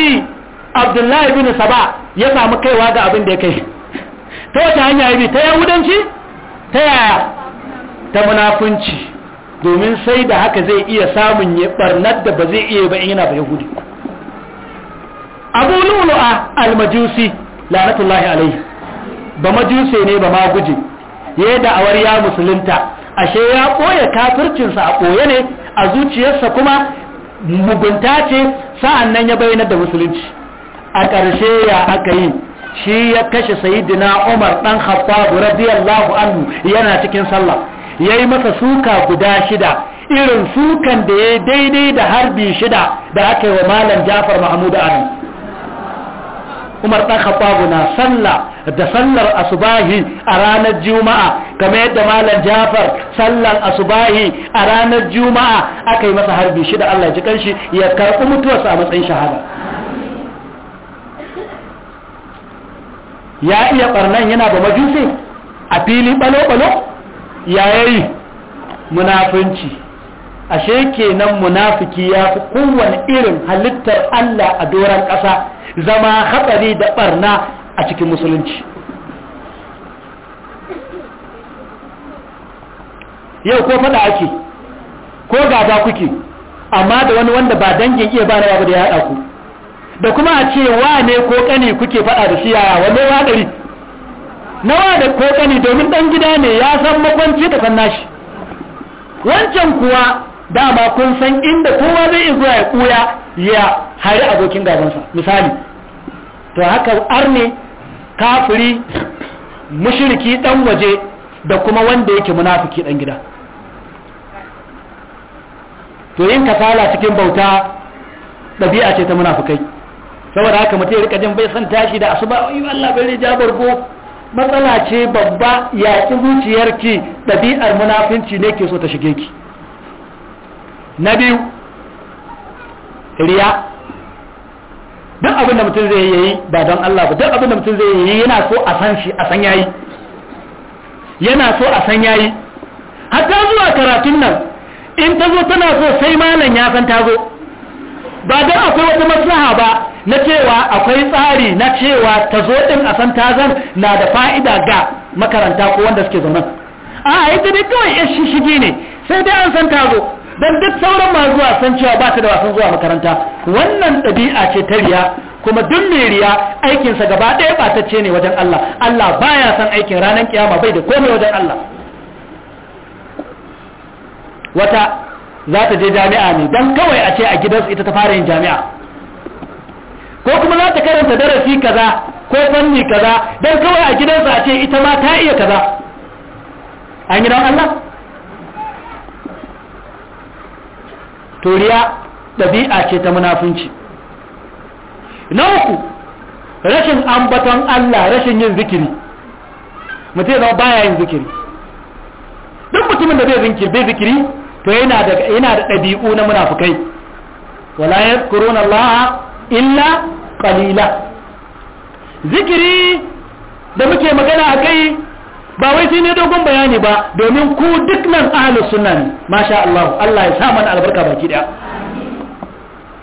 abdullahi bin saba ya samu kaiwa ga abin da ya kai ta wata hanya yi bi ta yahudanci ta yaya ta munafunci domin sai da haka zai iya samun ya barnar da ba zai iya ba yana ba yahudi abu lulu'a almajusi lanatullahi alaihi ba majusi ne ba ma guje ya da awariya musulunta ashe ya ɓoye kafircinsa a ɓoye ne a zuciyarsa kuma mugunta ce sa'an nan ya bayyana da musulunci a ƙarshe ya aka yi shi ya kashe sayidina umar ɗan khattabu radiyallahu anhu yana cikin sallah ya yi masa suka guda shida irin sukan da ya daidai da harbi shida da aka yi wa malam jafar mahmud Anu. umar ɗan khattabu na sallah da sallar asubahi a ranar juma'a game da malam jafar sallar asubahi a ranar juma'a aka yi masa harbi shi da allah ji kanshi ya karɓi mutuwarsa a matsayin shahada ya iya ɓarnan yana ba majusi a fili ɓalo-ɓalo ya yayi munafunci ashe kenan munafiki ya fi kowane irin halittar allah a doron ƙasa zama hatsari da ɓarna a cikin musulunci yau ko fada ake ko gaba kuke amma da wani wanda ba dangin iya ba na da ya haɗa ku da kuma a ce wa ne ko ƙani kuke faɗa da shi yaya wanne wa ɗari nawa da ko ƙani domin ɗan gida ne ya san makwanci da san nashi wancan kuwa dama kun san inda kowa zai iya zuwa ya ƙuya ya hari abokin gabansa misali to haka arne kafiri mushriki dan waje da kuma wanda yake munafiki dan gida to yin kasala cikin bauta ɗabi'a ce ta munafukai saboda haka mutum rika jin bai san tashi da asuba ayi Allah bai rija bargo matsala ce babba ya ki zuciyarki ɗabi'ar munafinci ne ke so ta shige ki na biyu riya duk abin da mutum zai yi ba don Allah ba duk abin da mutum zai yi yana so a san shi a san yayi yana so a san yayi hatta zuwa karatun nan in ta zo tana so sai malam ya san ta zo ba don akwai wata maslaha ba na cewa akwai tsari na cewa ta zo din a san ta zan na da fa'ida ga makaranta ko wanda suke zaman A'a ita dai kawai shi shishigi ne sai dai an san ta zo dan duk sauran ma zuwa cewa ba ta da wasan zuwa makaranta wannan ɗabi'a ce ta riya kuma duk mai riya aikinsa gaba ɗaya ɓatacce ne wajen Allah Allah baya san aikin ranar kiyama bai da komai wajen Allah wata za ta je jami'a ne don kawai a ce a gidansu ita ta fara yin jami'a ko kuma za ta karanta darasi kaza ko fanni kaza don kawai a gidansu a ce ita ma ta iya kaza an yi don Allah to riya ɗabi'a ce ta munafunci na uku rashin ambaton Allah rashin yin zikiri mutum zama baya yin zikiri duk mutumin da bai zikiri bai zikiri to yana da yana da ɗabi'u na munafukai wala yadhkuruna Allah illa qalila zikiri da muke magana akai ba wai sai ne dogon bayani ba domin ku duk nan ahlus sunna ne masha Allah Allah ya sa mana albarka baki daya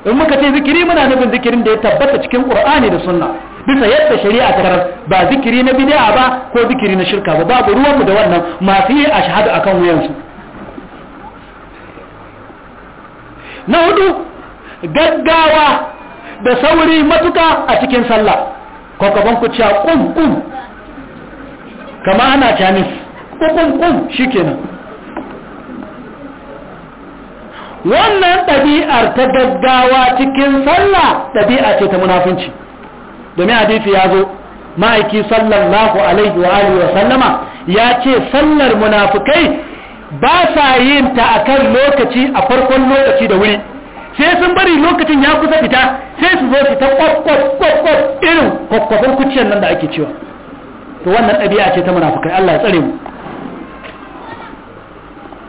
in muka ce zikiri muna nufin zikirin da ya tabbata cikin Qur'ani da sunna bisa yadda shari'a ta karar ba zikiri na bid'a ba ko zikiri na shirka ba babu ruwan mu da wannan masu yi ashhadu akan wuyansu na hudu gaggawa da sauri matuka a cikin sallah kwakwaban ku cewa kum kum kama ana canis ƙunƙunƙun shi kenan wannan ɗabi'ar ta gaggawa cikin sallah ɗabi'a ce ta munafunci domin hadisi ya zo ma'aiki sallallahu alaihi wa alihi wa sallama ya ce sallar munafukai ba sa yin ta a kan lokaci a farkon lokaci da wuri sai sun bari lokacin ya kusa fita sai su zo fita ta irin kwakwafin kuciyar nan da ake cewa to wannan ɗabi'a ce ta munafukai Allah ya tsare mu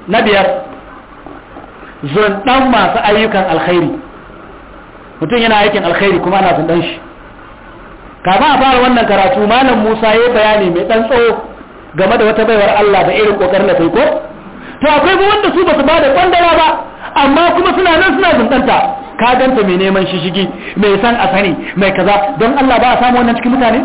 na biyar zunɗan masu ayyukan alkhairi mutum yana aikin alkhairi kuma ana zunɗan shi kafin a fara wannan karatu malam musa ya bayani mai ɗan tsawo game da wata baiwar Allah da irin ƙoƙarin da yi, ko to akwai ba wanda su ba su ba da ɓangara ba amma kuma suna nan suna zunɗanta ka ganta mai neman shishigi mai san a sani mai kaza don Allah ba a samu wannan cikin mutane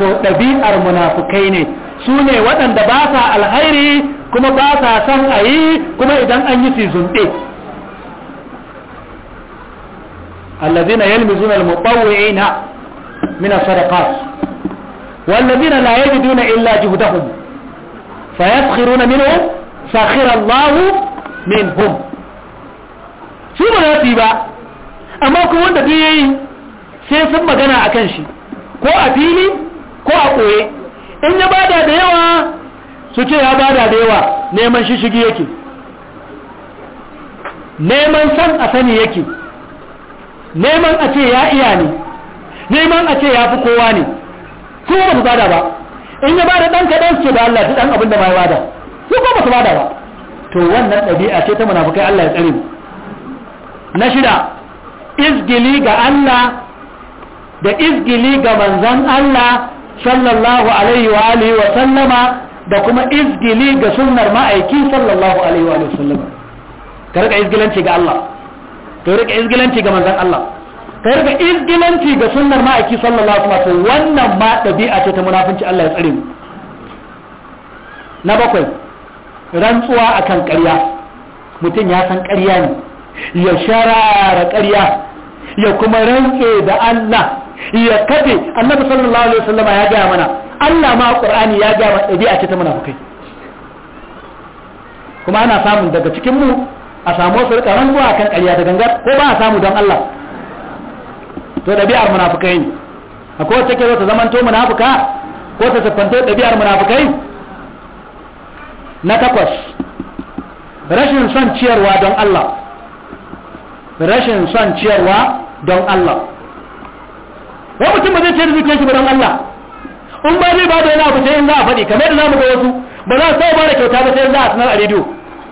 to ɗabi'ar munafukai ne su ne waɗanda ba sa alhairi kuma ba sa san a yi kuma idan an yi su zunɗe allazina yalmizuna ina min as-sadaqat wallazina la yajiduna illa ji juhdahum fayaskiruna minhum sakhira Allah minhum su ba za su yi ba amma kuma wanda duk yayi sai sun magana akan shi ko a fili ko a koye in ya bada da yawa su ce ya bada da yawa neman shishigi yake neman san a sani yake neman a ce ya iya ne neman a ce ya fi kowa ne su ba su bada ba in ya bada dan kaɗan su ce da Allah su dan abin da ma ya bada su ko ba su bada ba to wannan ɗabi'a ce ta munafukai Allah ya tsare na shida izgili ga Allah da izgili ga manzan Allah sallallahu alaihi wa alihi wa sallama da kuma izgili ga sunnar ma'aiki sallallahu alaihi wa alihi wa sallama ka rika izgilanci ga Allah ka rika izgilanci ga manzon Allah ka rika izgilanci ga sunnar ma'aiki sallallahu alaihi wa sallam wannan ma dabi'a ce ta munafinci Allah ya tsare mu na bakwai rantsuwa akan ƙarya mutum ya san ƙarya ne ya sharara ƙarya ya kuma rantse da Allah ya kafe annabi sallallahu alaihi wasallam ya gaya mana Allah ma qur'ani ya gaya mana dabi'a ce ta munafikai kuma ana samun daga cikin mu a samu wasu rika ranguwa kan ƙarya da gangar ko ba a samu don Allah to dabi'ar munafikai ne akwai wacce ke zo ta to munafuka ko ta tafanto dabi'ar munafikai na takwas rashin son ciyarwa don Allah rashin son ciyarwa don Allah wani mutum ba zai ce rizikin shi ba don Allah in ba zai bada wani abu sai in za a faɗi kamar da za mu ga wasu ba za su ba da kyauta ba sai za a sanar a rediyo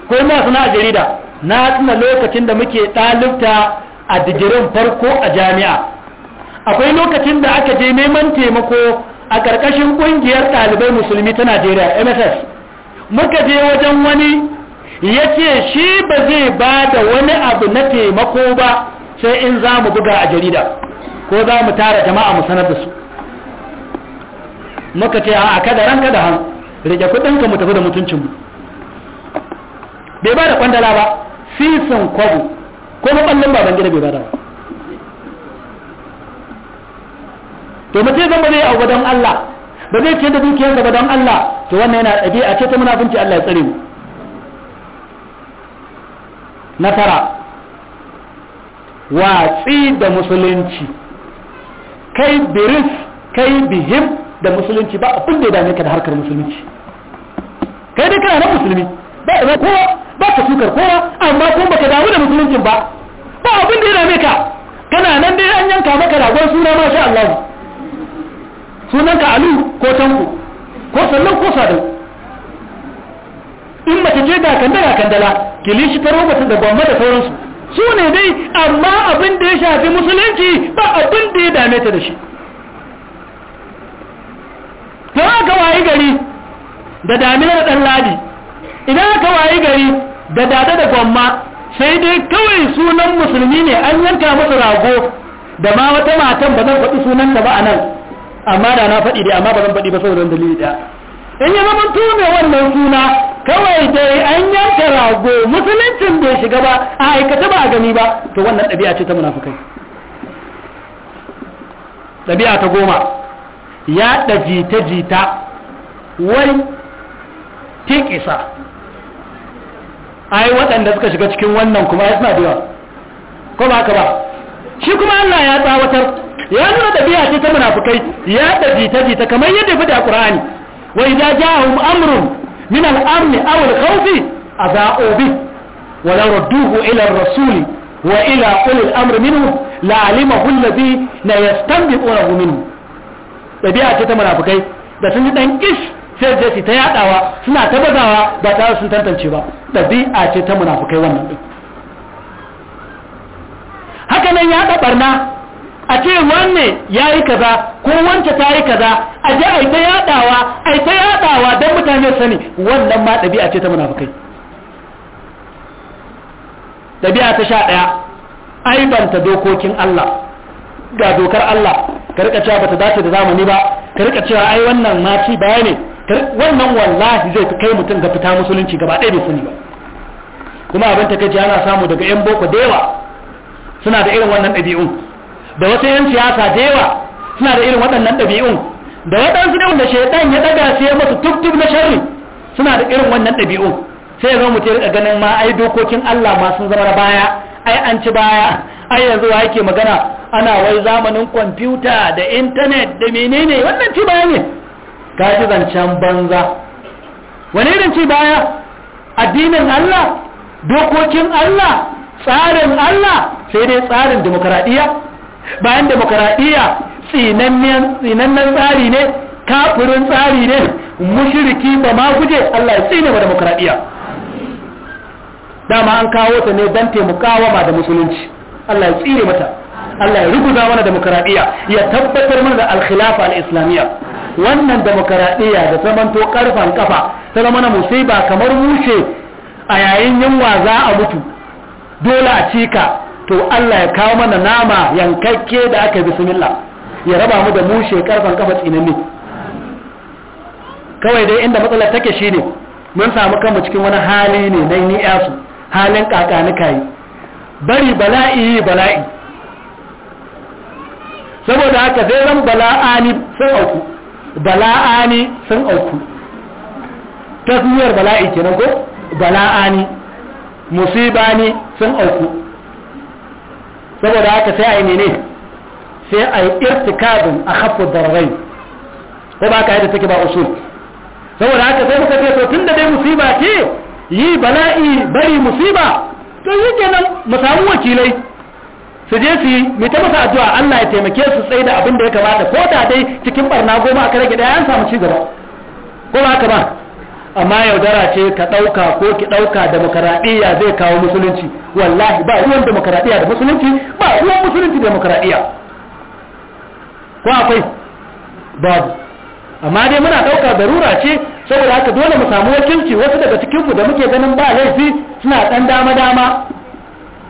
ko in sanar a jarida na tuna lokacin da muke ɗalibta a digirin farko a jami'a akwai lokacin da aka je neman taimako a ƙarƙashin ƙungiyar ɗalibai musulmi ta najeriya mss muka je wajen wani ya ce shi ba zai ba da wani abu na taimako ba sai in za mu buga a jarida ko za mu tara jama'a mu sanar da su muka ce a kada ran kada han rike kudinka mu tafi da mutuncinmu bai ba da kwandala ba sisin kwabo ko maballin baban gida bai ba da ba to mutum zan ba zai abu don Allah ba zai ce da dukiyar ga don Allah to wannan yana ɗabi'a ce ta munafunci Allah ya tsare mu na tara watsi da musulunci kai biris kai bihim da musulunci ba abin da ya dame ka da harkar musulunci kai dai kana nan musulmi ba ba kowa ba ka sukar kowa amma ko baka damu da musulunci ba ba abin da ya dame ka kana nan dai an yanka maka ragon suna ma sha Allah sunanka alu ko tanku ko sallan ko sadau in mace ce ga kandala kandala kilishi ta robata da gwamma da sauransu su ne dai amma abin da ya shafi musulunci ba abin da ya dame ta da shi a aka wayi gari da daminar dan ladi idan aka wayi gari da dada da gwamma sai dai kawai sunan musulmi ne an yanka masa rago da ma wata matan ba zan faɗi sunan sunanta ba a nan amma da na faɗi dai amma ba zan faɗi ba saboda dalili ɗaya in ya zama tume wannan suna kawai dai an yanka rago musuluncin bai shiga ba a aikata ba a gani ba to wannan ɗabi'a ce ta munafukai ɗabi'a ta goma ya jita-jita wai A ai waɗanda suka shiga cikin wannan kuma ya suna da yawa ko ba ka ba shi kuma Allah ya tsawatar ya nuna ɗabi'a ce ta munafukai ya jita-jita kamar yadda fi da ƙur'ani وإذا جاءهم أمر من الأمن أو الخوف أذاءوا به ولو ردوه إلى الرسول وإلى أولي الأمر منه لعلمه الذي لا يستنبئه منه ببيعة تتمنى بكي بس انت انكش سيجيسي تيات اوا سنع تبدا اوا باتارو سنتان تنشيبا ببيعة تتمنى بكي وانا هكذا يعتبرنا a ce wanne ya yi kaza ko wance ta yi kaza a je a yi ta yadawa a yi ta yadawa don mutane sani wannan ma ɗabi'a ce ta munafukai ɗabi'a ta sha ɗaya aibanta dokokin Allah ga dokar Allah ka rika cewa bata dace da zamani ba ka rika cewa ai wannan ma ci baya ne wannan wallahi zai kai mutum ga fita musulunci gaba ɗaya bai sani ba kuma abin ta kaji ana samu daga yan boko da yawa suna da irin wannan ɗabi'un da wasu yan siyasa da yawa suna da irin waɗannan ɗabi'un da waɗansu da wanda shaidan ya daga sai masu tuktuk na sharri suna da irin wannan ɗabi'un sai ya zo mu tere ganin ma ai dokokin Allah ma sun zama baya ai an ci baya ai yanzu wa yake magana ana wai zamanin kwamfuta da intanet da menene wannan ci baya ne ka ji zancen banza wani irin ci baya addinin Allah dokokin Allah tsarin Allah sai dai tsarin demokaradiyya bayan demokaradiyya tsinannen tsari ne kafirin tsari ne mushiriki ba ma guje Allah ya tsine wa demokaradiyya dama an kawo ta ne don taimakawa da musulunci Allah ya tsire mata Allah ya rubuta mana demokaradiyya ya tabbatar mana da alkhilafa al-islamiyya wannan demokaradiyya da zamanto karfan kafa ta zama na musiba kamar mushe a yayin yunwa za a mutu dole a cika to Allah ya kawo mana nama yankakke da aka bismillah ya raba mu da mu karfan kafa tsinanni kawai dai inda matsalar take shine mun samu kanmu cikin wani hali ne na ni su halin ni kayi. bari bala'i bala'i saboda haka sai zan bala'ani sun auku bala'ani sun auku Tafiyar bala'i kenan ko bala'ani musibani sun auku saboda haka sai a yi ne sai a yi irtikabin a hafu darrai ko ba ka yadda take ba usul saboda haka sai muka ce tun da dai musiba ce yi bala'i bari musiba to yi kenan mu samu wakilai su je su yi mai ta masa addu'a Allah ya taimake su tsaye da abin da ya kamata ko da dai cikin barna goma aka rage daya an samu ci gaba ko ba ka ba amma yaudara ce ka ɗauka ko ki ɗauka demokaradiyya zai kawo musulunci wallahi ba ruwan demokaradiyya da musulunci ba ruwan musulunci demokaradiyya ko akwai babu amma dai muna ɗauka darura ce saboda haka dole mu samu wakilci wasu daga cikinmu da muke ganin ba laifi suna ɗan dama-dama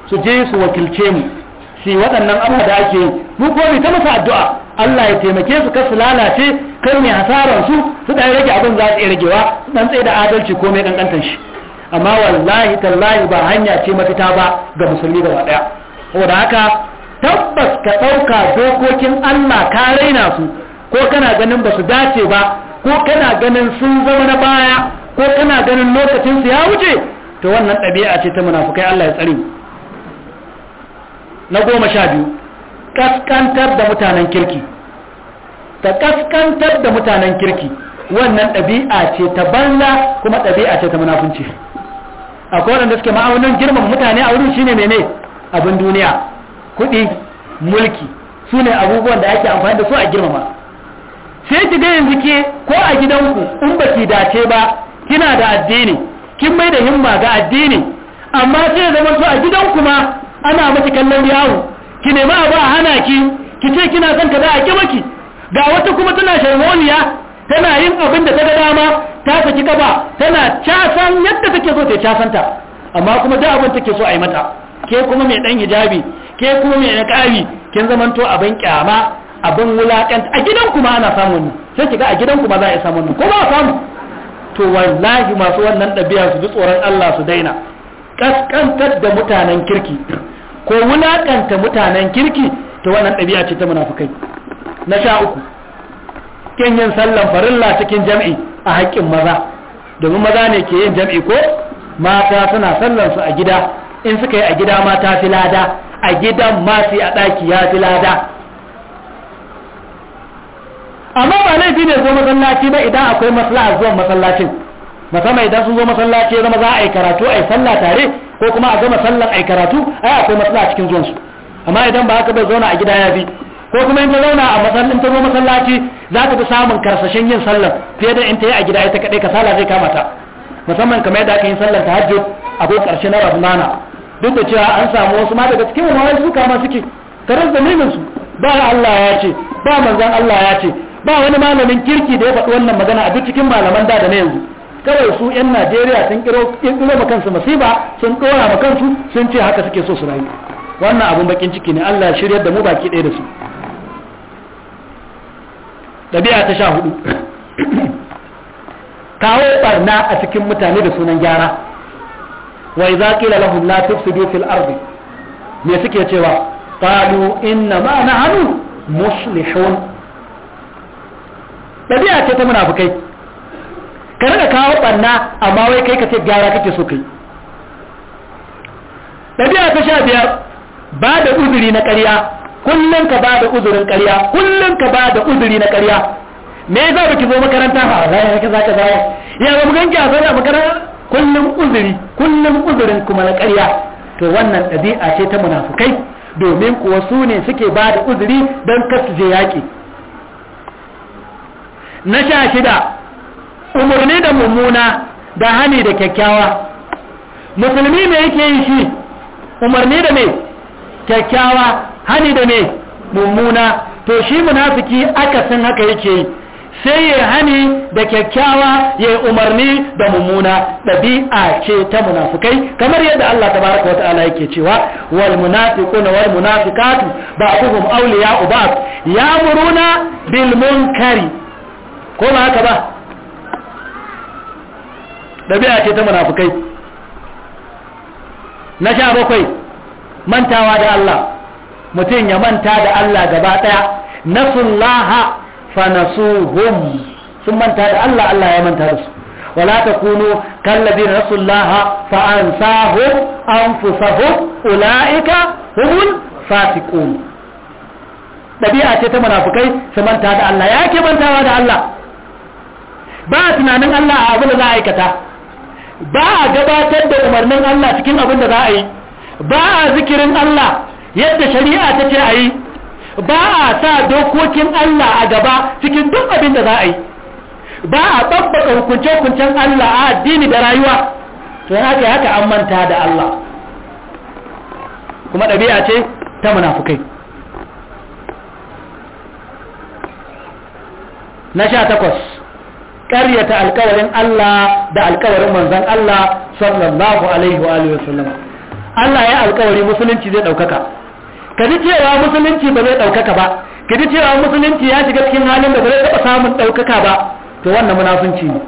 su je su wakilce mu sai waɗannan abubuwa da ake yi mu ko mai ta masa addu'a Allah ya taimake su kar su lalace kar mai hasaran su su ɗaya rage abin za su iya ragewa su ɗan tsaye da adalci ko mai ƙanƙantar shi amma wallahi tallahi ba hanya ce mafita ba ga musulmi gaba ɗaya saboda haka tabbas ka ɗauka dokokin Allah ka raina su ko kana ganin ba su dace ba ko kana ganin sun zama na baya ko kana ganin lokacinsu ya wuce to wannan ɗabi'a ce ta munafukai Allah ya tsare mu na goma sha biyu kaskantar da mutanen kirki ta kaskantar da mutanen kirki wannan ɗabi'a ce ta banza kuma ɗabi'a ce ta munafunci akwai waɗanda suke ma'aunin girman mutane a wurin shine mene abin duniya kuɗi mulki su ne abubuwan da ake amfani da su a girmama sai ki ga yanzu ke ko a gidanku in ba ki dace ba kina da addini kin mai da himma ga addini amma sai ya zama su a gidanku ma ana maki kallon yawo ki nema abu a hana ki ki ce kina son ka da a kibaki ga wata kuma tana sharmoniya tana yin abin da ta ga dama ta saki kaba tana casan yadda take so ta casanta amma kuma da abin take so a yi mata ke kuma mai dan hijabi ke kuma mai nakari kin zamanto abin kyama abin wulakanta a gidan kuma ana samun ne sai kiga a gidan kuma za a yi samun ko ba samu to wallahi masu wannan ɗabi'a su ji tsoron Allah su daina kaskantar da mutanen kirki ko wulakanta mutanen kirki ta wannan ɗabi'a ce ta munafukai na sha uku kin yin sallan farilla cikin jam'i a haƙƙin maza domin maza ne ke yin jam'i ko mata suna sallan su a gida in suka yi a gida mata fi lada a gidan ma sai a ɗaki ya fi lada amma ba laifi ne zo masallaci ba idan akwai maslaha zuwan masallacin mai idan sun zo masallaci ya zama za a yi karatu a yi sallah tare ko kuma a gama sallar a yi karatu ai akwai matsala cikin zuwansu amma idan ba haka bai zauna a gida ya bi ko kuma in ta zauna a masallin ta zo masallaci za ta fi samun karsashen yin sallar fiye da in ta yi a gida ita kaɗai kasala zai kama ta musamman kamar yadda aka yi sallar ta hajjo a ko ƙarshe na rabnana duk da cewa an samu wasu ma daga cikin wani suka ma suke Karas da su ba Allah ya ce ba manzan Allah ya ce ba wani malamin kirki da ya faɗi wannan magana a duk cikin malaman da da na yanzu kawai su 'yan najeriya sun kiro ma kansu masifa sun ɗora ma kansu sun ce haka suke so su rayu wannan abin bakin ciki ne allah shirya da mu baki ɗaya da su ɗabi'a ta sha hudu kawo barna a cikin mutane da sunan gyara wa idza qila lahum la tufsidu fil ardi me suke cewa qalu inna ma nahnu muslihun ɗabi'a ce ta munafukai ka rika kawo banna amma wai kai ka ce gyara kake so kai ɗabi'a ta sha biyar ba da uzuri na ƙarya kullum ka ba da uzurin ƙarya kullum ka ba da uzuri na ƙarya me yasa ki zo makaranta ba za ya kaza kaza ya ba mu ki a makaranta kullum uzuri kullum uzurin kuma na ƙarya to wannan ɗabi'a ce ta munafukai domin kuwa su ne suke ba da uzuri don kasu je yaƙi na sha shida umarni da mummuna da hani da kyakkyawa musulmi me yake yi shi umarni da me kyakkyawa hani da me mummuna to shi munafiki aka akasin haka yake yi sai ya hani da kyakkyawa ya umarni da mummuna ɗabi'a ce ta munafukai kamar yadda Allah wata ala yake cewa wal na wal munafiqatu ba'dhum awliya'u ba'd ya'muruna bil munkari ko ba haka ba ɗabi'a ce ta munafukai na sha bakwai mantawa da Allah mutum ya manta da Allah gaba ɗaya nasullaha fa nasuhum sun manta da Allah Allah ya manta da su wala takunu kallabin nasullaha fa ansahum anfusahum ulaika humul fasiqun ɗabi'a ce ta munafukai su manta da Allah ya ke mantawa da Allah ba tunanin Allah a abu da za a aikata ba a gabatar da umarnin Allah cikin abin da za a yi ba a zikirin Allah yadda shari'a ta ce a yi ba a sa dokokin Allah a gaba cikin duk abin da za a yi ba a babbaka hukunce-hukuncen Allah a addini da rayuwa to haka haka an manta da Allah kuma ɗabi'a ce ta munafukai na sha takwas ƙaryata alkawarin Allah da alkawarin manzon Allah sallallahu alaihi wa alihi wasallam Allah ya alkawari musulunci zai daukaka kaji cewa musulunci ba zai daukaka ba kaji cewa musulunci ya shiga cikin halin da ba zai taba samun daukaka ba to wannan munafunci ne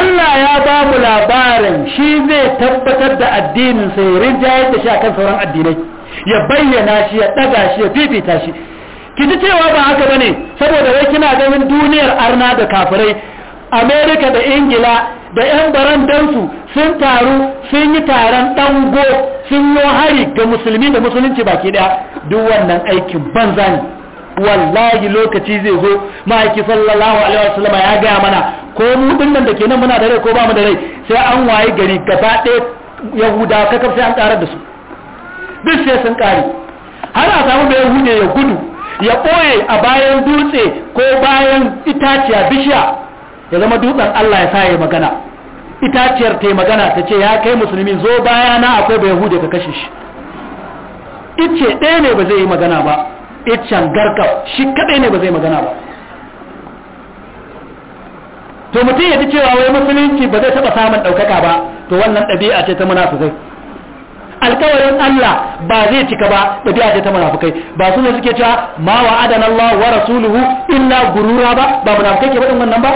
Allah ya ba mu labarin shi zai tabbatar da addinin sai rinjaye da shi akan sauran addinai ya bayyana shi ya daga shi ya fifita shi ki ji cewa ba haka bane saboda wai kina ganin duniyar arna da kafirai amerika da ingila da yan barandansu sun taru sun yi taron dango sun yi hari ga musulmi da musulunci baki daya duk wannan aikin banza ne wallahi lokaci zai zo ma'aiki sallallahu alaihi wasallam ya gaya mana ko mu dinnan da ke nan muna da rai ko ba mu da rai sai an wayi gari gaba ɗaya yahudawa kakar sai an karar da su duk sai sun kare har a samu da yahuda ya gudu ya ɓoye a bayan dutse ko bayan itaciya bishiya ya zama dutsen Allah ya sa ya magana itaciyar ta magana ta ce ya kai musulmi zo bayana akwai bai hude ka kashe shi ice ɗaya ne ba zai yi magana ba iccen garkar shi kaɗai ne ba zai magana ba to mutum ya ji cewa wai musulunci ba zai taɓa samun ɗaukaka ba to wannan ɗabi'a ce ta zai. alkawarin Allah ba zai cika ba ɗabi'a ce ta munafukai ba su ne suke cewa ma wa adana Allah wa rasuluhu illa gurura ba ba munafukai ke faɗin wannan ba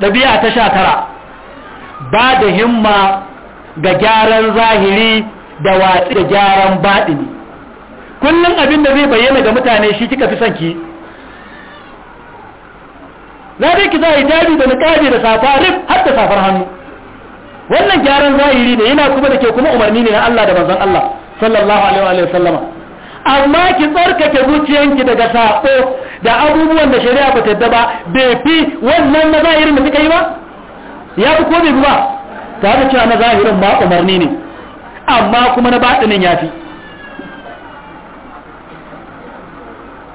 ɗabi'a ta sha tara ba da himma ga gyaran zahiri da watsi da gyaran baɗini kullum abin da zai bayyana ga mutane shi kika fi son ki za ki za hijabi da niqabi da safa rif har da safar hannu wannan gyaran zahiri ne yana kuma da ke kuma umarni ne na Allah da manzon Allah sallallahu alaihi wa sallama amma ki tsarkake zuciyanki daga sako da abubuwan da shari'a ba ta ba bai fi wannan na zahirin da suka yi ba ya fi ko bai ba ta da cewa na zahirin ba umarni ne amma kuma na baɗinin ya fi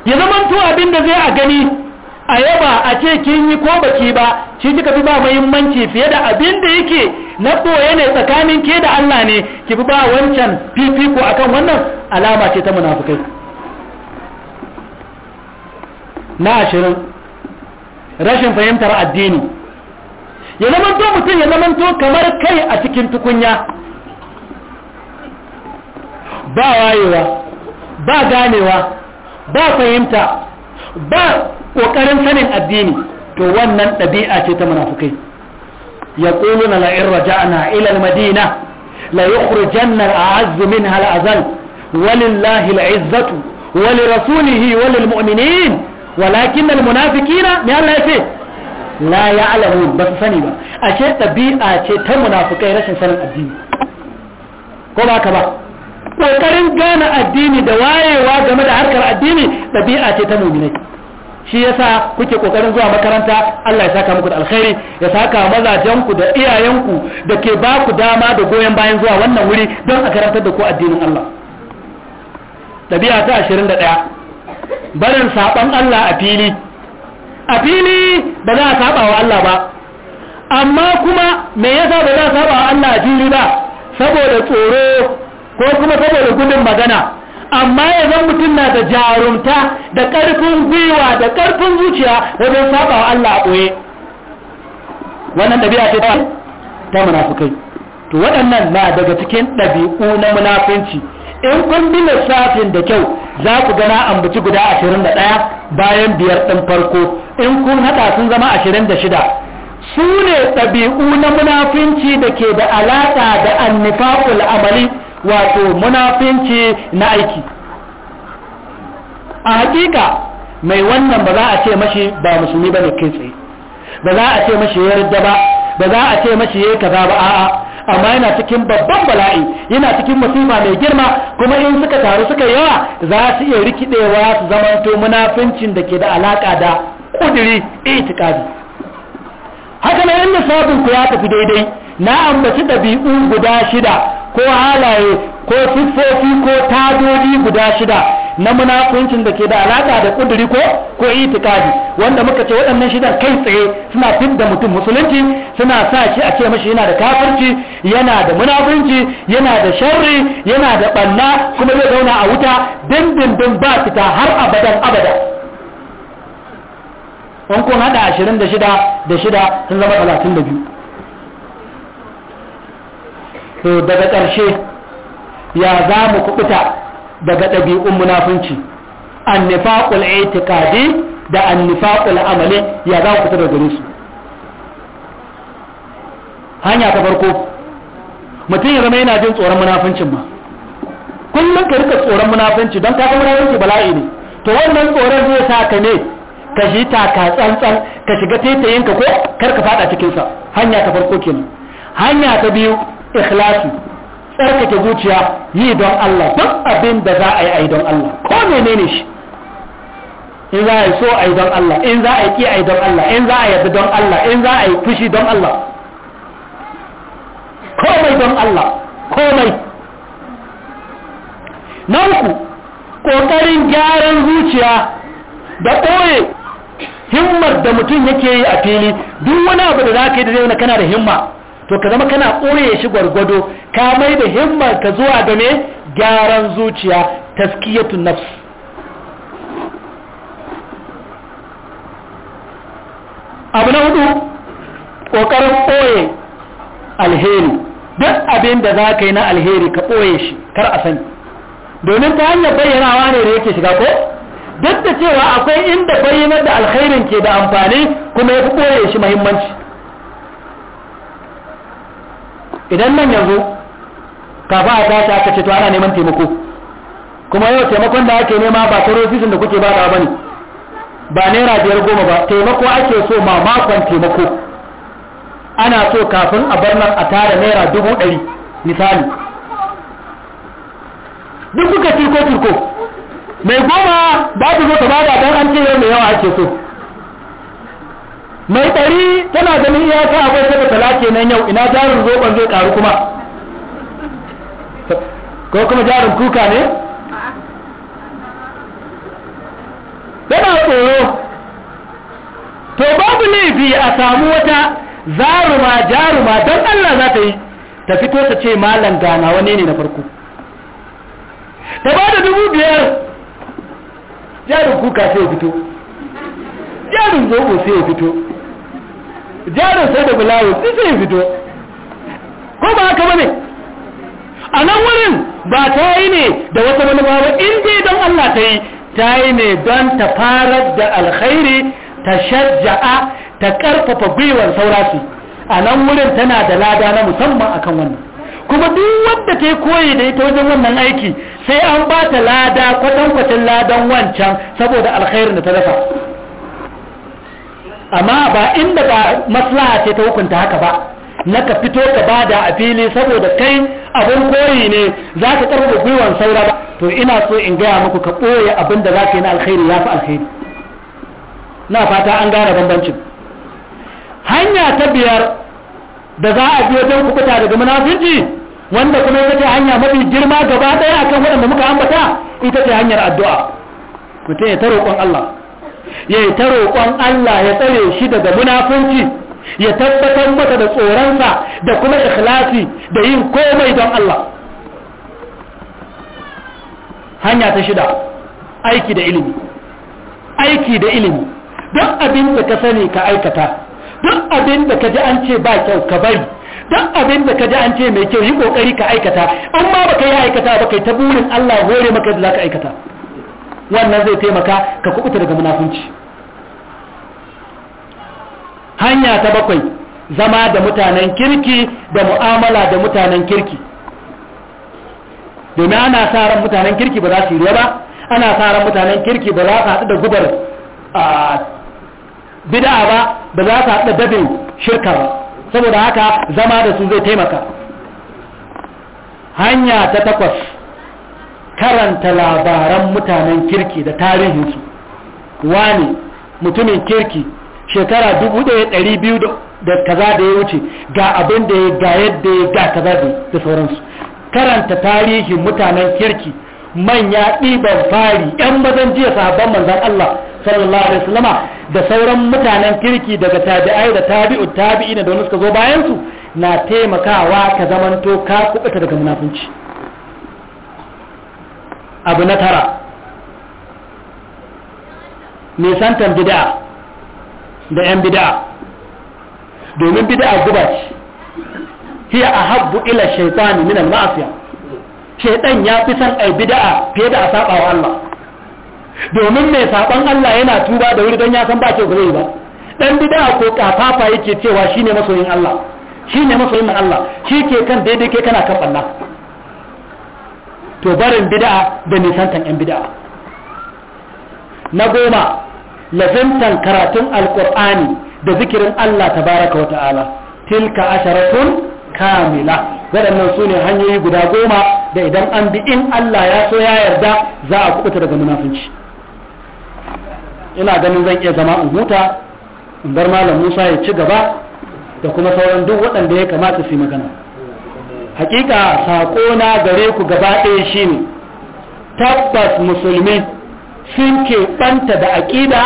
ya zama abin da zai a gani a yaba a ce kin yi ko baki ba shi kika fi ba muhimmanci fiye da abin da yake na boye ne tsakanin ke da Allah ne ki fi ba wancan fifiko akan wannan alama ce ta munafukai na ashirin rashin fahimtar addini ya zamanto mutum ya zamanto kamar kai a cikin tukunya ba wayewa ba ganewa ba fahimta ba ƙoƙarin sanin addini to wannan ɗabi'a ce ta munafukai يقولون لئن رجعنا إلى المدينة ليخرجن الأعز منها الأذل ولله العزة ولرسوله وللمؤمنين ولكن المنافقين يقول لا يعلمون بس سنبا أشياء طبيعة شيء منافقين رشن سنة الدين كما كما وقرن كان الدين دواي وقمد عركر الدين طبيعة تمومنين shi yasa kuke kokarin zuwa makaranta Allah ya saka muku da alkhairi ya saka mazajenku da iyayenku da ke ba ku dama da goyon bayan zuwa wannan wuri don a karantar da ku addinin Allah tabi'a ta 21 barin saban Allah a fili a fili ba za a saba wa Allah ba amma kuma me yasa ba za a saba wa Allah a fili ba saboda tsoro ko kuma saboda gudun magana amma yanzu mutum na da jarumta da ƙarfin gwiwa da ƙarfin zuciya wajen saba wa Allah a ɓoye wannan ɗabi'a ce ta munafukai to waɗannan na daga cikin ɗabi'u na munafunci in kun bi lissafin da kyau za ku gana ambaci guda ashirin da ɗaya bayan biyar ɗin farko in kun haɗa sun zama ashirin da shida su ne ɗabi'u na munafunci da ke da alaƙa da annifaul amali wato munafinci na aiki a hakika mai wannan ba za a ce mashi ba musulmi ba ne kai tsaye ba za a ce mashi ya yarda ba za a ce mashi ya kaza ba a'a amma yana cikin babban bala'i yana cikin musifa mai girma kuma in suka taru suka yawa za su iya rikidewa su zamanto munafincin da ke da alaka da kudiri itikadi haka nan inda sabon ku ya tafi daidai na ambaci ɗabi'u guda shida ko halaye ko siffofi ko tadodi guda shida na munafuncin da ke da alaƙa da kuduri ko ko itikadi wanda muka ce waɗannan shidan kai tsaye suna fidda mutum musulunci suna sa shi a ce mashi yana da kafirci yana da munafunci yana da sharri yana da ɓanna, kuma zai zauna a wuta dindindin ba fita har abadan abada Wanko haɗa ashirin da shida da shida sun zama talatin da biyu to daga ƙarshe ya za mu kuɓuta daga ɗabi'un munafunci annifaqul i'tiqadi da annifaqul amali ya za mu fita daga gare su hanya ta farko mutum ya zama yana jin tsoron munafuncin ma kullum ka rika tsoron munafunci don ka ga munafunci bala'i ne to wannan tsoron zai sa ka ne ka shi taka tsantsan ka shiga taitayinka ko kar ka fada cikinsa hanya ta farko kenan hanya ta biyu ikhlasi tsarkake zuciya yi don Allah duk abin da za a yi a yi don Allah ko menene shi in za a yi so a yi don Allah in za a yi ki a yi don Allah in za a yabi don Allah in za a yi fushi don Allah komai don Allah komai na uku ƙoƙarin gyaran zuciya da ɓoye himmar da mutum yake yi a fili duk wani abu da za ka yi da zai kana da himma to ka zama kana ɓoye shi gwargwado ka mai da himmar ka zuwa ga me gyaran zuciya taskiyatun nafs abu na hudu ƙoƙarin ɓoye alheri duk abin da za ka yi na alheri ka ɓoye shi kar a sani domin ta hanyar bayyanawa ne da yake shiga ko duk da cewa akwai inda bayyanar da alkhairin ke da amfani kuma ya fi ɓoye shi mahimmanci idan nan yanzu kafa a tashi aka ce to ana neman taimako kuma yau taimakon da ake nema ba karo fisin da kuke bada ba ne ba naira biyar goma ba taimako ake so ma makon taimako ana so kafin a bar nan a tara naira dubu ɗari misali duk kuka turko turko mai goma ba ta zo ta bada don an ce yau mai yawa ake so mai ɗari tana ganin iyaka akwai saka talake nan yau ina jarin zoɓon zai ƙaru kuma ko kuma jarin kuka ne tana tsoro to babu laifi a samu wata zaruma jaruma don allah za ta yi ta fito ta ce malam gana wane ne na farko ta ba da dubu biyar jarin kuka sai ya fito jarin zoɓo sai ya fito jarin sai da bulawo duk sai fito ko ba haka ne? a nan wurin ba ta yi ne da wata manufa ba in dai don Allah ta yi ta yi ne don ta fara da alkhairi ta shajja'a ta karfafa gwiwar saurasi a nan wurin tana da lada na musamman akan wannan kuma duk wanda ta koyi da ita wajen wannan aiki sai an ba ta lada kwatankwacin ladan wancan saboda alkhairin da ta dafa amma ba inda ba maslaha ce ta hukunta haka ba na ka fito ka bada a fili saboda kai abin koyi ne za ka karfafa gwiwan saura ba to ina so in gaya muku ka ɓoye abin da za ka yi na alkhairi ya fi alkhairi na fata an gane bambancin hanya ta biyar da za a biyo don kubuta daga munafinci wanda kuma ita ce hanya mafi girma gaba ɗaya akan waɗanda muka ambata ita ce hanyar addu'a mutum ya ta roƙon Allah ya yi ta roƙon Allah ya tsare shi daga munafunci ya tabbatar mata da tsoronsa da kuma ikhlasi da yin komai don Allah hanya ta shida aiki da ilimi aiki da ilimi duk abin da ka sani ka aikata duk abin da ka ji an ce ba kyau ka bari duk abin da ka ji an ce mai kyau yi kokari ka aikata amma baka yi aikata ba kai ta burin Allah hore maka da za ka aikata wannan zai taimaka ka kubuta daga munafunci hanya ta bakwai zama da mutanen kirki da mu'amala da mutanen kirki domin ana sa ran mutanen kirki ba za su yi ba ana sa ran mutanen kirki ba za su haɗu da gubar bid'a ba ba za su haɗu da dabin shirka ba saboda haka zama da su zai taimaka hanya ta takwas karanta labaran mutanen kirki da tarihinsu wani mutumin kirki shekara 1200 da kaza da ya wuce ga abin da ya ga yadda ya ga kaza da sauransu karanta tarihin mutanen kirki manya ɗiban fari 'yan mazan jiya sahabban manzan Allah sallallahu alaihi wasallama da sauran mutanen kirki daga tabi'ai da tabi'u tabi'ina da wani suka zo bayansu na taimakawa ka zamanto ka kubuta daga munafunci abu na tara nisantar bid'a da 'yan bid'a domin bid'a guba ce hiya a habbu ila shaitani min al-ma'asiya shaitan ya fi san ai bid'a fiye da a saba wa Allah domin mai saban Allah yana tuba da wuri don ya san ba ke gure ba dan bid'a ko kafafa yake cewa shine masoyin Allah shine masoyin Allah shi ke kan daidai ke kana kan to barin bid'a da nisantan yan bid'a na goma lazimtan karatun alkur'ani da zikirin Allah tabaraka wa ta'ala tilka asharatun kamila waɗannan su ne hanyoyi guda goma da idan an bi in Allah ya so ya yarda za a kubuta daga munafunci ina ganin zan iya zama in huta in bar malam Musa ya ci gaba da kuma sauran duk waɗanda ya kamata su yi magana hakika sako na gare ku gaba ɗaya ne tabbas musulmi sun keɓanta da aƙida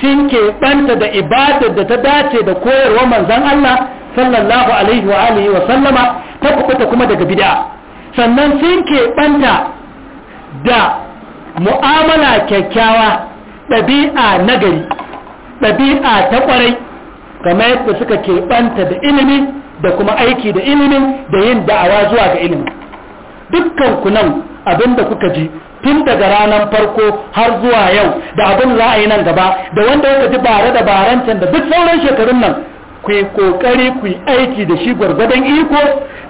sun keɓanta da ibadar da ta dace da koyarwa manzan Allah sallallahu alaihi wa alihi wa sallama ta kubuta kuma daga bid'a sannan sun keɓanta da mu'amala kyakkyawa ɗabi'a nagari ɗabi'a ta ƙwarai kamar yadda suka keɓanta da ilimi da kuma aiki da ilimin da yin da'awa zuwa ga ilimi dukkan ku nan abin da kuka ji tun daga ranar farko har zuwa yau da abin za a yi nan gaba da wanda kuka ji bare da barancin da duk sauran shekarun nan ku yi kokari ku yi aiki da shi gwargwadon iko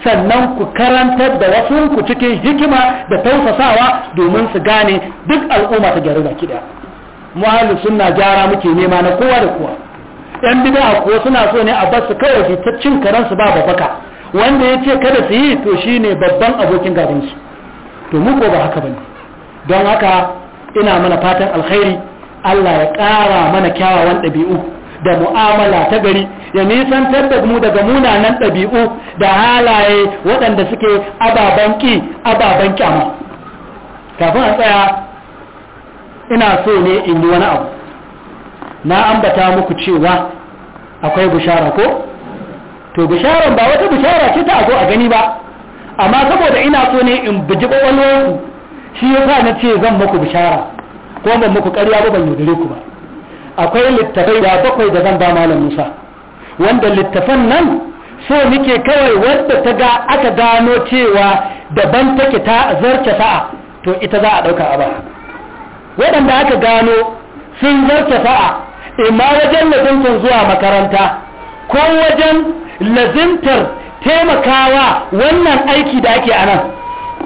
sannan ku karantar da wasu ku cikin hikima da tausasawa domin su gane duk al'umma ta gyaru da kida sunna gyara muke nema na kowa da kowa yan bid'a ko suna so ne a basu kawai su ta cin karan su ba baka wanda ya ce kada su yi to shine babban abokin gaban su to mu ko ba haka bane don haka ina mana fatan alkhairi Allah ya ƙara mana kyawawan ɗabi'u da mu'amala ta gari ya nisantar da mu daga munanan ɗabi'u da halaye waɗanda suke ababen ki ababen kyama kafin a tsaya ina so ne in yi wani abu na ambata muku cewa akwai bishara ko to bisharan ba wata bishara ce ta zo a gani ba amma saboda ina so ne in biji kwakwalwarku shi ya sa na ce zan muku bishara ko ban muku karya ba ban yaudare ku ba akwai littafai da bakwai da zan ba malam musa wanda littafan nan so nike kawai wadda ta ga aka gano cewa daban take ta zarce sa'a to ita za a ɗauka a ba waɗanda aka gano sun zarta fa'a imma wajen lazimtar zuwa makaranta ko wajen lazimtar taimakawa wannan aiki da ake a nan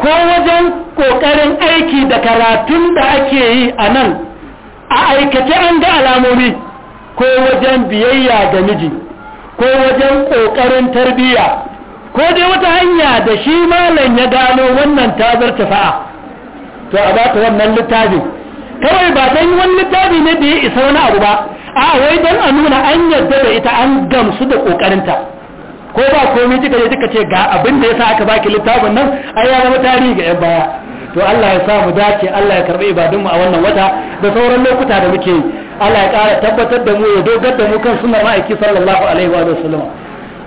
ko wajen ƙoƙarin aiki da karatun da ake yi a nan a aikace an ga alamomi ko wajen biyayya ga miji ko wajen ƙoƙarin tarbiyya ko dai wata hanya da shi malam ya gano wannan tazar fa'a to a ba ta wannan littafin kawai ba dan wani littafi ne da ya isa wani abu ba a wai dan a nuna an yarda da ita an gamsu da kokarinta ko ba komai kika je kika ce ga abin da yasa aka baki littafin nan ai ya zama tarihi ga yan baya to Allah ya sa dace Allah ya karbi ibadunmu a wannan wata da sauran lokuta da muke Allah ya ƙara tabbatar da mu ya dogar da mu kan sunan ma'aiki sallallahu alaihi wa sallam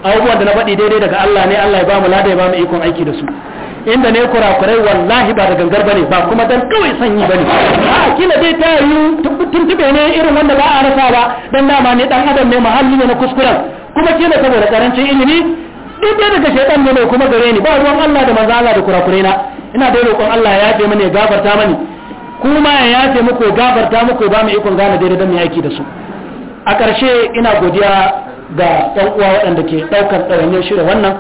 abubuwan da na faɗi daidai daga Allah ne Allah ya ba mu lada ya ba mu ikon aiki da su inda ne kurakurai wallahi ba da gangar bane ba kuma dan kawai sanyi bane a ah, kila dai ta yi tuntube ne irin wanda ba a rasa ba dan dama ne dan adam ne muhalli ne na kuskuren kuma kila saboda karancin ilimi duk da daga shaitan ne mai kuma gare ni ba ruwan Allah da manzo Allah da kurakurai na ina da roƙon Allah ya yafe mani ya gafarta mani kuma ya yafe muku gafarta muku ba mu ikon gane daidai dan mu yaki da su a ƙarshe ina godiya ga ɗan uwa waɗanda ke ɗaukar ɗawainiyar shirin wannan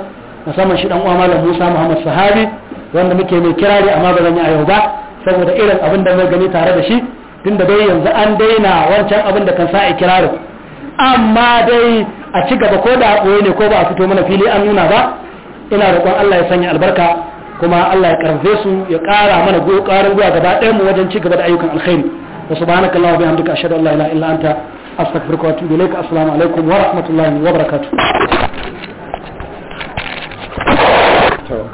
musamman shi dan uwa malam Musa Muhammad Sahabi wanda muke mai kirari amma ba zan yi a yau ba saboda irin abin da muka gani tare da shi tunda dai yanzu an daina wancan abin da kan sa kirari amma dai a ci gaba ko da ɓoye ne ko ba a fito mana fili an nuna ba ina roƙon Allah ya sanya albarka kuma Allah ya karfe su ya ƙara mana go ƙarin gaba gaba mu wajen ci gaba da ayyukan alkhairi wa subhanaka allahumma bihamdika ashhadu an la ilaha illa anta astaghfiruka wa atubu ilaik assalamu alaikum wa rahmatullahi wa barakatuh Torah.